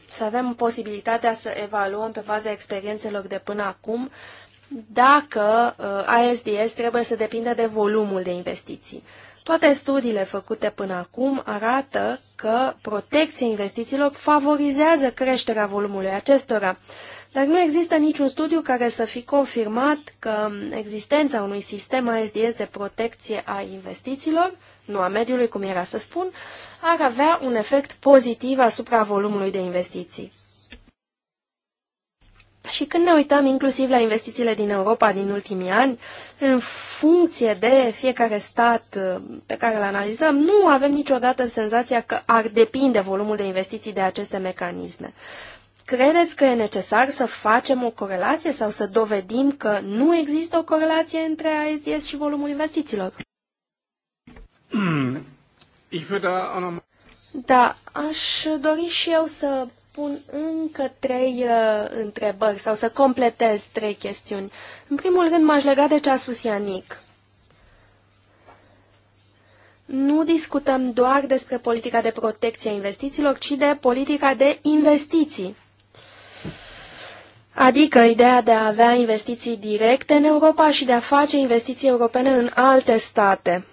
să avem posibilitatea să evaluăm pe baza experiențelor de până acum dacă uh, ASDS trebuie să depindă de volumul de investiții. Toate studiile făcute până acum arată că protecția investițiilor favorizează creșterea volumului acestora, dar nu există niciun studiu care să fi confirmat că existența unui sistem ASDS de protecție a investițiilor, nu a mediului, cum era să spun, ar avea un efect pozitiv asupra volumului de investiții. Și când ne uităm inclusiv la investițiile din Europa din ultimii ani, în funcție de fiecare stat uh, pe care îl analizăm, nu avem niciodată senzația că ar depinde volumul de investiții de aceste mecanisme. Credeți că e necesar să facem o corelație sau să dovedim că nu există o corelație între ASDS și volumul investițiilor? Hmm. Da, aș dori și eu să pun încă trei uh, întrebări sau să completez trei chestiuni. În primul rând, m-aș lega de ce a spus Ianic. Nu discutăm doar despre politica de protecție a investițiilor, ci de politica de investiții. Adică ideea de a avea investiții directe în Europa și de a face investiții europene în alte state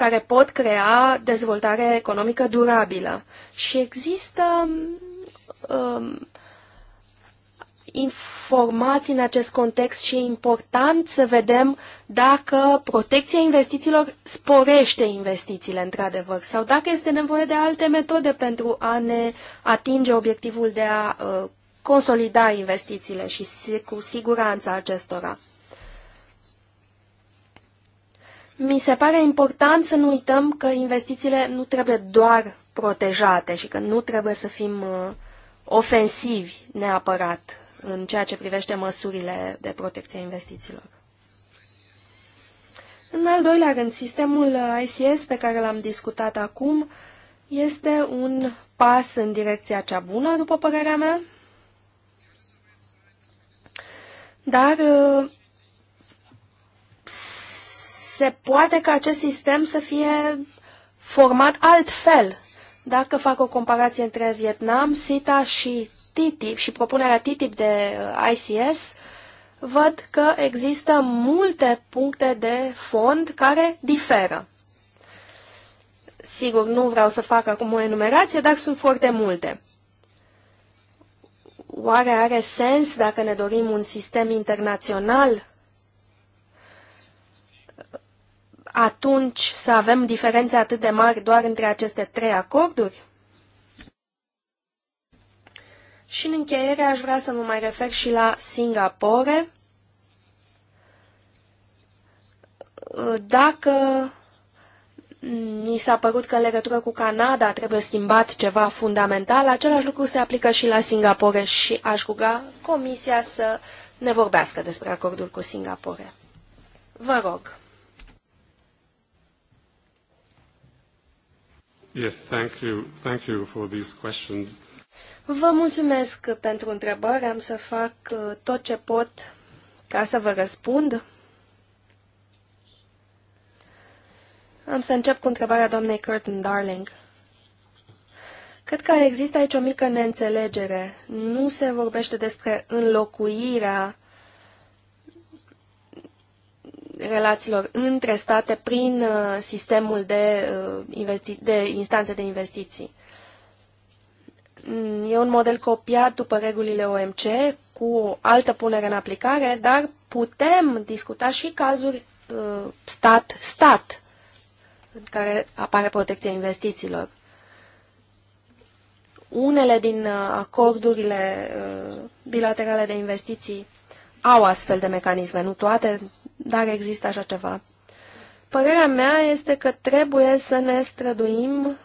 care pot crea dezvoltare economică durabilă. Și există um, informații în acest context și e important să vedem dacă protecția investițiilor sporește investițiile într-adevăr sau dacă este nevoie de alte metode pentru a ne atinge obiectivul de a uh, consolida investițiile și cu siguranța acestora. Mi se pare important să nu uităm că investițiile nu trebuie doar protejate și că nu trebuie să fim uh, ofensivi neapărat în ceea ce privește măsurile de protecție a investițiilor. În al doilea rând, sistemul uh, ICS pe care l-am discutat acum este un pas în direcția cea bună, după părerea mea, dar uh, se poate ca acest sistem să fie format altfel. Dacă fac o comparație între Vietnam, SITA și TTIP și propunerea TTIP de uh, ICS, văd că există multe puncte de fond care diferă. Sigur, nu vreau să fac acum o enumerație, dar sunt foarte multe. Oare are sens, dacă ne dorim un sistem internațional atunci să avem diferențe atât de mari doar între aceste trei acorduri? Și în încheiere aș vrea să mă mai refer și la Singapore. Dacă ni s-a părut că în legătură cu Canada trebuie schimbat ceva fundamental, același lucru se aplică și la Singapore și aș ruga Comisia să ne vorbească despre acordul cu Singapore. Vă rog. Yes, thank you. Thank you for these questions. Vă mulțumesc pentru întrebări. Am să fac uh, tot ce pot ca să vă răspund. Am să încep cu întrebarea doamnei Curtin Darling. Cred că există aici o mică neînțelegere. Nu se vorbește despre înlocuirea relațiilor între state prin uh, sistemul de, uh, de instanțe de investiții. Mm, e un model copiat după regulile OMC cu o altă punere în aplicare, dar putem discuta și cazuri uh, stat-stat în care apare protecția investițiilor. Unele din acordurile bilaterale de investiții au astfel de mecanisme, nu toate, dar există așa ceva. Părerea mea este că trebuie să ne străduim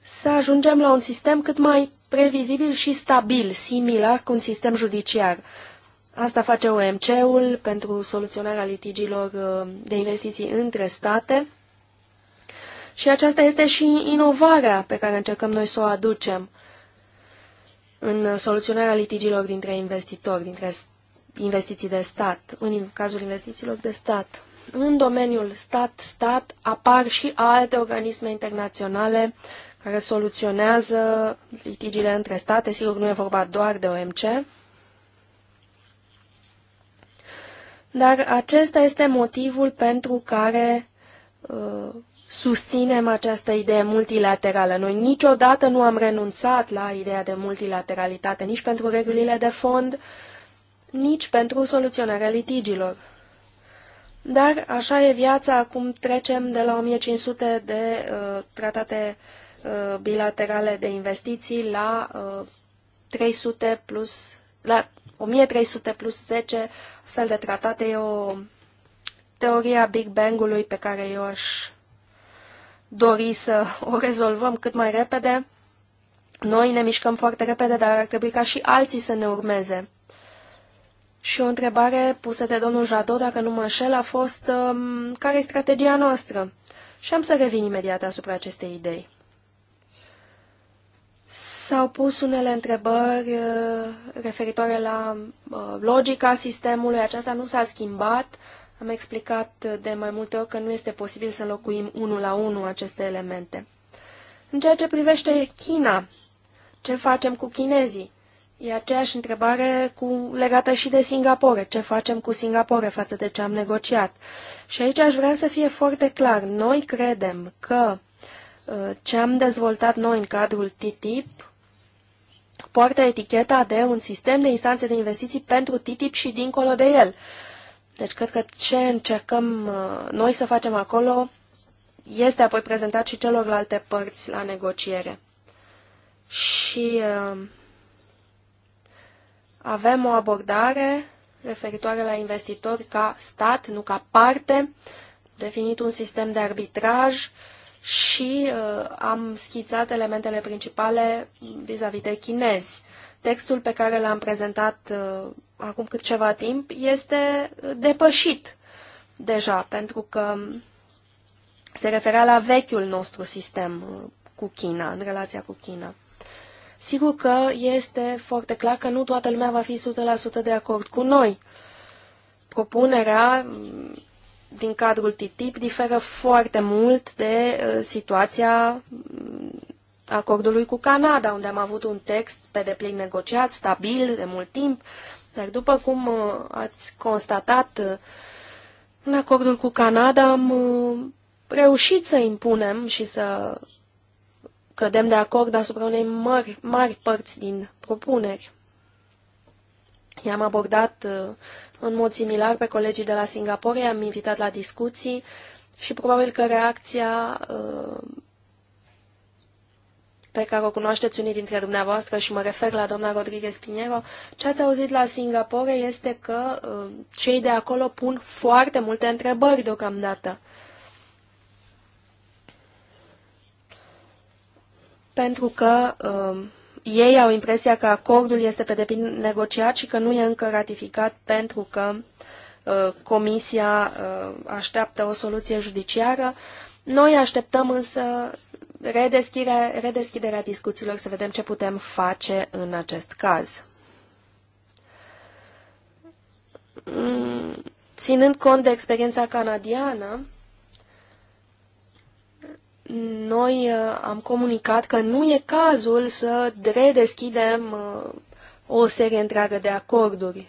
să ajungem la un sistem cât mai previzibil și stabil, similar cu un sistem judiciar. Asta face OMC-ul pentru soluționarea litigiilor uh, de investiții între state și aceasta este și inovarea pe care încercăm noi să o aducem în soluționarea litigiilor dintre investitori, dintre investiții de stat, în cazul investițiilor de stat. În domeniul stat-stat apar și alte organisme internaționale care soluționează litigiile între state. Sigur, nu e vorba doar de OMC. Dar acesta este motivul pentru care uh, susținem această idee multilaterală. Noi niciodată nu am renunțat la ideea de multilateralitate, nici pentru regulile de fond, uh, nici pentru soluționarea litigilor. Dar așa e viața, acum trecem de la 1500 de uh, tratate uh, bilaterale de investiții la uh, 300 plus, la 1300 plus 10 astfel de tratate. E o teoria Big Bang-ului pe care eu aș dori să o rezolvăm cât mai repede. Noi ne mișcăm foarte repede, dar ar trebui ca și alții să ne urmeze. Și o întrebare pusă de domnul Jado, dacă nu mă înșel, a fost um, care e strategia noastră? Și am să revin imediat asupra acestei idei. S-au pus unele întrebări uh, referitoare la uh, logica sistemului. Aceasta nu s-a schimbat. Am explicat uh, de mai multe ori că nu este posibil să înlocuim unul la unul aceste elemente. În ceea ce privește China, ce facem cu chinezii? E aceeași întrebare cu, legată și de Singapore. Ce facem cu Singapore față de ce am negociat? Și aici aș vrea să fie foarte clar. Noi credem că uh, ce am dezvoltat noi în cadrul TTIP poartă eticheta de un sistem de instanțe de investiții pentru TTIP și dincolo de el. Deci cred că ce încercăm uh, noi să facem acolo este apoi prezentat și celorlalte părți la negociere. Și uh, avem o abordare referitoare la investitori ca stat, nu ca parte, definit un sistem de arbitraj și uh, am schițat elementele principale vis-a-vis -vis de chinezi. Textul pe care l-am prezentat uh, acum cât ceva timp este uh, depășit deja, pentru că se referea la vechiul nostru sistem uh, cu China, în relația cu China. Sigur că este foarte clar că nu toată lumea va fi 100% de acord cu noi. Propunerea mm, din cadrul TTIP diferă foarte mult de uh, situația mm, acordului cu Canada, unde am avut un text pe deplin negociat, stabil, de mult timp, dar după cum uh, ați constatat, uh, în acordul cu Canada am reușit să impunem și să cădem de acord asupra unei mari, mari părți din propuneri. I-am abordat uh, în mod similar pe colegii de la Singapore, i-am invitat la discuții și probabil că reacția uh, pe care o cunoașteți unii dintre dumneavoastră și mă refer la doamna Rodriguez Pinheiro, ce ați auzit la Singapore este că uh, cei de acolo pun foarte multe întrebări deocamdată. pentru că uh, ei au impresia că acordul este pe deplin negociat și că nu e încă ratificat pentru că uh, Comisia uh, așteaptă o soluție judiciară. Noi așteptăm însă redeschiderea, discuțiilor să vedem ce putem face în acest caz. Mm, ținând cont de experiența canadiană, noi uh, am comunicat că nu e cazul să redeschidem uh, o serie întreagă de acorduri.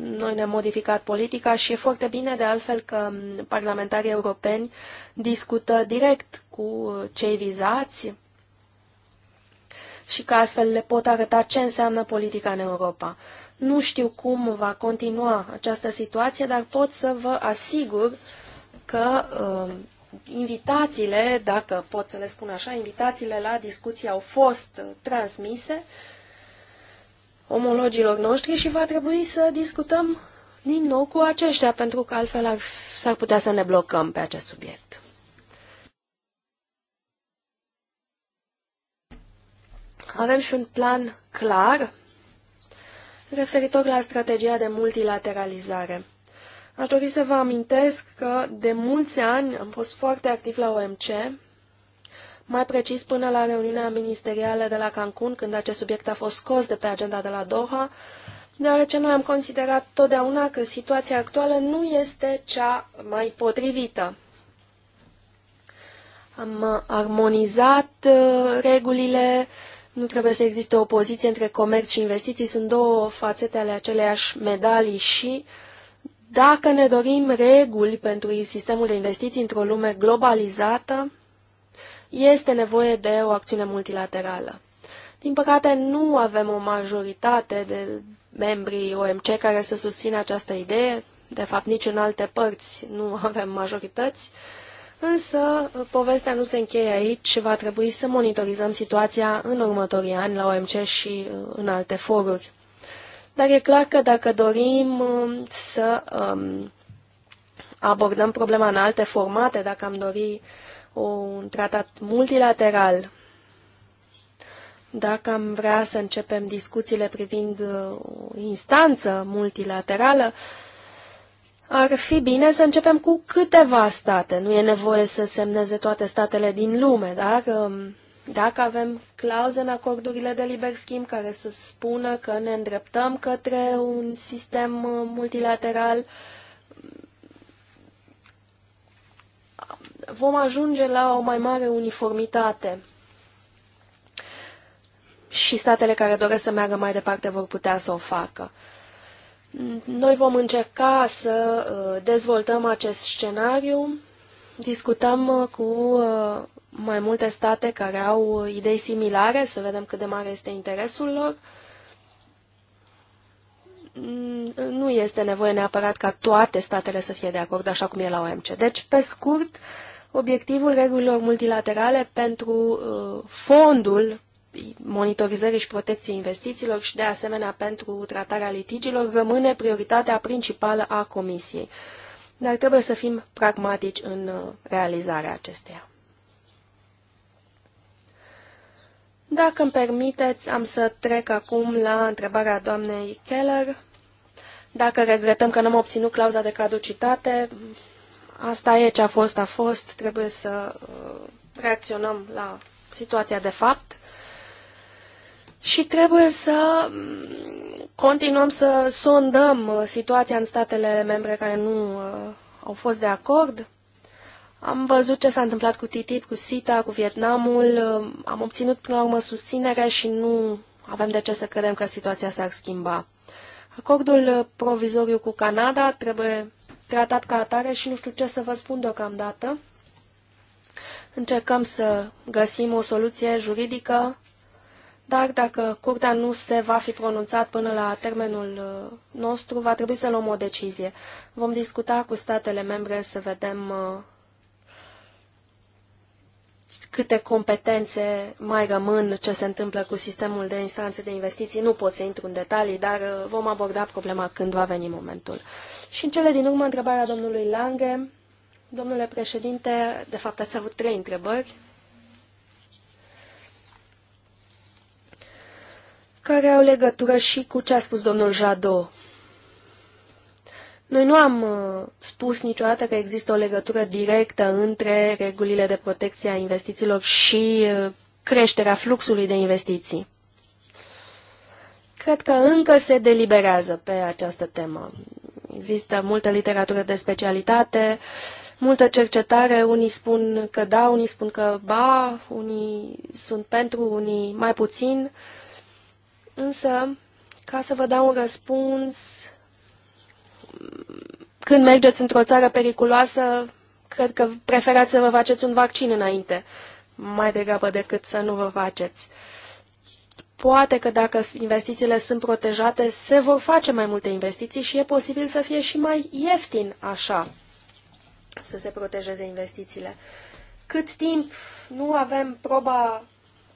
Noi ne-am modificat politica și e foarte bine de altfel că um, parlamentarii europeni discută direct cu cei vizați și că astfel le pot arăta ce înseamnă politica în Europa. Nu știu cum va continua această situație, dar pot să vă asigur că uh, invitațiile, dacă pot să le spun așa, invitațiile la discuții au fost transmise omologilor noștri și va trebui să discutăm din nou cu aceștia, pentru că altfel s-ar putea să ne blocăm pe acest subiect. Avem și un plan clar referitor la strategia de multilateralizare. Aș dori să vă amintesc că de mulți ani am fost foarte activ la OMC, mai precis până la reuniunea ministerială de la Cancun, când acest subiect a fost scos de pe agenda de la Doha, deoarece noi am considerat totdeauna că situația actuală nu este cea mai potrivită. Am armonizat uh, regulile, nu trebuie să existe o opoziție între comerț și investiții, sunt două fațete ale aceleiași medalii și uh, dacă ne dorim reguli pentru sistemul de investiții într-o lume globalizată, este nevoie de o acțiune multilaterală. Din păcate, nu avem o majoritate de membrii OMC care să susțină această idee. De fapt, nici în alte părți nu avem majorități. Însă, povestea nu se încheie aici. Va trebui să monitorizăm situația în următorii ani la OMC și uh, în alte foruri. Dar e clar că dacă dorim um, să um, abordăm problema în alte formate, dacă am dori un tratat multilateral, dacă am vrea să începem discuțiile privind uh, o instanță multilaterală, ar fi bine să începem cu câteva state. Nu e nevoie să semneze toate statele din lume, dar um, dacă avem clauze în acordurile de liber schimb care să spună că ne îndreptăm către un sistem uh, multilateral, um, vom ajunge la o mai mare uniformitate. Și statele care doresc să meargă mai departe vor putea să o facă. Noi vom încerca să uh, dezvoltăm acest scenariu. Discutăm uh, cu mai multe state care au idei similare, să vedem cât de mare este interesul lor. Mm, nu este nevoie neapărat ca toate statele să fie de acord, așa cum e la OMC. Deci, pe scurt, obiectivul regulilor multilaterale pentru uh, fondul monitorizării și protecției investițiilor și, de asemenea, pentru tratarea litigilor rămâne prioritatea principală a Comisiei. Dar trebuie să fim pragmatici în uh, realizarea acesteia. Dacă îmi permiteți, am să trec acum la întrebarea doamnei Keller. Dacă regretăm că n-am obținut clauza de caducitate, asta e ce a fost, a fost, trebuie să uh, reacționăm la situația de fapt și trebuie să mm, continuăm să sondăm uh, situația în statele membre care nu uh, au fost de acord am văzut ce s-a întâmplat cu TTIP, cu SITA, cu Vietnamul. Uh, am obținut până la urmă susținere și nu avem de ce să credem că situația s-ar schimba. Acordul uh, provizoriu cu Canada trebuie tratat ca atare și nu știu ce să vă spun deocamdată. Încercăm să găsim o soluție juridică, dar dacă curtea nu se va fi pronunțat până la termenul uh, nostru, va trebui să luăm o decizie. Vom discuta cu statele membre să vedem câte competențe mai rămân, ce se întâmplă cu sistemul de instanțe de investiții. Nu pot să intru în detalii, dar uh, vom aborda problema când va veni momentul. Și în cele din urmă, întrebarea domnului Lange. Domnule președinte, de fapt ați avut trei întrebări care au legătură și cu ce a spus domnul Jadot. Noi nu am uh, spus niciodată că există o legătură directă între regulile de protecție a investițiilor și uh, creșterea fluxului de investiții. Cred că încă se deliberează pe această temă. Există multă literatură de specialitate, multă cercetare, unii spun că da, unii spun că ba, unii sunt pentru, unii mai puțin, însă, ca să vă dau un răspuns când mergeți într-o țară periculoasă, cred că preferați să vă faceți un vaccin înainte, mai degrabă decât să nu vă faceți. Poate că dacă investițiile sunt protejate, se vor face mai multe investiții și e posibil să fie și mai ieftin așa să se protejeze investițiile. Cât timp nu avem proba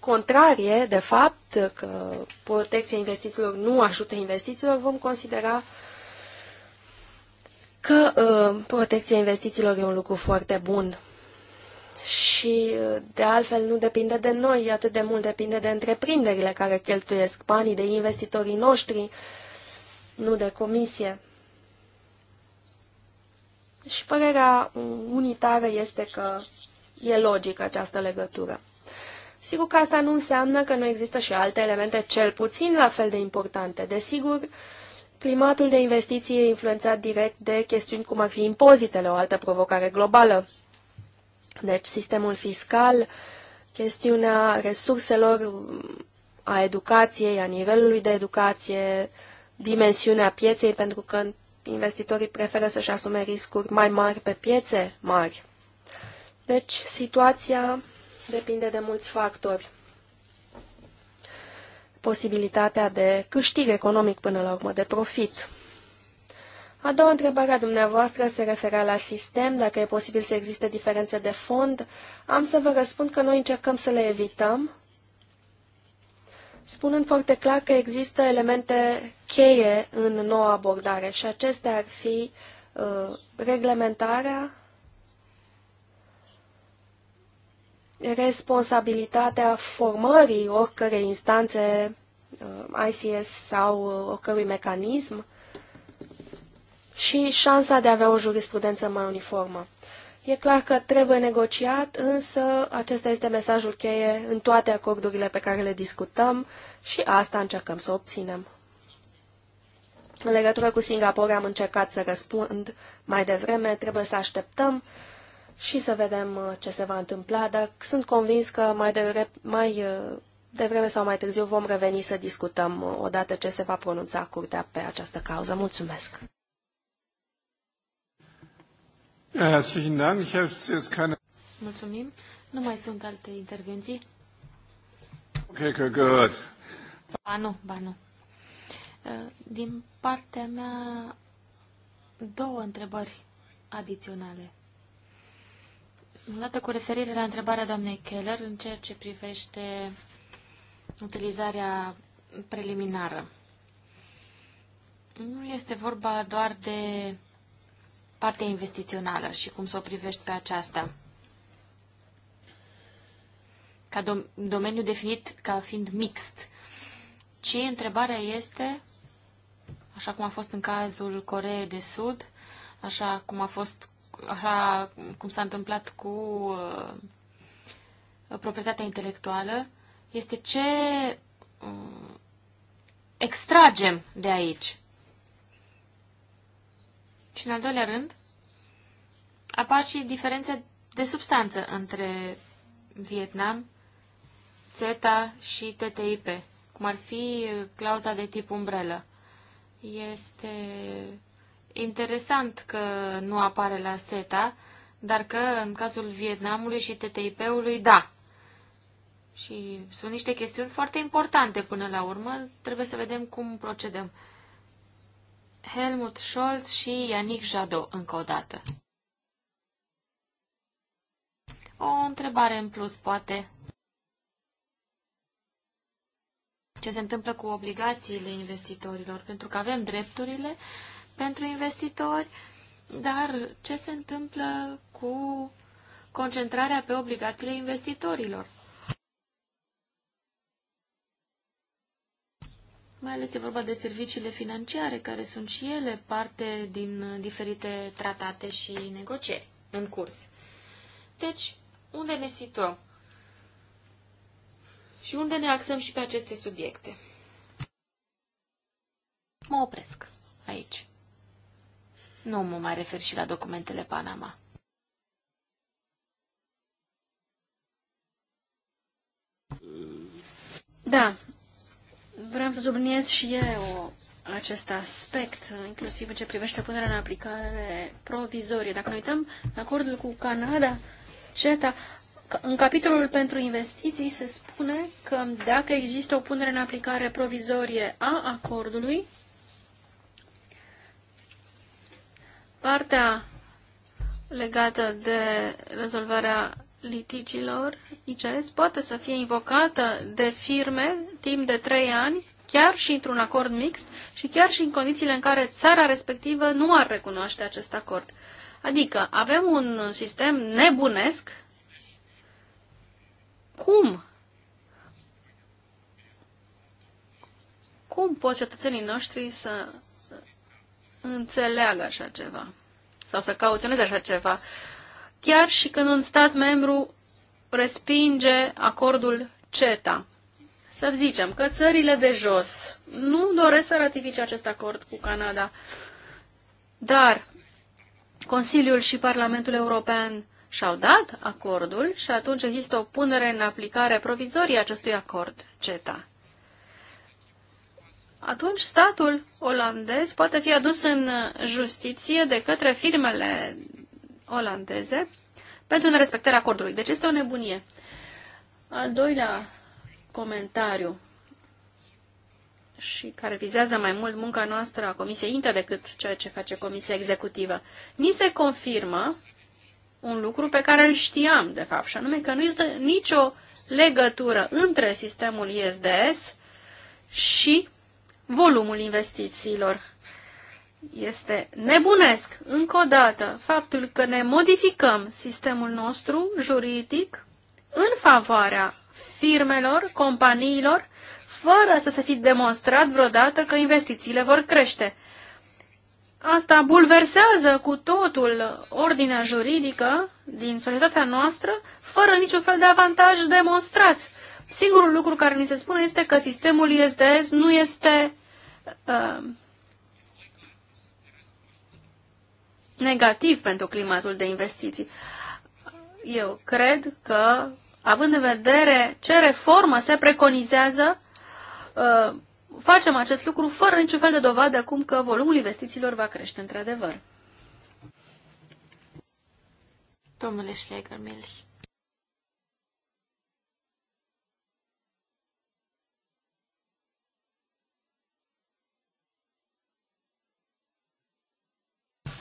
contrarie, de fapt, că protecția investițiilor nu ajută investițiilor, vom considera uh, că uh, protecția investițiilor e un lucru foarte bun și uh, de altfel nu depinde de noi, atât de mult depinde de întreprinderile care cheltuiesc banii, de investitorii noștri, nu de comisie. Și părerea unitară este că e logică această legătură. Sigur că asta nu înseamnă că nu există și alte elemente cel puțin la fel de importante. Desigur, uh, Climatul de investiții e influențat direct de chestiuni cum ar fi impozitele, o altă provocare globală. Deci sistemul fiscal, chestiunea resurselor a educației, a nivelului de educație, dimensiunea pieței, pentru că investitorii preferă să-și asume riscuri mai mari pe piețe mari. Deci, situația depinde de mulți factori posibilitatea de câștig economic până la urmă, de profit. A doua întrebare a dumneavoastră se referea la sistem, dacă e posibil să existe diferențe de fond. Am să vă răspund că noi încercăm să le evităm, spunând foarte clar că există elemente cheie în noua abordare și acestea ar fi uh, reglementarea, responsabilitatea formării oricărei instanțe uh, ICS sau oricărui mecanism și șansa de a avea o jurisprudență mai uniformă. E clar că trebuie negociat, însă acesta este mesajul cheie în toate acordurile pe care le discutăm și asta încercăm să obținem. În legătură cu Singapore am încercat să răspund mai devreme, trebuie să așteptăm și să vedem uh, ce se va întâmpla, dar sunt convins că mai, devre, mai uh, devreme sau mai târziu vom reveni să discutăm uh, odată ce se va pronunța curtea pe această cauză. Mulțumesc! Mulțumim. Nu mai sunt alte intervenții. Ok, good, good. Ba nu, ba nu. Din partea mea, două întrebări adiționale. Odată cu referire la întrebarea doamnei Keller în ceea ce privește utilizarea preliminară. Nu este vorba doar de partea investițională și cum să o privești pe aceasta. Ca dom- domeniu definit ca fiind mixt. Ci întrebarea este, așa cum a fost în cazul Coreei de Sud, așa cum a fost așa cum s-a întâmplat cu uh, proprietatea intelectuală, este ce uh, extragem de aici. Și în al doilea rând, apar și diferențe de substanță între Vietnam, CETA și TTIP, cum ar fi clauza de tip umbrelă. Este Interesant că nu apare la SETA, dar că în cazul Vietnamului și TTIP-ului, da. Și sunt niște chestiuni foarte importante până la urmă. Trebuie să vedem cum procedăm. Helmut Scholz și Yannick Jadot, încă o dată. O întrebare în plus, poate. Ce se întâmplă cu obligațiile investitorilor? Pentru că avem drepturile, pentru investitori, dar ce se întâmplă cu concentrarea pe obligațiile investitorilor? Mai ales e vorba de serviciile financiare, care sunt și ele parte din diferite tratate și negocieri în curs. Deci, unde ne situăm? Și unde ne axăm și pe aceste subiecte? Mă opresc aici. Nu mă mai refer și la documentele Panama. Da, vreau să subliniez și eu acest aspect, inclusiv în ce privește punerea în aplicare provizorie. Dacă ne uităm acordul cu Canada, CETA, în capitolul pentru investiții se spune că dacă există o punere în aplicare provizorie a acordului, Partea legată de rezolvarea litigilor ICS poate să fie invocată de firme timp de trei ani, chiar și într-un acord mixt și chiar și în condițiile în care țara respectivă nu ar recunoaște acest acord. Adică avem un sistem nebunesc. Cum? Cum pot cetățenii noștri să înțeleagă așa ceva sau să cauționeze așa ceva. Chiar și când un stat membru respinge acordul CETA, să zicem că țările de jos nu doresc să ratifice acest acord cu Canada, dar Consiliul și Parlamentul European și-au dat acordul și atunci există o punere în aplicare provizorie acestui acord CETA atunci statul olandez poate fi adus în justiție de către firmele olandeze pentru nerespectarea acordului. Deci este o nebunie. Al doilea comentariu și care vizează mai mult munca noastră a Comisiei Inter decât ceea ce face Comisia Executivă. Ni se confirmă un lucru pe care îl știam, de fapt, și anume că nu există nicio legătură între sistemul ISDS și volumul investițiilor. Este nebunesc, încă o dată, faptul că ne modificăm sistemul nostru juridic în favoarea firmelor, companiilor, fără să se fi demonstrat vreodată că investițiile vor crește. Asta bulversează cu totul ordinea juridică din societatea noastră, fără niciun fel de avantaj demonstrat. Singurul lucru care ni se spune este că sistemul ISDS nu este uh, negativ pentru climatul de investiții. Eu cred că, având în vedere ce reformă se preconizează, uh, facem acest lucru fără niciun fel de dovadă acum că volumul investițiilor va crește într-adevăr. Domnule Schlegelmilch.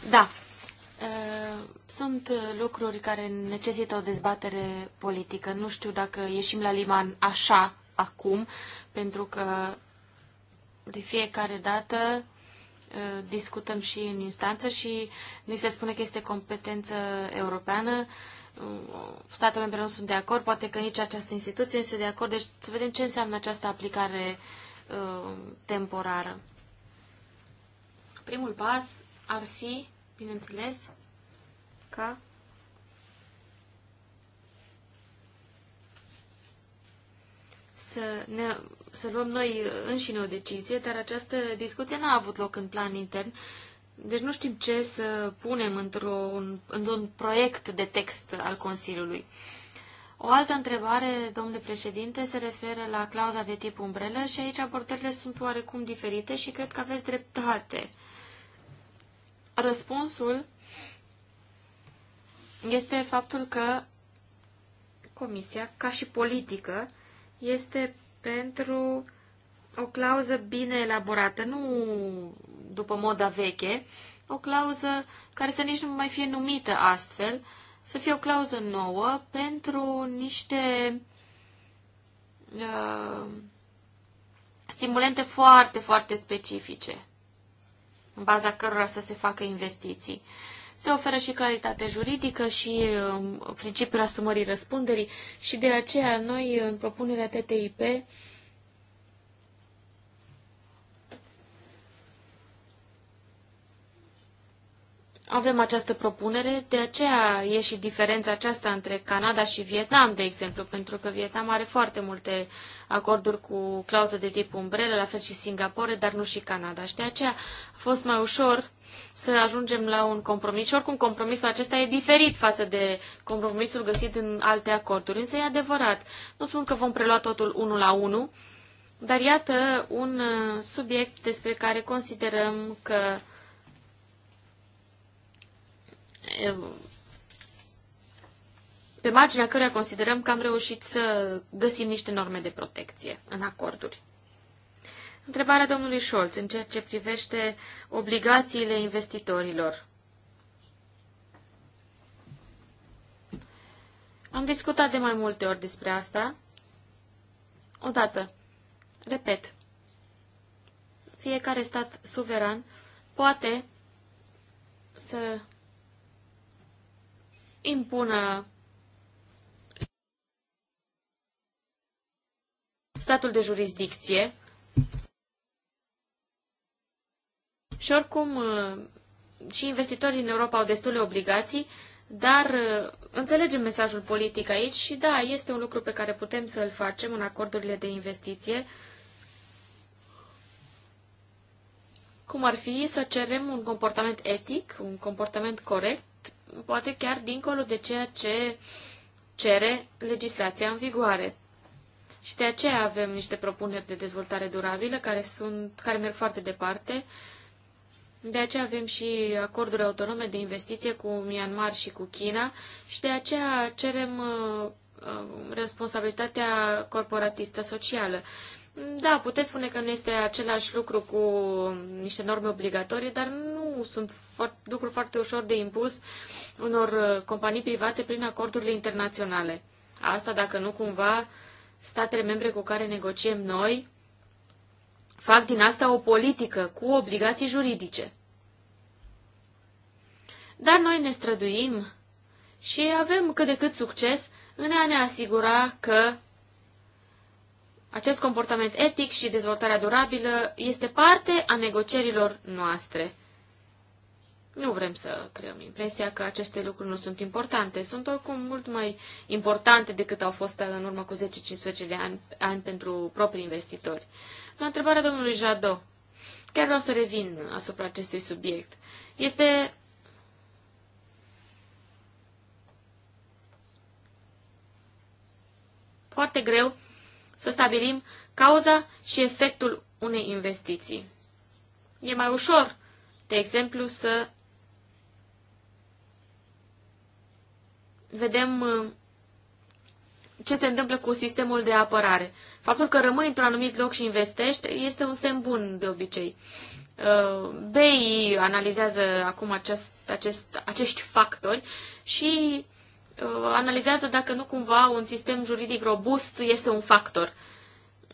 Da, sunt lucruri care necesită o dezbatere politică. Nu știu dacă ieșim la liman așa acum, pentru că de fiecare dată discutăm și în instanță și ni se spune că este competență europeană. Statele membre nu sunt de acord, poate că nici această instituție nu este de acord, deci să vedem ce înseamnă această aplicare temporară. Primul pas ar fi bineînțeles, ca să, ne, să luăm noi înșine o decizie, dar această discuție n-a avut loc în plan intern. Deci nu știm ce să punem într-un, într-un proiect de text al Consiliului. O altă întrebare, domnule președinte, se referă la clauza de tip umbrelă și aici abordările sunt oarecum diferite și cred că aveți dreptate. Uh, Răspunsul este faptul că Comisia, ca și politică, este pentru o clauză bine elaborată, nu după moda veche, o clauză care să nici nu mai fie numită astfel, să fie o clauză nouă pentru niște uh, stimulente foarte, foarte specifice în baza cărora să se facă investiții. Se oferă și claritate juridică și um, principiul asumării răspunderii și de aceea noi în propunerea TTIP avem această propunere, de aceea e și diferența aceasta între Canada și Vietnam, de exemplu, pentru că Vietnam are foarte multe acorduri cu clauze de tip umbrelă la fel și Singapore, dar nu și Canada. Și de aceea a fost mai ușor să ajungem la un compromis. Și oricum compromisul acesta e diferit față de compromisul găsit în alte acorduri. Însă e adevărat. Nu spun că vom prelua totul unul la unul, dar iată un uh, subiect despre care considerăm că pe marginea căreia considerăm că am reușit să găsim niște norme de protecție în acorduri. Întrebarea domnului Scholz în ceea ce privește obligațiile investitorilor. Am discutat de mai multe ori despre asta. Odată, repet, fiecare stat suveran poate să impună statul de jurisdicție. Și oricum, uh, și investitorii în Europa au destule obligații, dar uh, înțelegem mesajul politic aici și da, este un lucru pe care putem să-l facem în acordurile de investiție, cum ar fi să cerem un comportament etic, un comportament corect, poate chiar dincolo de ceea ce cere legislația în vigoare. Și de aceea avem niște propuneri de dezvoltare durabilă care, sunt, care merg foarte departe. De aceea avem și acorduri autonome de investiție cu Myanmar și cu China și de aceea cerem uh, uh, responsabilitatea corporatistă socială. Da, puteți spune că nu este același lucru cu niște norme obligatorii, dar nu sunt foarte, lucruri foarte ușor de impus unor uh, companii private prin acordurile internaționale. Asta dacă nu cumva statele membre cu care negociem noi fac din asta o politică cu obligații juridice. Dar noi ne străduim și avem cât de cât succes în a ne asigura că acest comportament etic și dezvoltarea durabilă este parte a negocierilor noastre. Nu vrem să creăm impresia că aceste lucruri nu sunt importante. Sunt oricum mult mai importante decât au fost în urmă cu 10-15 de ani, ani pentru proprii investitori. La întrebarea domnului Jadot, chiar vreau să revin asupra acestui subiect. Este foarte greu să stabilim cauza și efectul unei investiții. E mai ușor, de exemplu, să vedem uh, ce se întâmplă cu sistemul de apărare. Faptul că rămâi într-un anumit loc și investești este un semn bun de obicei. Uh, BI analizează acum acest, acest, acești factori și uh, analizează dacă nu cumva un sistem juridic robust este un factor.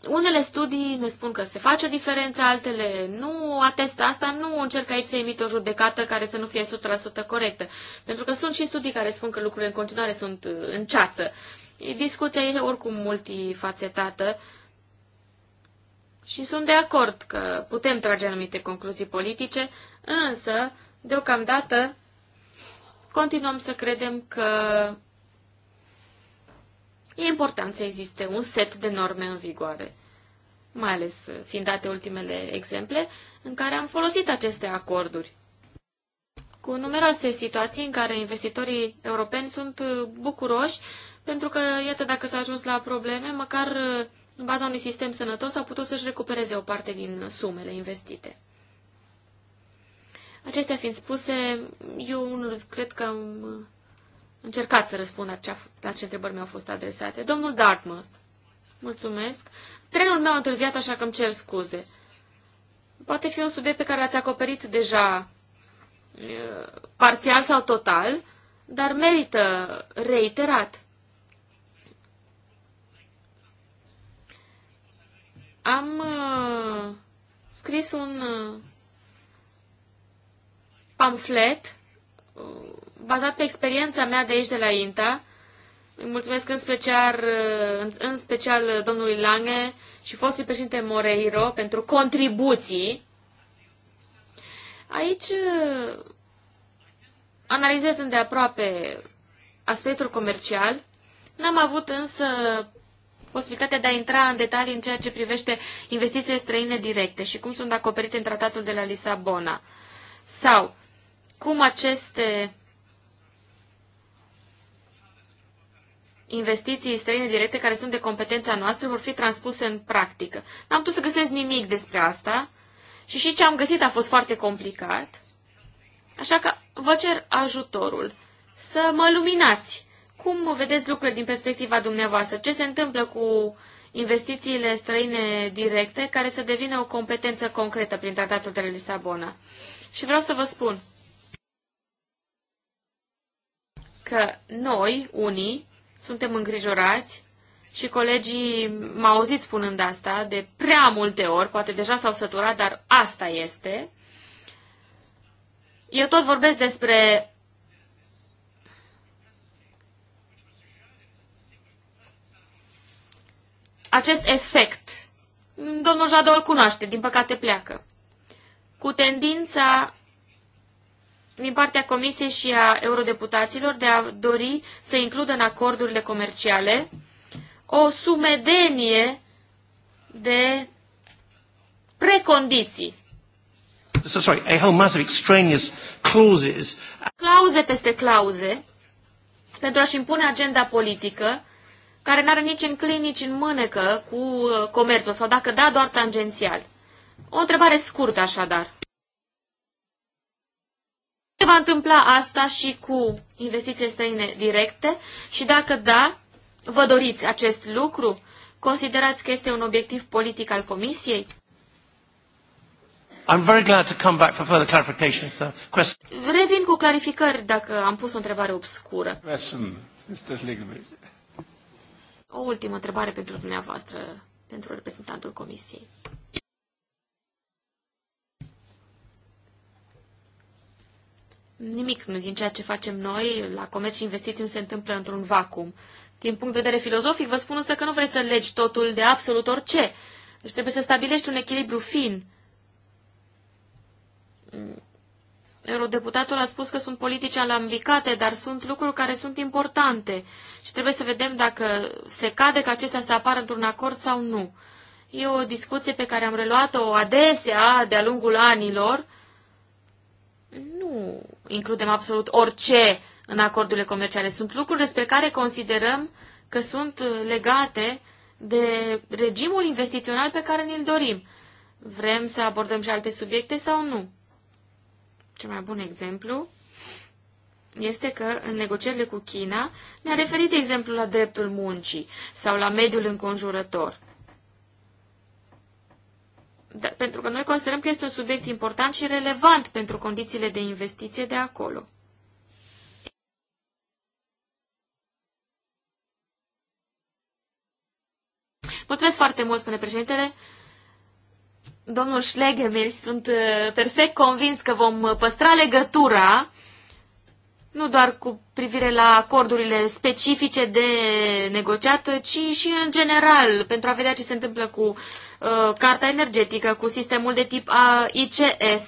Unele studii ne spun că se face o diferență, altele nu atestă asta, nu încerc aici să emit o judecată care să nu fie 100% corectă, pentru că sunt și studii care spun că lucrurile în continuare sunt uh, în ceață. Discuția e oricum multifacetată și sunt de acord că putem trage anumite concluzii politice, însă, deocamdată, continuăm să credem că e important să existe un set de norme în vigoare, mai ales fiind date ultimele exemple în care am folosit aceste acorduri cu numeroase situații în care investitorii europeni sunt bucuroși pentru că, iată, dacă s-a ajuns la probleme, măcar în baza unui sistem sănătos a putut să-și recupereze o parte din sumele investite. Acestea fiind spuse, eu nu cred că am Încercați să răspund la ce, la ce întrebări mi-au fost adresate. Domnul Dartmouth, mulțumesc. Trenul meu a întârziat, așa că îmi cer scuze. Poate fi un subiect pe care l-ați acoperit deja uh, parțial sau total, dar merită reiterat. Am uh, scris un uh, pamflet Uh, bazat pe experiența mea de aici de la INTA. Îi mulțumesc în special, uh, în special domnului Lange și fostului președinte Moreiro pentru contribuții. Aici uh, analizez îndeaproape aspectul comercial. N-am avut însă posibilitatea de a intra în detalii în ceea ce privește investițiile străine directe și cum sunt acoperite în tratatul de la Lisabona. Sau, cum aceste investiții străine directe care sunt de competența noastră vor fi transpuse în practică. N-am putut să găsesc nimic despre asta și și ce am găsit a fost foarte complicat. Așa că vă cer ajutorul să mă luminați. Cum vedeți lucrurile din perspectiva dumneavoastră? Ce se întâmplă cu investițiile străine directe care să devină o competență concretă prin Tratatul de la Lisabona? Și vreau să vă spun că noi, unii, suntem îngrijorați și colegii m-au auzit spunând asta de prea multe ori, poate deja s-au săturat, dar asta este. Eu tot vorbesc despre acest efect. Domnul Jadol cunoaște, din păcate pleacă. Cu tendința din partea Comisiei și a eurodeputaților de a dori să includă în acordurile comerciale o sumedenie de precondiții. So, sorry, a whole mass of extraneous clauses. Clauze peste clauze pentru a-și impune agenda politică care n-are nici în clin, nici în mânecă cu uh, comerțul, sau dacă da, doar tangențial. O întrebare scurtă așadar. Se va întâmpla asta și cu investiții străine directe și dacă da, vă doriți acest lucru? Considerați că este un obiectiv politic al Comisiei? I'm very glad to come back for further clarification. So, question. Revin cu clarificări dacă am pus o întrebare obscură. Question, Mr. O ultimă întrebare pentru dumneavoastră, pentru reprezentantul Comisiei. Nimic din ceea ce facem noi la comerț și investiții nu se întâmplă într-un vacuum. Din punct de vedere filozofic, vă spun însă că nu vrei să legi totul de absolut orice. Deci trebuie să stabilești un echilibru fin. Eurodeputatul a spus că sunt politici alambicate, dar sunt lucruri care sunt importante și trebuie să vedem dacă se cade că acestea să apară într-un acord sau nu. E o discuție pe care am reluat-o adesea de-a lungul anilor. Nu includem absolut orice în acordurile comerciale. Sunt lucruri despre care considerăm că sunt uh, legate de regimul investițional pe care ne-l dorim. Vrem să abordăm și alte subiecte sau nu? Cel mai bun exemplu este că în negocierile cu China ne-a referit, de exemplu, la dreptul muncii sau la mediul înconjurător. Da, pentru că noi considerăm că este un subiect important și relevant pentru condițiile de investiție de acolo. Mulțumesc foarte mult, spune președintele. Domnul Schlegemir, sunt uh, perfect convins că vom uh, păstra legătura nu doar cu privire la acordurile specifice de negociat, ci și în general, pentru a vedea ce se întâmplă cu uh, carta energetică, cu sistemul de tip uh, ICS.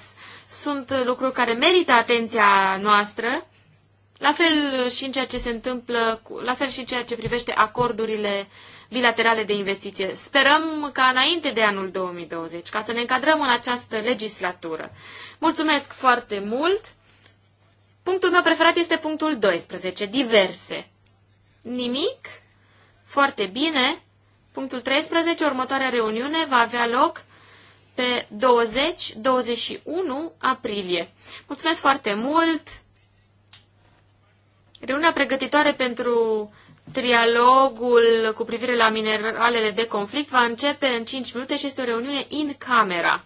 Sunt lucruri care merită atenția noastră, la fel și în ceea ce se întâmplă, cu, la fel și în ceea ce privește acordurile bilaterale de investiție. Sperăm ca înainte de anul 2020, ca să ne încadrăm în această legislatură. Mulțumesc foarte mult! Punctul meu preferat este punctul 12, diverse. Nimic? Foarte bine. Punctul 13, următoarea reuniune va avea loc pe 20-21 aprilie. Mulțumesc foarte mult! Reuniunea pregătitoare pentru trialogul cu privire la mineralele de conflict va începe în 5 minute și este o reuniune in camera.